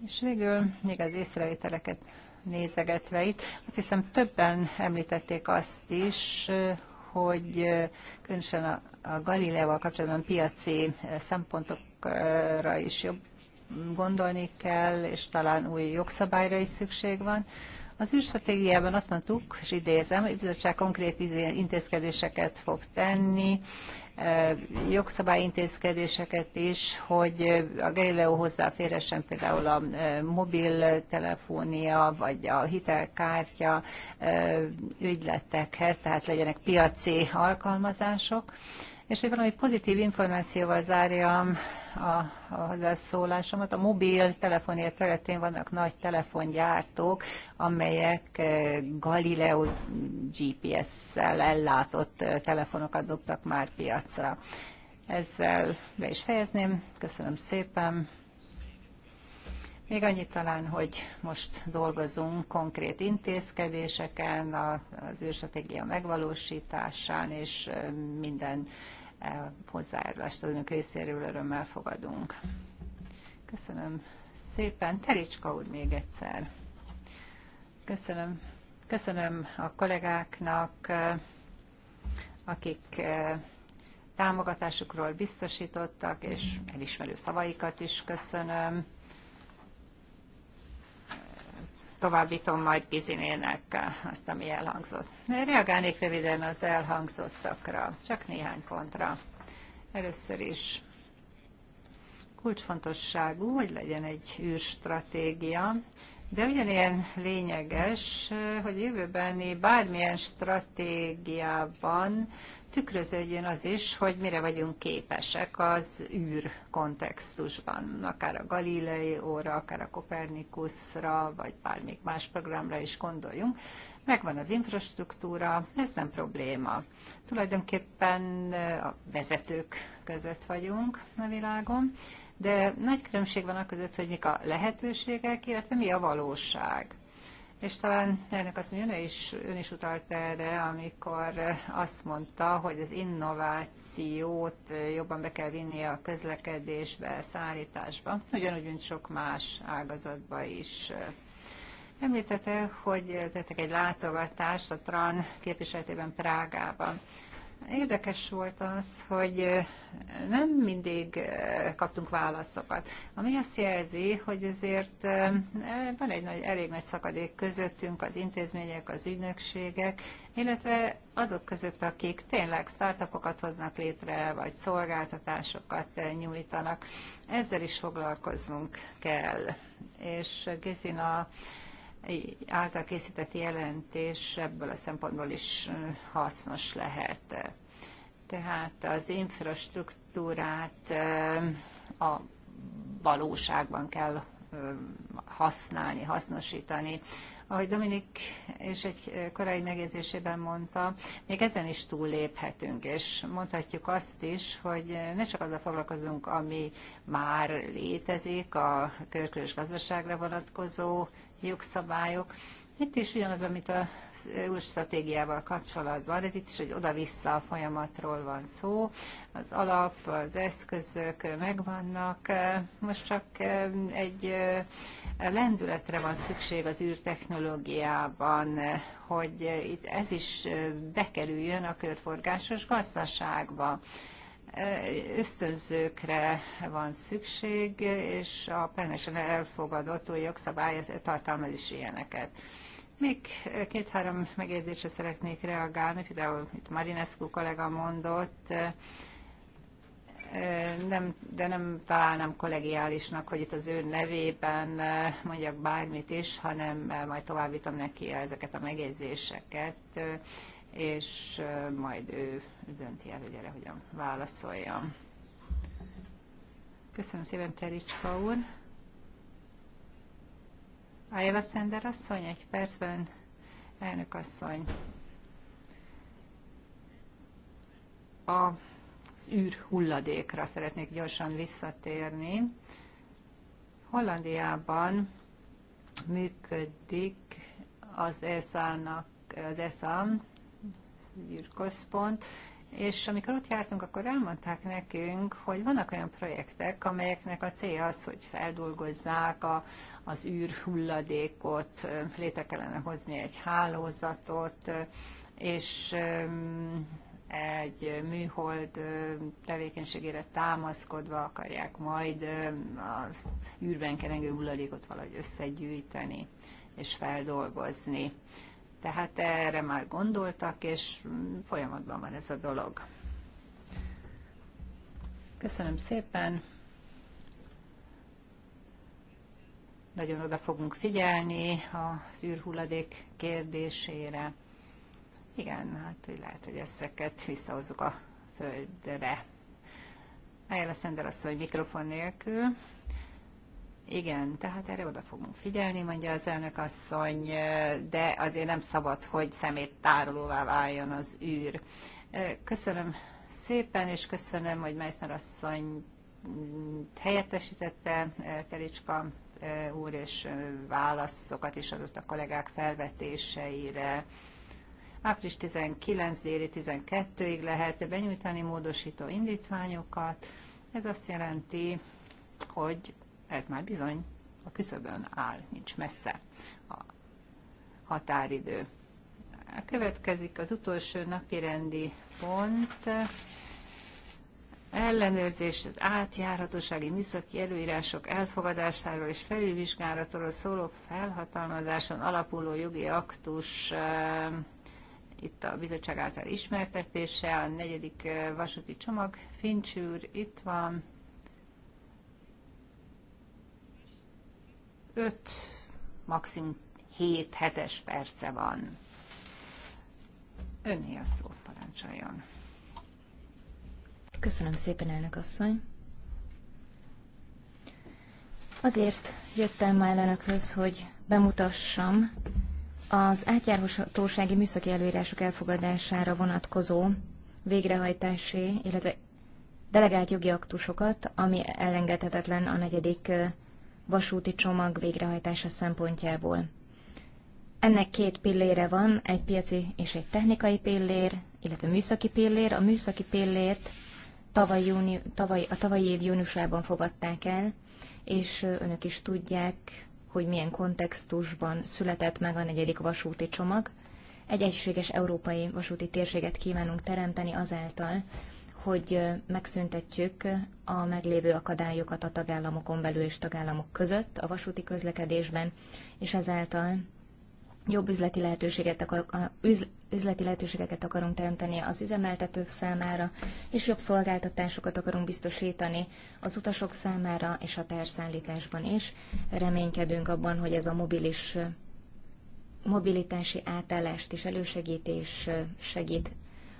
S1: És végül még az észrevételeket nézegetve itt. Azt hiszem többen említették azt is, hogy különösen a, a Galileával kapcsolatban piaci szempontokra is jobb gondolni kell, és talán új jogszabályra is szükség van. Az űrstratégiában azt mondtuk, és idézem, hogy a bizottság konkrét izé intézkedéseket fog tenni, jogszabályintézkedéseket is, hogy a Galileo hozzáférhessen például a mobiltelefónia vagy a hitelkártya ügyletekhez, tehát legyenek piaci alkalmazások. És hogy valami pozitív információval zárjam a, a hozzászólásomat, a mobil területén vannak nagy telefongyártók, amelyek eh, Galileo GPS-szel ellátott eh, telefonokat dobtak már piacra. Ezzel be is fejezném. Köszönöm szépen. Még annyit talán, hogy most dolgozunk konkrét intézkedéseken, az űrstratégia megvalósításán, és eh, minden hozzájárulást az önök részéről örömmel fogadunk. Köszönöm szépen. Tericska úr még egyszer. Köszönöm. Köszönöm a kollégáknak, akik eh, támogatásukról biztosítottak, és elismerő szavaikat is köszönöm továbbítom majd Gizinének azt, ami elhangzott. Reagálnék röviden az elhangzottakra, csak néhány pontra. Először is kulcsfontosságú, hogy legyen egy űrstratégia, de ugyanilyen lényeges, hogy jövőbeni bármilyen stratégiában tükröződjön az is, hogy mire vagyunk képesek az űr kontextusban, akár a Galilei óra, akár a Kopernikusra, vagy bármik más programra is gondoljunk. Megvan az infrastruktúra, ez nem probléma. Tulajdonképpen a vezetők között vagyunk a világon, de nagy különbség van a között, hogy mik a lehetőségek, illetve mi a valóság és talán elnök azt mondja, ön is, ön is utalt erre, amikor azt mondta, hogy az innovációt jobban be kell vinni a közlekedésbe, szállításba, ugyanúgy, mint sok más ágazatba is. Említette, hogy tettek egy látogatást a TRAN képviseletében Prágában. Érdekes volt az, hogy nem mindig kaptunk válaszokat, ami azt jelzi, hogy azért van egy nagy, elég nagy szakadék közöttünk, az intézmények, az ügynökségek, illetve azok között, akik tényleg startupokat hoznak létre, vagy szolgáltatásokat nyújtanak. Ezzel is foglalkoznunk kell. És Gézina által készített jelentés ebből a szempontból is hasznos lehet. Tehát az infrastruktúrát a valóságban kell használni, hasznosítani. Ahogy Dominik és egy korai megjegyzésében mondta, még ezen is túlléphetünk, és mondhatjuk azt is, hogy ne csak azzal foglalkozunk, ami már létezik, a körkörös gazdaságra vonatkozó jogszabályok. Itt is ugyanaz, amit a EU stratégiával kapcsolatban, ez itt is egy oda-vissza folyamatról van szó. Az alap, az eszközök megvannak, most csak eh, egy eh, lendületre van szükség az űrtechnológiában, hogy eh, itt ez is bekerüljön a körforgásos gazdaságba ösztönzőkre van szükség, és a plenesen elfogadott új jogszabály tartalmaz is ilyeneket. Még két-három megjegyzésre szeretnék reagálni, például itt Marinescu kollega mondott, nem, de nem találnám kollegiálisnak, hogy itt az ő nevében mondjak bármit is, hanem majd továbbítom neki ezeket a megjegyzéseket, és majd ő dönti el, hogy erre hogyan válaszoljam. Köszönöm szépen, Tericska úr. Ájla Szender asszony, egy percben, elnök asszony. A az űr hulladékra szeretnék gyorsan visszatérni. Hollandiában működik az ESA-nak, az ESA központ, és amikor ott jártunk, akkor elmondták nekünk, hogy vannak olyan projektek, amelyeknek a célja az, hogy feldolgozzák a, az űrhulladékot, létre kellene hozni egy hálózatot, és egy műhold tevékenységére támaszkodva akarják majd az űrben kerengő hulladékot valahogy összegyűjteni és feldolgozni. Tehát erre már gondoltak, és folyamatban van ez a dolog. Köszönöm szépen! Nagyon oda fogunk figyelni az űrhulladék kérdésére. Igen, hát lehet, hogy ezeket visszahozzuk a földre. Ájjel a Szender asszony mikrofon nélkül. Igen, tehát erre oda fogunk figyelni, mondja az elnök asszony, de azért nem szabad, hogy szemét tárolóvá váljon az űr. Köszönöm szépen, és köszönöm, hogy Meissner asszony helyettesítette Telicska úr, és válaszokat is adott a kollégák felvetéseire. Április 19 déli 12-ig lehet benyújtani módosító indítványokat. Ez azt jelenti, hogy ez már bizony a küszöbön áll, nincs messze a határidő. Következik az utolsó napi rendi pont. Ellenőrzés az átjárhatósági műszaki előírások elfogadásáról és felülvizsgálatról szóló felhatalmazáson alapuló jogi aktus eh, itt a bizottság által ismertetése, a negyedik eh, vasúti csomag. Fincsúr itt van, 5, maximum 7 hetes perce van. Önné a szó, parancsoljon.
S2: Köszönöm szépen, elnök asszony. Azért jöttem már önökhöz, hogy bemutassam az átjárhatósági műszaki előírások elfogadására vonatkozó végrehajtási, illetve delegált jogi aktusokat, ami elengedhetetlen a negyedik vasúti csomag végrehajtása szempontjából. Ennek két pillére van, egy piaci és egy technikai pillér, illetve műszaki pillér. A műszaki pillért tavaly, júni, tavaly, a tavalyi év júniusában fogadták el, és önök is tudják, hogy milyen kontextusban született meg a negyedik vasúti csomag. Egy egységes európai vasúti térséget kívánunk teremteni azáltal, hogy megszüntetjük a meglévő akadályokat a tagállamokon belül és tagállamok között a vasúti közlekedésben, és ezáltal jobb üzleti lehetőséget, akar, üzleti lehetőségeket akarunk teremteni az üzemeltetők számára, és jobb szolgáltatásokat akarunk biztosítani az utasok számára és a társzállításban is. Reménykedünk abban, hogy ez a mobilis mobilitási átállást is elősegítés segít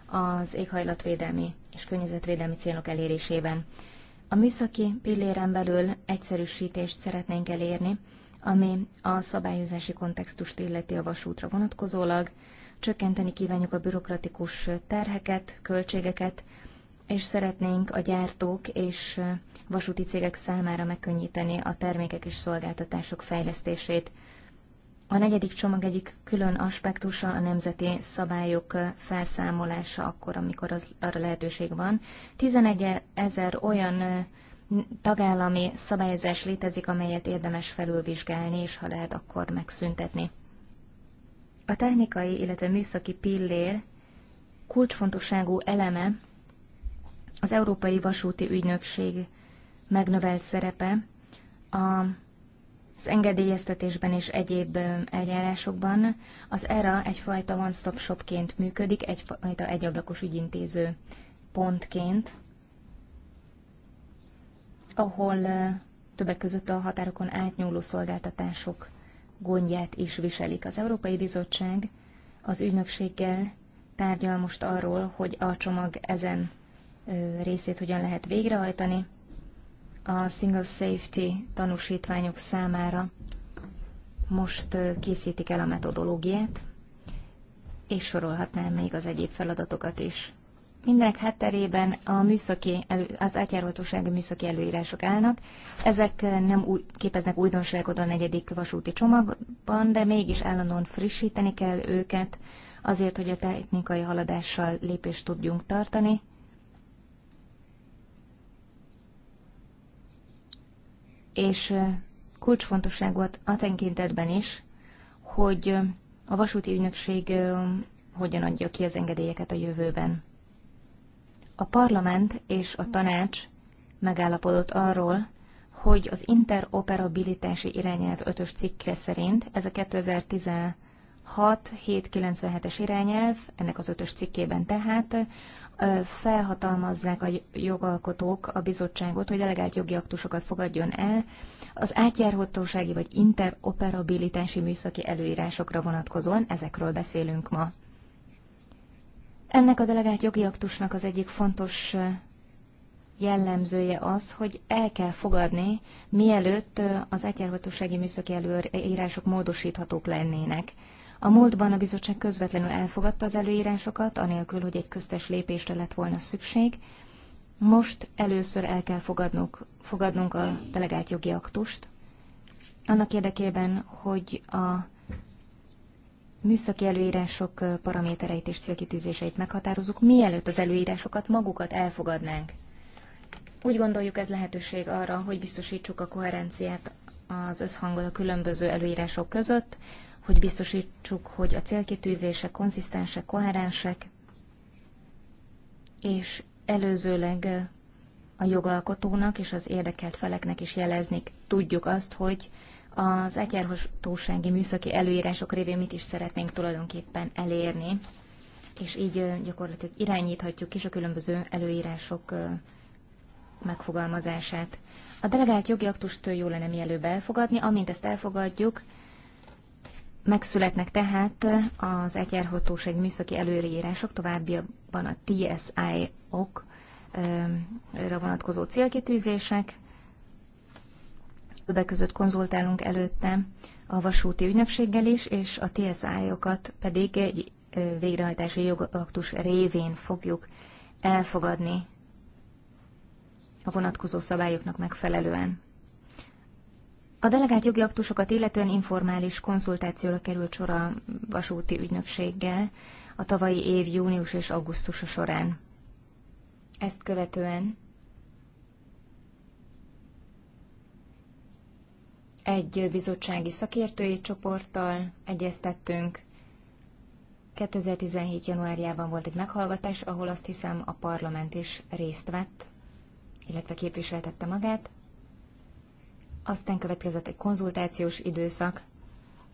S2: az éghajlatvédelmi és környezetvédelmi célok elérésében. A műszaki pilléren belül egyszerűsítést szeretnénk elérni, ami a szabályozási kontextust illeti a vasútra vonatkozólag, csökkenteni kívánjuk a bürokratikus terheket, költségeket, és szeretnénk a gyártók és vasúti cégek számára megkönnyíteni a termékek és szolgáltatások fejlesztését. A negyedik csomag egyik külön aspektusa a nemzeti szabályok felszámolása akkor, amikor az, arra lehetőség van. 11 ezer olyan tagállami szabályozás létezik, amelyet érdemes felülvizsgálni, és ha lehet, akkor megszüntetni. A technikai, illetve műszaki pillér kulcsfontosságú eleme az Európai Vasúti Ügynökség megnövelt szerepe a az engedélyeztetésben és egyéb eljárásokban az ERA egyfajta one-stop shopként működik, egyfajta egyablakos ügyintéző pontként, ahol többek között a határokon átnyúló szolgáltatások gondját is viselik. Az Európai Bizottság az ügynökséggel tárgyal most arról, hogy a csomag ezen részét hogyan lehet végrehajtani, a Single Safety tanúsítványok számára most készítik el a metodológiát, és sorolhatnám még az egyéb feladatokat is. Mindenek hátterében a műszaki az átjárhatósági műszaki előírások állnak. Ezek nem új, képeznek újdonságot a negyedik vasúti csomagban, de mégis állandóan frissíteni kell őket, azért, hogy a technikai haladással lépést tudjunk tartani, és volt a tekintetben is, hogy a vasúti ügynökség hogyan adja ki az engedélyeket a jövőben. A parlament és a tanács megállapodott arról, hogy az interoperabilitási irányelv 5-ös cikke szerint ez a 2016 797-es irányelv, ennek az 5-ös cikkében tehát felhatalmazzák a jogalkotók a bizottságot, hogy delegált jogi aktusokat fogadjon el az átjárhatósági vagy interoperabilitási műszaki előírásokra vonatkozóan, ezekről beszélünk ma. Ennek a delegált jogi aktusnak az egyik fontos jellemzője az, hogy el kell fogadni, mielőtt az átjárhatósági műszaki előírások módosíthatók lennének. A múltban a bizottság közvetlenül elfogadta az előírásokat, anélkül, hogy egy köztes lépésre lett volna szükség. Most először el kell fogadnunk, fogadnunk a delegált jogi aktust, annak érdekében, hogy a műszaki előírások paramétereit és célkitűzéseit meghatározunk, mielőtt az előírásokat magukat elfogadnánk. Úgy gondoljuk, ez lehetőség arra, hogy biztosítsuk a koherenciát az összhangot a különböző előírások között, hogy biztosítsuk, hogy a célkitűzések konzisztensek, koherensek, és előzőleg a jogalkotónak és az érdekelt feleknek is jelezni tudjuk azt, hogy az egyárhatósági műszaki előírások révén mit is szeretnénk tulajdonképpen elérni, és így gyakorlatilag irányíthatjuk is a különböző előírások megfogalmazását. A delegált jogi aktust jó lenne mielőbb elfogadni, amint ezt elfogadjuk, Megszületnek tehát az egyárhatóság műszaki előírások, továbbiakban a TSI-okra vonatkozó célkitűzések. Többek között konzultálunk előtte a vasúti ügynökséggel is, és a TSI-okat pedig egy végrehajtási jogaktus révén fogjuk elfogadni a vonatkozó szabályoknak megfelelően. A delegált jogi aktusokat illetően informális konzultációra került sor a vasúti ügynökséggel a tavalyi év június és augusztusa során. Ezt követően egy bizottsági szakértői csoporttal egyeztettünk. 2017. januárjában volt egy meghallgatás, ahol azt hiszem a parlament is részt vett, illetve képviseltette magát aztán következett egy konzultációs időszak.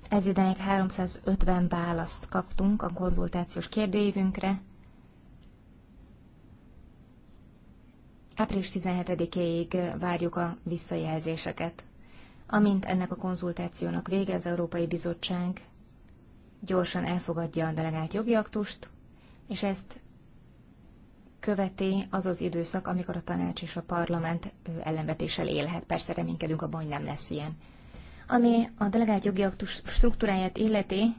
S2: Ez ideig 350 választ kaptunk a konzultációs kérdőívünkre. Április 17-éig várjuk a visszajelzéseket. Amint ennek a konzultációnak vége, az Európai Bizottság gyorsan elfogadja a delegált jogi aktust, és ezt követi az az időszak, amikor a tanács és a parlament ellenvetéssel élhet. Persze reménykedünk abban, hogy nem lesz ilyen. Ami a delegált jogi aktus struktúráját illeti,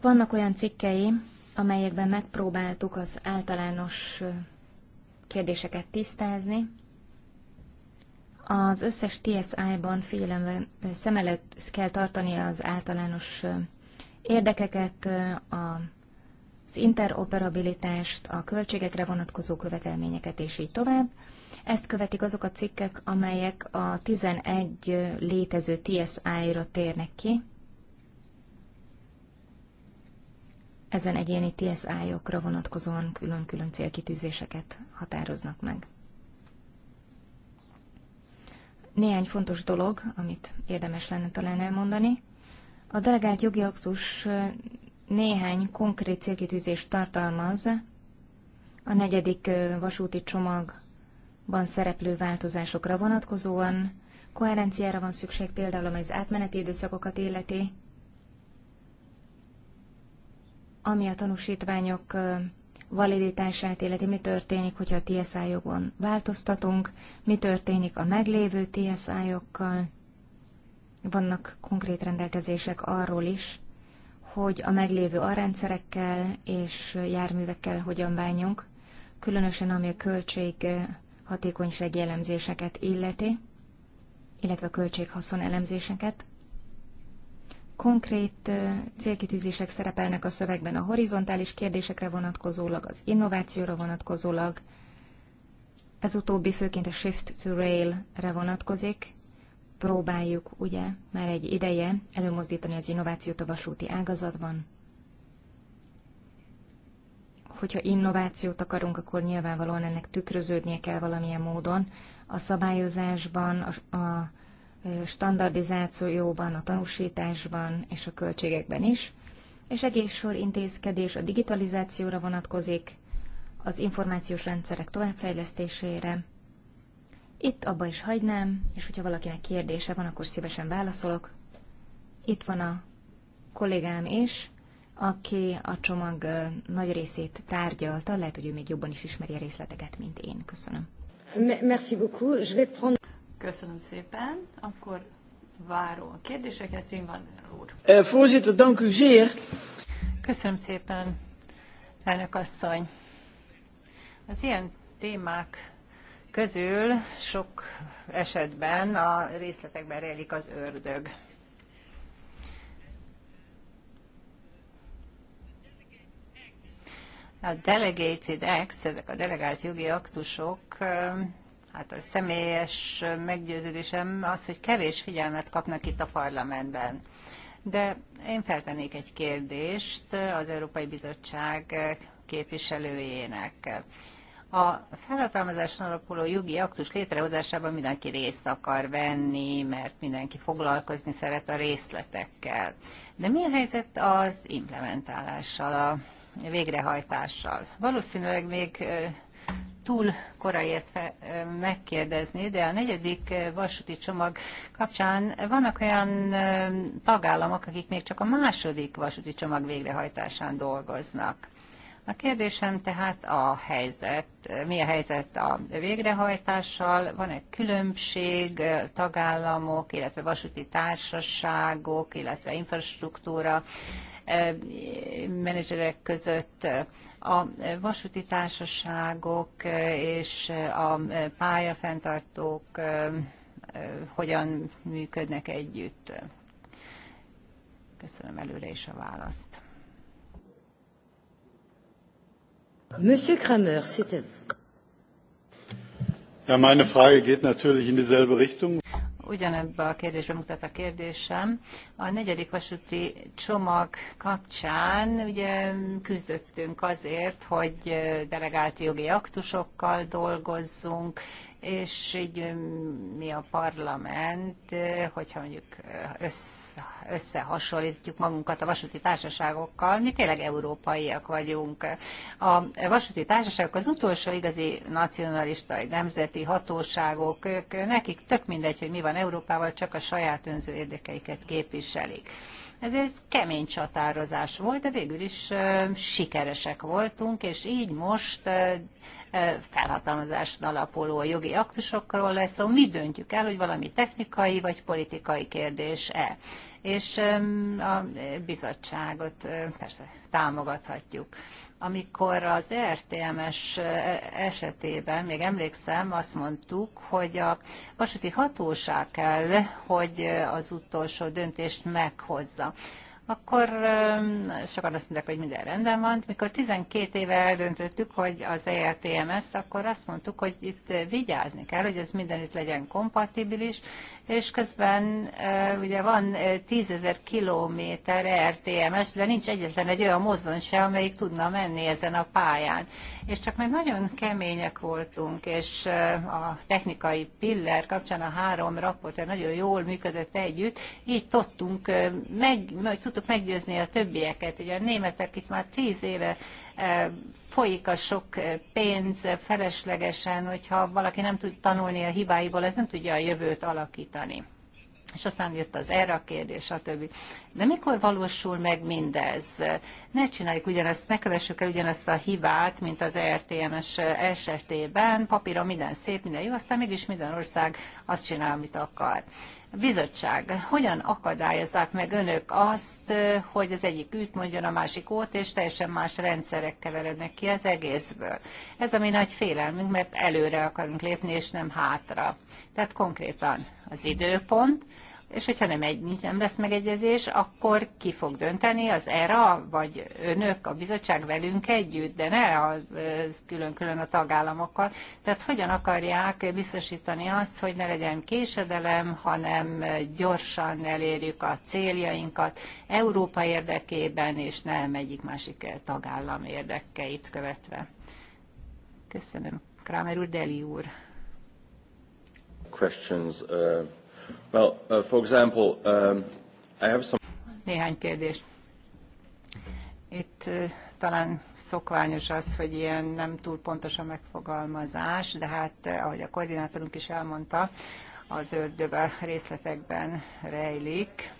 S2: vannak olyan cikkei, amelyekben megpróbáltuk az általános kérdéseket tisztázni. Az összes TSI-ban figyelemben szem előtt kell tartani az általános érdekeket, a az interoperabilitást, a költségekre vonatkozó követelményeket, és így tovább. Ezt követik azok a cikkek, amelyek a 11 létező TSI-ra térnek ki, ezen egyéni TSI-okra vonatkozóan külön-külön célkitűzéseket határoznak meg. Néhány fontos dolog, amit érdemes lenne talán elmondani. A delegált jogi aktus néhány konkrét célkitűzést tartalmaz a negyedik vasúti csomagban szereplő változásokra vonatkozóan. Koherenciára van szükség például, amely az átmeneti időszakokat illeti, ami a tanúsítványok validitását illeti, mi történik, hogyha a TSI jogon változtatunk, mi történik a meglévő TSI jogkal, vannak konkrét rendelkezések arról is, hogy a meglévő arrendszerekkel és járművekkel hogyan bánjunk, különösen ami a költség eh, hatékonysági elemzéseket illeti, illetve a költséghaszon elemzéseket. Konkrét eh, célkitűzések szerepelnek a szövegben a horizontális kérdésekre vonatkozólag, az innovációra vonatkozólag, ez utóbbi főként a Shift to Rail-re vonatkozik, próbáljuk ugye már egy ideje előmozdítani az innovációt a vasúti ágazatban. Hogyha innovációt akarunk, akkor nyilvánvalóan ennek tükröződnie kell valamilyen módon a szabályozásban, a, a standardizációban, a tanúsításban és a költségekben is, és egész sor intézkedés a digitalizációra vonatkozik, az információs rendszerek továbbfejlesztésére, itt abba is hagynám, és hogyha valakinek kérdése van, akkor szívesen válaszolok. Itt van a kollégám is, aki a csomag nagy részét tárgyalta, lehet, hogy ő még jobban is ismeri a részleteket, mint én. Köszönöm.
S3: Merci beaucoup. Je vais prendre... Köszönöm szépen. Akkor váró a kérdéseket. Én van
S2: úr. Eh, voorzitter, dank u zeer.
S1: Köszönöm szépen, elnök asszony. Az ilyen témák közül sok esetben a részletekben rejlik az ördög. A delegated acts, ezek a delegált jogi aktusok, hát a személyes meggyőződésem az, hogy kevés figyelmet kapnak itt a parlamentben. De én feltennék egy kérdést az Európai Bizottság képviselőjének. A felhatalmazáson alapuló jogi aktus létrehozásában mindenki részt akar venni, mert mindenki foglalkozni szeret a részletekkel. De mi a helyzet az implementálással, a végrehajtással? Valószínűleg még túl korai ezt megkérdezni, de a negyedik vasúti csomag kapcsán vannak olyan tagállamok, akik még csak a második vasúti csomag végrehajtásán dolgoznak. A kérdésem tehát a helyzet, mi a helyzet a végrehajtással, van-e különbség tagállamok, illetve vasúti társaságok, illetve infrastruktúra menedzserek között a vasúti társaságok és a pályafenntartók hogyan működnek együtt. Köszönöm előre is a választ. Monsieur Kramer, c'est à vous.
S3: Ja, meine Frage geht natürlich in dieselbe Richtung
S1: ugyanebbe a kérdésbe mutat a kérdésem. A negyedik vasúti csomag kapcsán ugye küzdöttünk azért, hogy delegált jogi aktusokkal dolgozzunk, és így mi a parlament, hogyha mondjuk össze összehasonlítjuk magunkat a vasúti társaságokkal, mi tényleg európaiak vagyunk. A vasúti társaságok az utolsó igazi nacionalista, nemzeti hatóságok, ők, nekik tök mindegy, hogy mi van Európával, csak a saját önző érdekeiket képviselik. Ez egy kemény csatározás volt, de végül is sikeresek voltunk, és így most felhatalmazáson alapuló jogi aktusokról lesz szó, mi döntjük el, hogy valami technikai vagy politikai kérdés-e. És a bizottságot persze támogathatjuk amikor az RTMS er esetében, még emlékszem, azt mondtuk, hogy a vasúti hatóság kell, hogy az utolsó döntést meghozza akkor sokan azt mondják, hogy minden rendben van. Mikor 12 éve eldöntöttük, hogy az ERTMS, akkor azt mondtuk, hogy itt vigyázni kell, hogy ez mindenütt legyen kompatibilis, és közben ugye van 10.000 kilométer ERTMS, de nincs egyetlen egy olyan mozdon se, amelyik tudna menni ezen a pályán. És csak meg nagyon kemények voltunk, és a technikai pillér kapcsán a három raportja nagyon jól működött együtt, így tudtunk, meg, meg tudtunk tudtuk meggyőzni a többieket. Ugye a németek itt már tíz éve e, folyik a sok e, pénz feleslegesen, hogyha valaki nem tud tanulni a hibáiból, ez nem tudja a jövőt alakítani. És aztán jött az erre a kérdés, stb. De mikor valósul meg mindez? Ne csináljuk ugyanezt, ne kövessük el ugyanezt a hibát, mint az RTMS er esetében. Papíron minden szép, minden jó, aztán mégis minden ország azt csinál, amit akar bizottság, hogyan akadályozzák meg önök azt, hogy az egyik üt mondjon a másik ót, és teljesen más rendszerek keverednek ki az egészből. Ez a mi nagy félelmünk, mert előre akarunk lépni, és nem hátra. Tehát konkrétan az időpont, és hogyha nem, egy, nem lesz megegyezés, akkor ki fog dönteni az ERA, vagy önök, a bizottság velünk együtt, de ne a, külön-külön a tagállamokkal. Tehát hogyan akarják biztosítani azt, hogy ne legyen késedelem, hanem gyorsan elérjük a céljainkat Európa érdekében, és nem egyik másik tagállam érdekeit követve. Köszönöm. Kramer úr, Deli úr. Questions, uh... Well, uh, for example, um, I have some... Néhány kérdés. Itt uh, talán szokványos az, hogy ilyen nem túl pontos a megfogalmazás, de hát, uh, ahogy a koordinátorunk is elmondta, az ördöbe részletekben rejlik,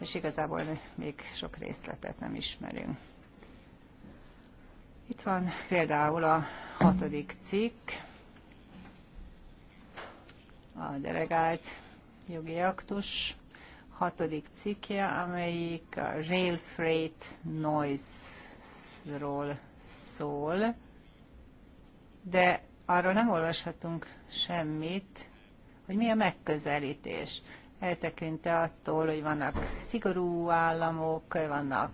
S1: és igazából még sok részletet nem ismerünk. Itt van például a hatodik cikk, a delegált jogi aktus hatodik cikke, amelyik a rail freight noise-ról szól, de arról nem olvashatunk semmit, hogy mi a megközelítés eltekintve attól, hogy vannak szigorú államok, vannak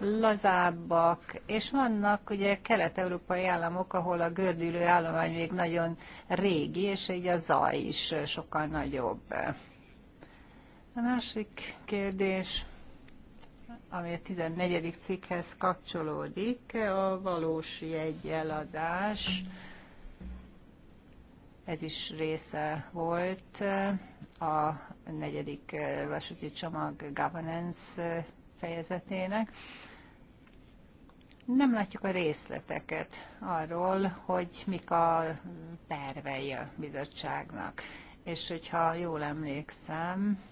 S1: lazábbak, és vannak ugye kelet-európai államok, ahol a gördülő állomány még nagyon régi, és így a zaj is sokkal nagyobb. A másik kérdés, ami a 14. cikkhez kapcsolódik, a valós jegyeladás. Mm ez is része volt a negyedik eh, vasúti csomag governance eh, fejezetének. Nem látjuk a részleteket arról, hogy mik a tervei a bizottságnak. És hogyha jól emlékszem,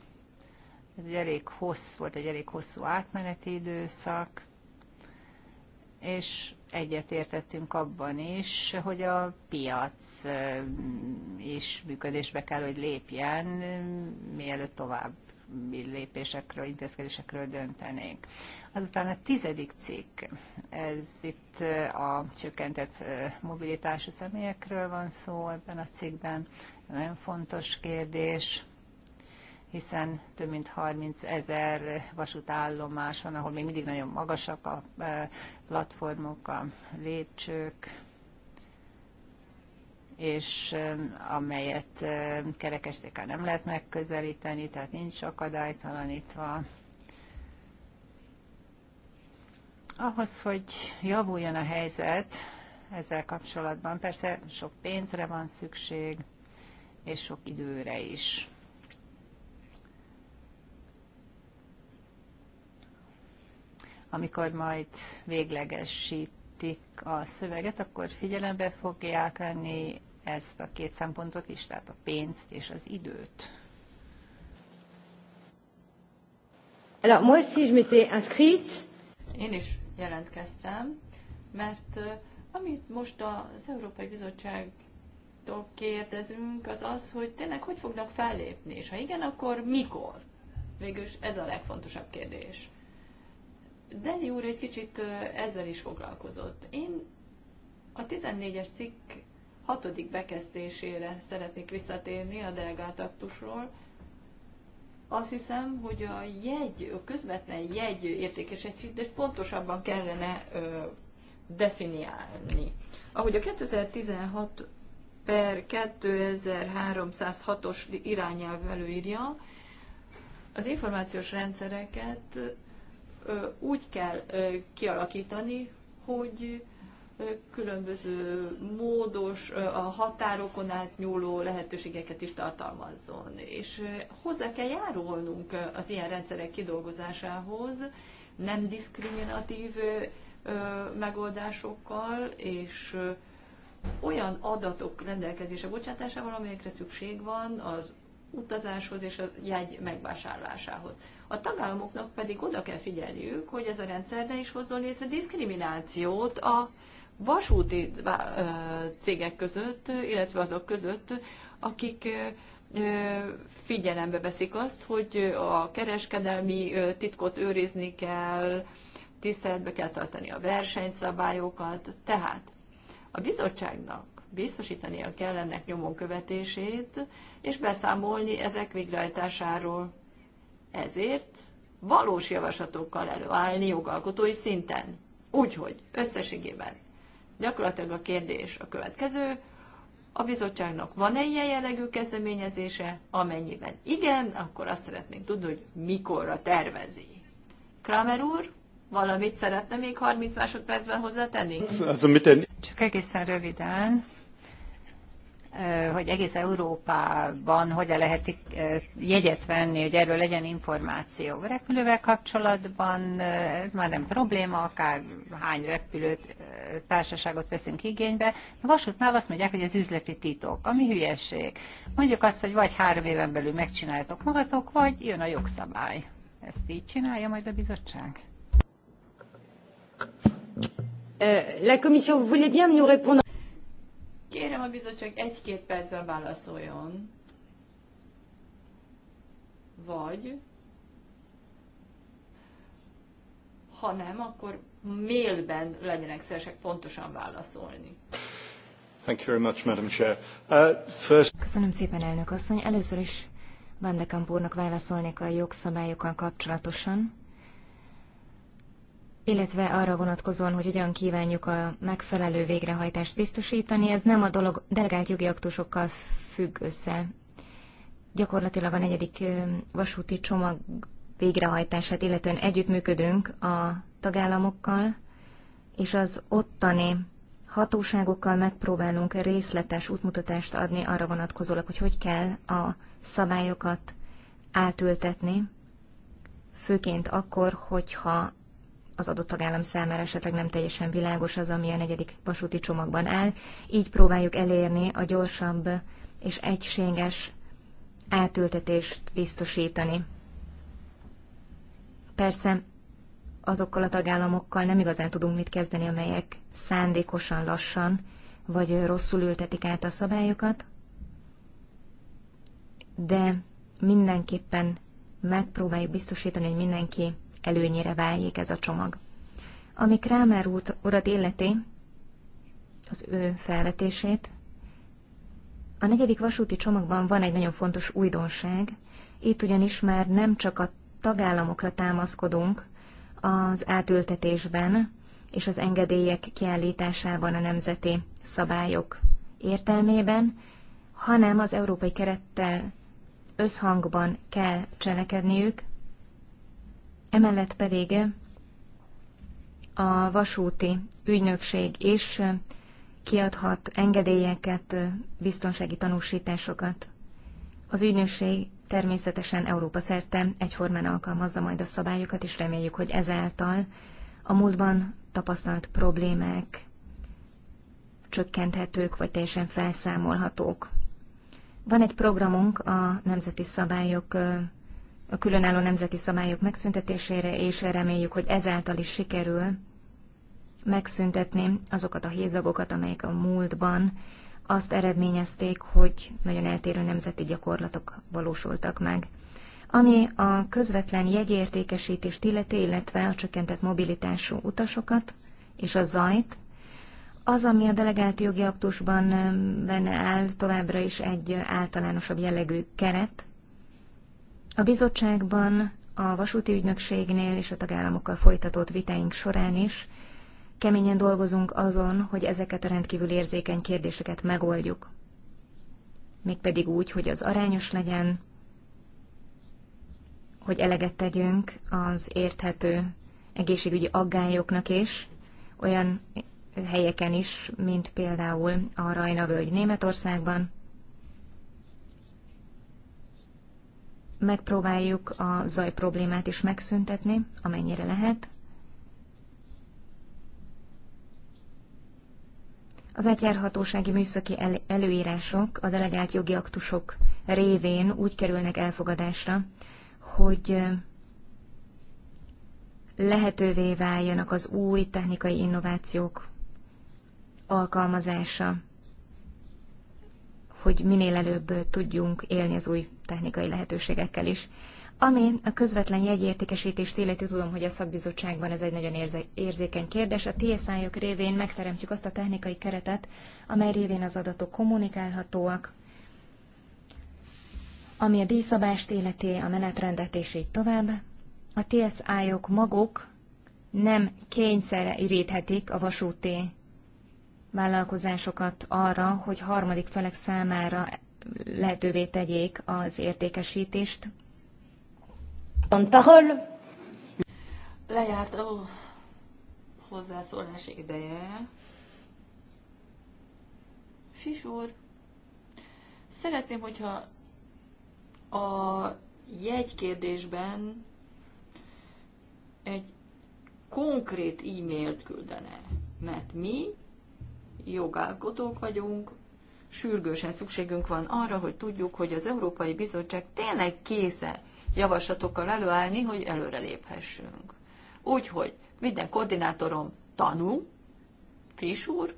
S1: ez egy elég hosszú, volt egy elég hosszú átmeneti időszak, és egyetértettünk abban is, hogy a piac eh, is működésbe kell, hogy lépjen, mielőtt tovább lépésekről, intézkedésekről döntenénk. Azután a tizedik cikk, ez itt eh, a csökkentett eh, mobilitású személyekről van szó ebben a cikkben, nagyon fontos kérdés hiszen több mint 30 ezer vasútállomás van, ahol még mindig nagyon magasak a e, platformok, a lépcsők, és e, amelyet e, kerekesszékkel nem lehet megközelíteni, tehát nincs akadálytalanítva. Ahhoz, hogy javuljon a helyzet ezzel kapcsolatban, persze sok pénzre van szükség, és sok időre is. amikor majd véglegesítik a szöveget, akkor figyelembe fogják venni ezt a két szempontot is, tehát a pénzt és az időt. Alors, moi aussi, je m'étais
S3: Én is jelentkeztem, mert eh, amit most az Európai Bizottság kérdezünk, az az, hogy tényleg hogy fognak fellépni, és ha igen, akkor mikor? Végülis ez a legfontosabb kérdés. Deli úr egy kicsit ezzel is foglalkozott. Én a 14-es cikk hatodik bekezdésére szeretnék visszatérni a delegált Azt hiszem, hogy a jegy, a közvetlen jegy értékesítést pontosabban kellene ö, definiálni. Ahogy a 2016 per 2306-os irányelv előírja, az információs rendszereket úgy kell kialakítani, hogy különböző módos, a határokon átnyúló lehetőségeket is tartalmazzon. És hozzá kell járulnunk az ilyen rendszerek kidolgozásához, nem diszkriminatív megoldásokkal, és olyan adatok rendelkezése bocsátásával, amelyekre szükség van az utazáshoz és a jegy megvásárlásához. A tagállamoknak pedig oda kell figyelniük, hogy ez a rendszer ne is hozzon létre diszkriminációt a vasúti cégek között, illetve azok között, akik figyelembe veszik azt, hogy a kereskedelmi titkot őrizni kell, tiszteletbe kell tartani a versenyszabályokat, tehát a bizottságnak biztosítania kell ennek nyomon követését, és beszámolni ezek végrehajtásáról. Ezért valós javaslatokkal előállni jogalkotói szinten. Úgyhogy összességében gyakorlatilag a kérdés a következő, a bizottságnak van-e ilyen jellegű kezdeményezése? Amennyiben igen, akkor azt szeretnénk tudni, hogy mikorra tervezi. Kramer úr,
S1: valamit szeretne még 30 másodpercben hozzátenni? Csak egészen röviden hogy egész Európában hogyan lehet jegyet venni, hogy erről legyen információ. A repülővel kapcsolatban ez már nem probléma, akár hány repülőt, társaságot veszünk igénybe. A vasútnál azt mondják, hogy ez üzleti titok, ami hülyeség. Mondjuk azt, hogy vagy három éven belül megcsináljátok magatok, vagy jön a jogszabály. Ezt így csinálja majd a bizottság? La Commission voulait bien nous répondre.
S3: Kérem a bizottság egy-két percben válaszoljon. Vagy ha nem, akkor mailben legyenek szívesek pontosan válaszolni.
S2: Thank you very much, Madam Chair. Uh, first... Köszönöm szépen, elnök asszony. Először is Van de Kampúrnak válaszolnék a jogszabályokkal kapcsolatosan illetve arra vonatkozóan, hogy hogyan kívánjuk a megfelelő végrehajtást biztosítani, ez nem a dolog delegált jogi aktusokkal függ össze. Gyakorlatilag a negyedik vasúti csomag végrehajtását, illetően együttműködünk a tagállamokkal, és az ottani hatóságokkal megpróbálunk részletes útmutatást adni arra vonatkozólag, hogy hogy kell a szabályokat átültetni, főként akkor, hogyha az adott tagállam számára esetleg nem teljesen világos az, ami a negyedik vasúti csomagban áll. Így próbáljuk elérni a gyorsabb és egységes átültetést biztosítani. Persze azokkal a tagállamokkal nem igazán tudunk mit kezdeni, amelyek szándékosan lassan vagy rosszul ültetik át a szabályokat, de mindenképpen megpróbáljuk biztosítani, hogy mindenki előnyére váljék ez a csomag. Ami Krámer urat életé, az ő felvetését, a negyedik vasúti csomagban van egy nagyon fontos újdonság, itt ugyanis már nem csak a tagállamokra támaszkodunk az átültetésben és az engedélyek kiállításában a nemzeti szabályok értelmében, hanem az európai kerettel összhangban kell cselekedniük, Emellett pedig a vasúti ügynökség is kiadhat engedélyeket, biztonsági tanúsításokat. Az ügynökség természetesen Európa szerte egyformán alkalmazza majd a szabályokat, és reméljük, hogy ezáltal a múltban tapasztalt problémák csökkenthetők vagy teljesen felszámolhatók. Van egy programunk a nemzeti szabályok a különálló nemzeti szabályok megszüntetésére, és reméljük, hogy ezáltal is sikerül megszüntetni azokat a hézagokat, amelyek a múltban azt eredményezték, hogy nagyon eltérő nemzeti gyakorlatok valósultak meg. Ami a közvetlen jegyértékesítést illeti, illetve a csökkentett mobilitású utasokat és a zajt, az, ami a delegált jogi aktusban benne áll, továbbra is egy általánosabb jellegű keret, a bizottságban, a vasúti ügynökségnél és a tagállamokkal folytatott vitáink során is keményen dolgozunk azon, hogy ezeket a rendkívül érzékeny kérdéseket megoldjuk. Mégpedig úgy, hogy az arányos legyen, hogy eleget tegyünk az érthető egészségügyi aggályoknak is, olyan helyeken is, mint például a Rajna völgy Németországban, megpróbáljuk a zaj problémát is megszüntetni, amennyire lehet. Az átjárhatósági műszaki előírások a delegált jogi aktusok révén úgy kerülnek elfogadásra, hogy lehetővé váljanak az új technikai innovációk alkalmazása hogy minél előbb tudjunk élni az új technikai lehetőségekkel is. Ami a közvetlen jegyértékesítést illeti, tudom, hogy a szakbizottságban ez egy nagyon érze- érzékeny kérdés. A TSI-ok révén megteremtjük azt a technikai keretet, amely révén az adatok kommunikálhatóak, ami a díjszabást illeti, a menetrendet és így tovább. A tsi ájok -ok maguk nem kényszerre iríthetik a vasúti vállalkozásokat arra, hogy harmadik felek számára lehetővé tegyék az értékesítést. Pantahol.
S3: Lejárt a hozzászólás ideje. Fisúr, szeretném, hogyha a jegykérdésben egy konkrét e-mailt küldene, mert mi Jogalkotók vagyunk, sürgősen szükségünk van arra, hogy tudjuk, hogy az Európai Bizottság tényleg késze javaslatokkal előállni, hogy előreléphessünk. Úgyhogy minden koordinátorom tanú, friss úr,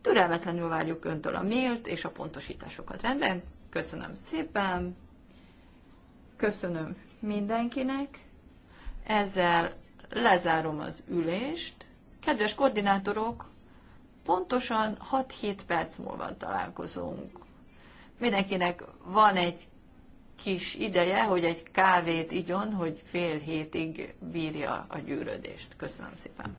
S3: türelmetlenül várjuk öntől a mélt és a pontosításokat. Rendben? Köszönöm szépen, köszönöm mindenkinek, ezzel lezárom az ülést. Kedves koordinátorok, pontosan 6-7 perc múlva találkozunk. Mindenkinek van egy kis ideje, hogy egy kávét igyon, hogy fél hétig bírja a gyűrödést. Köszönöm szépen!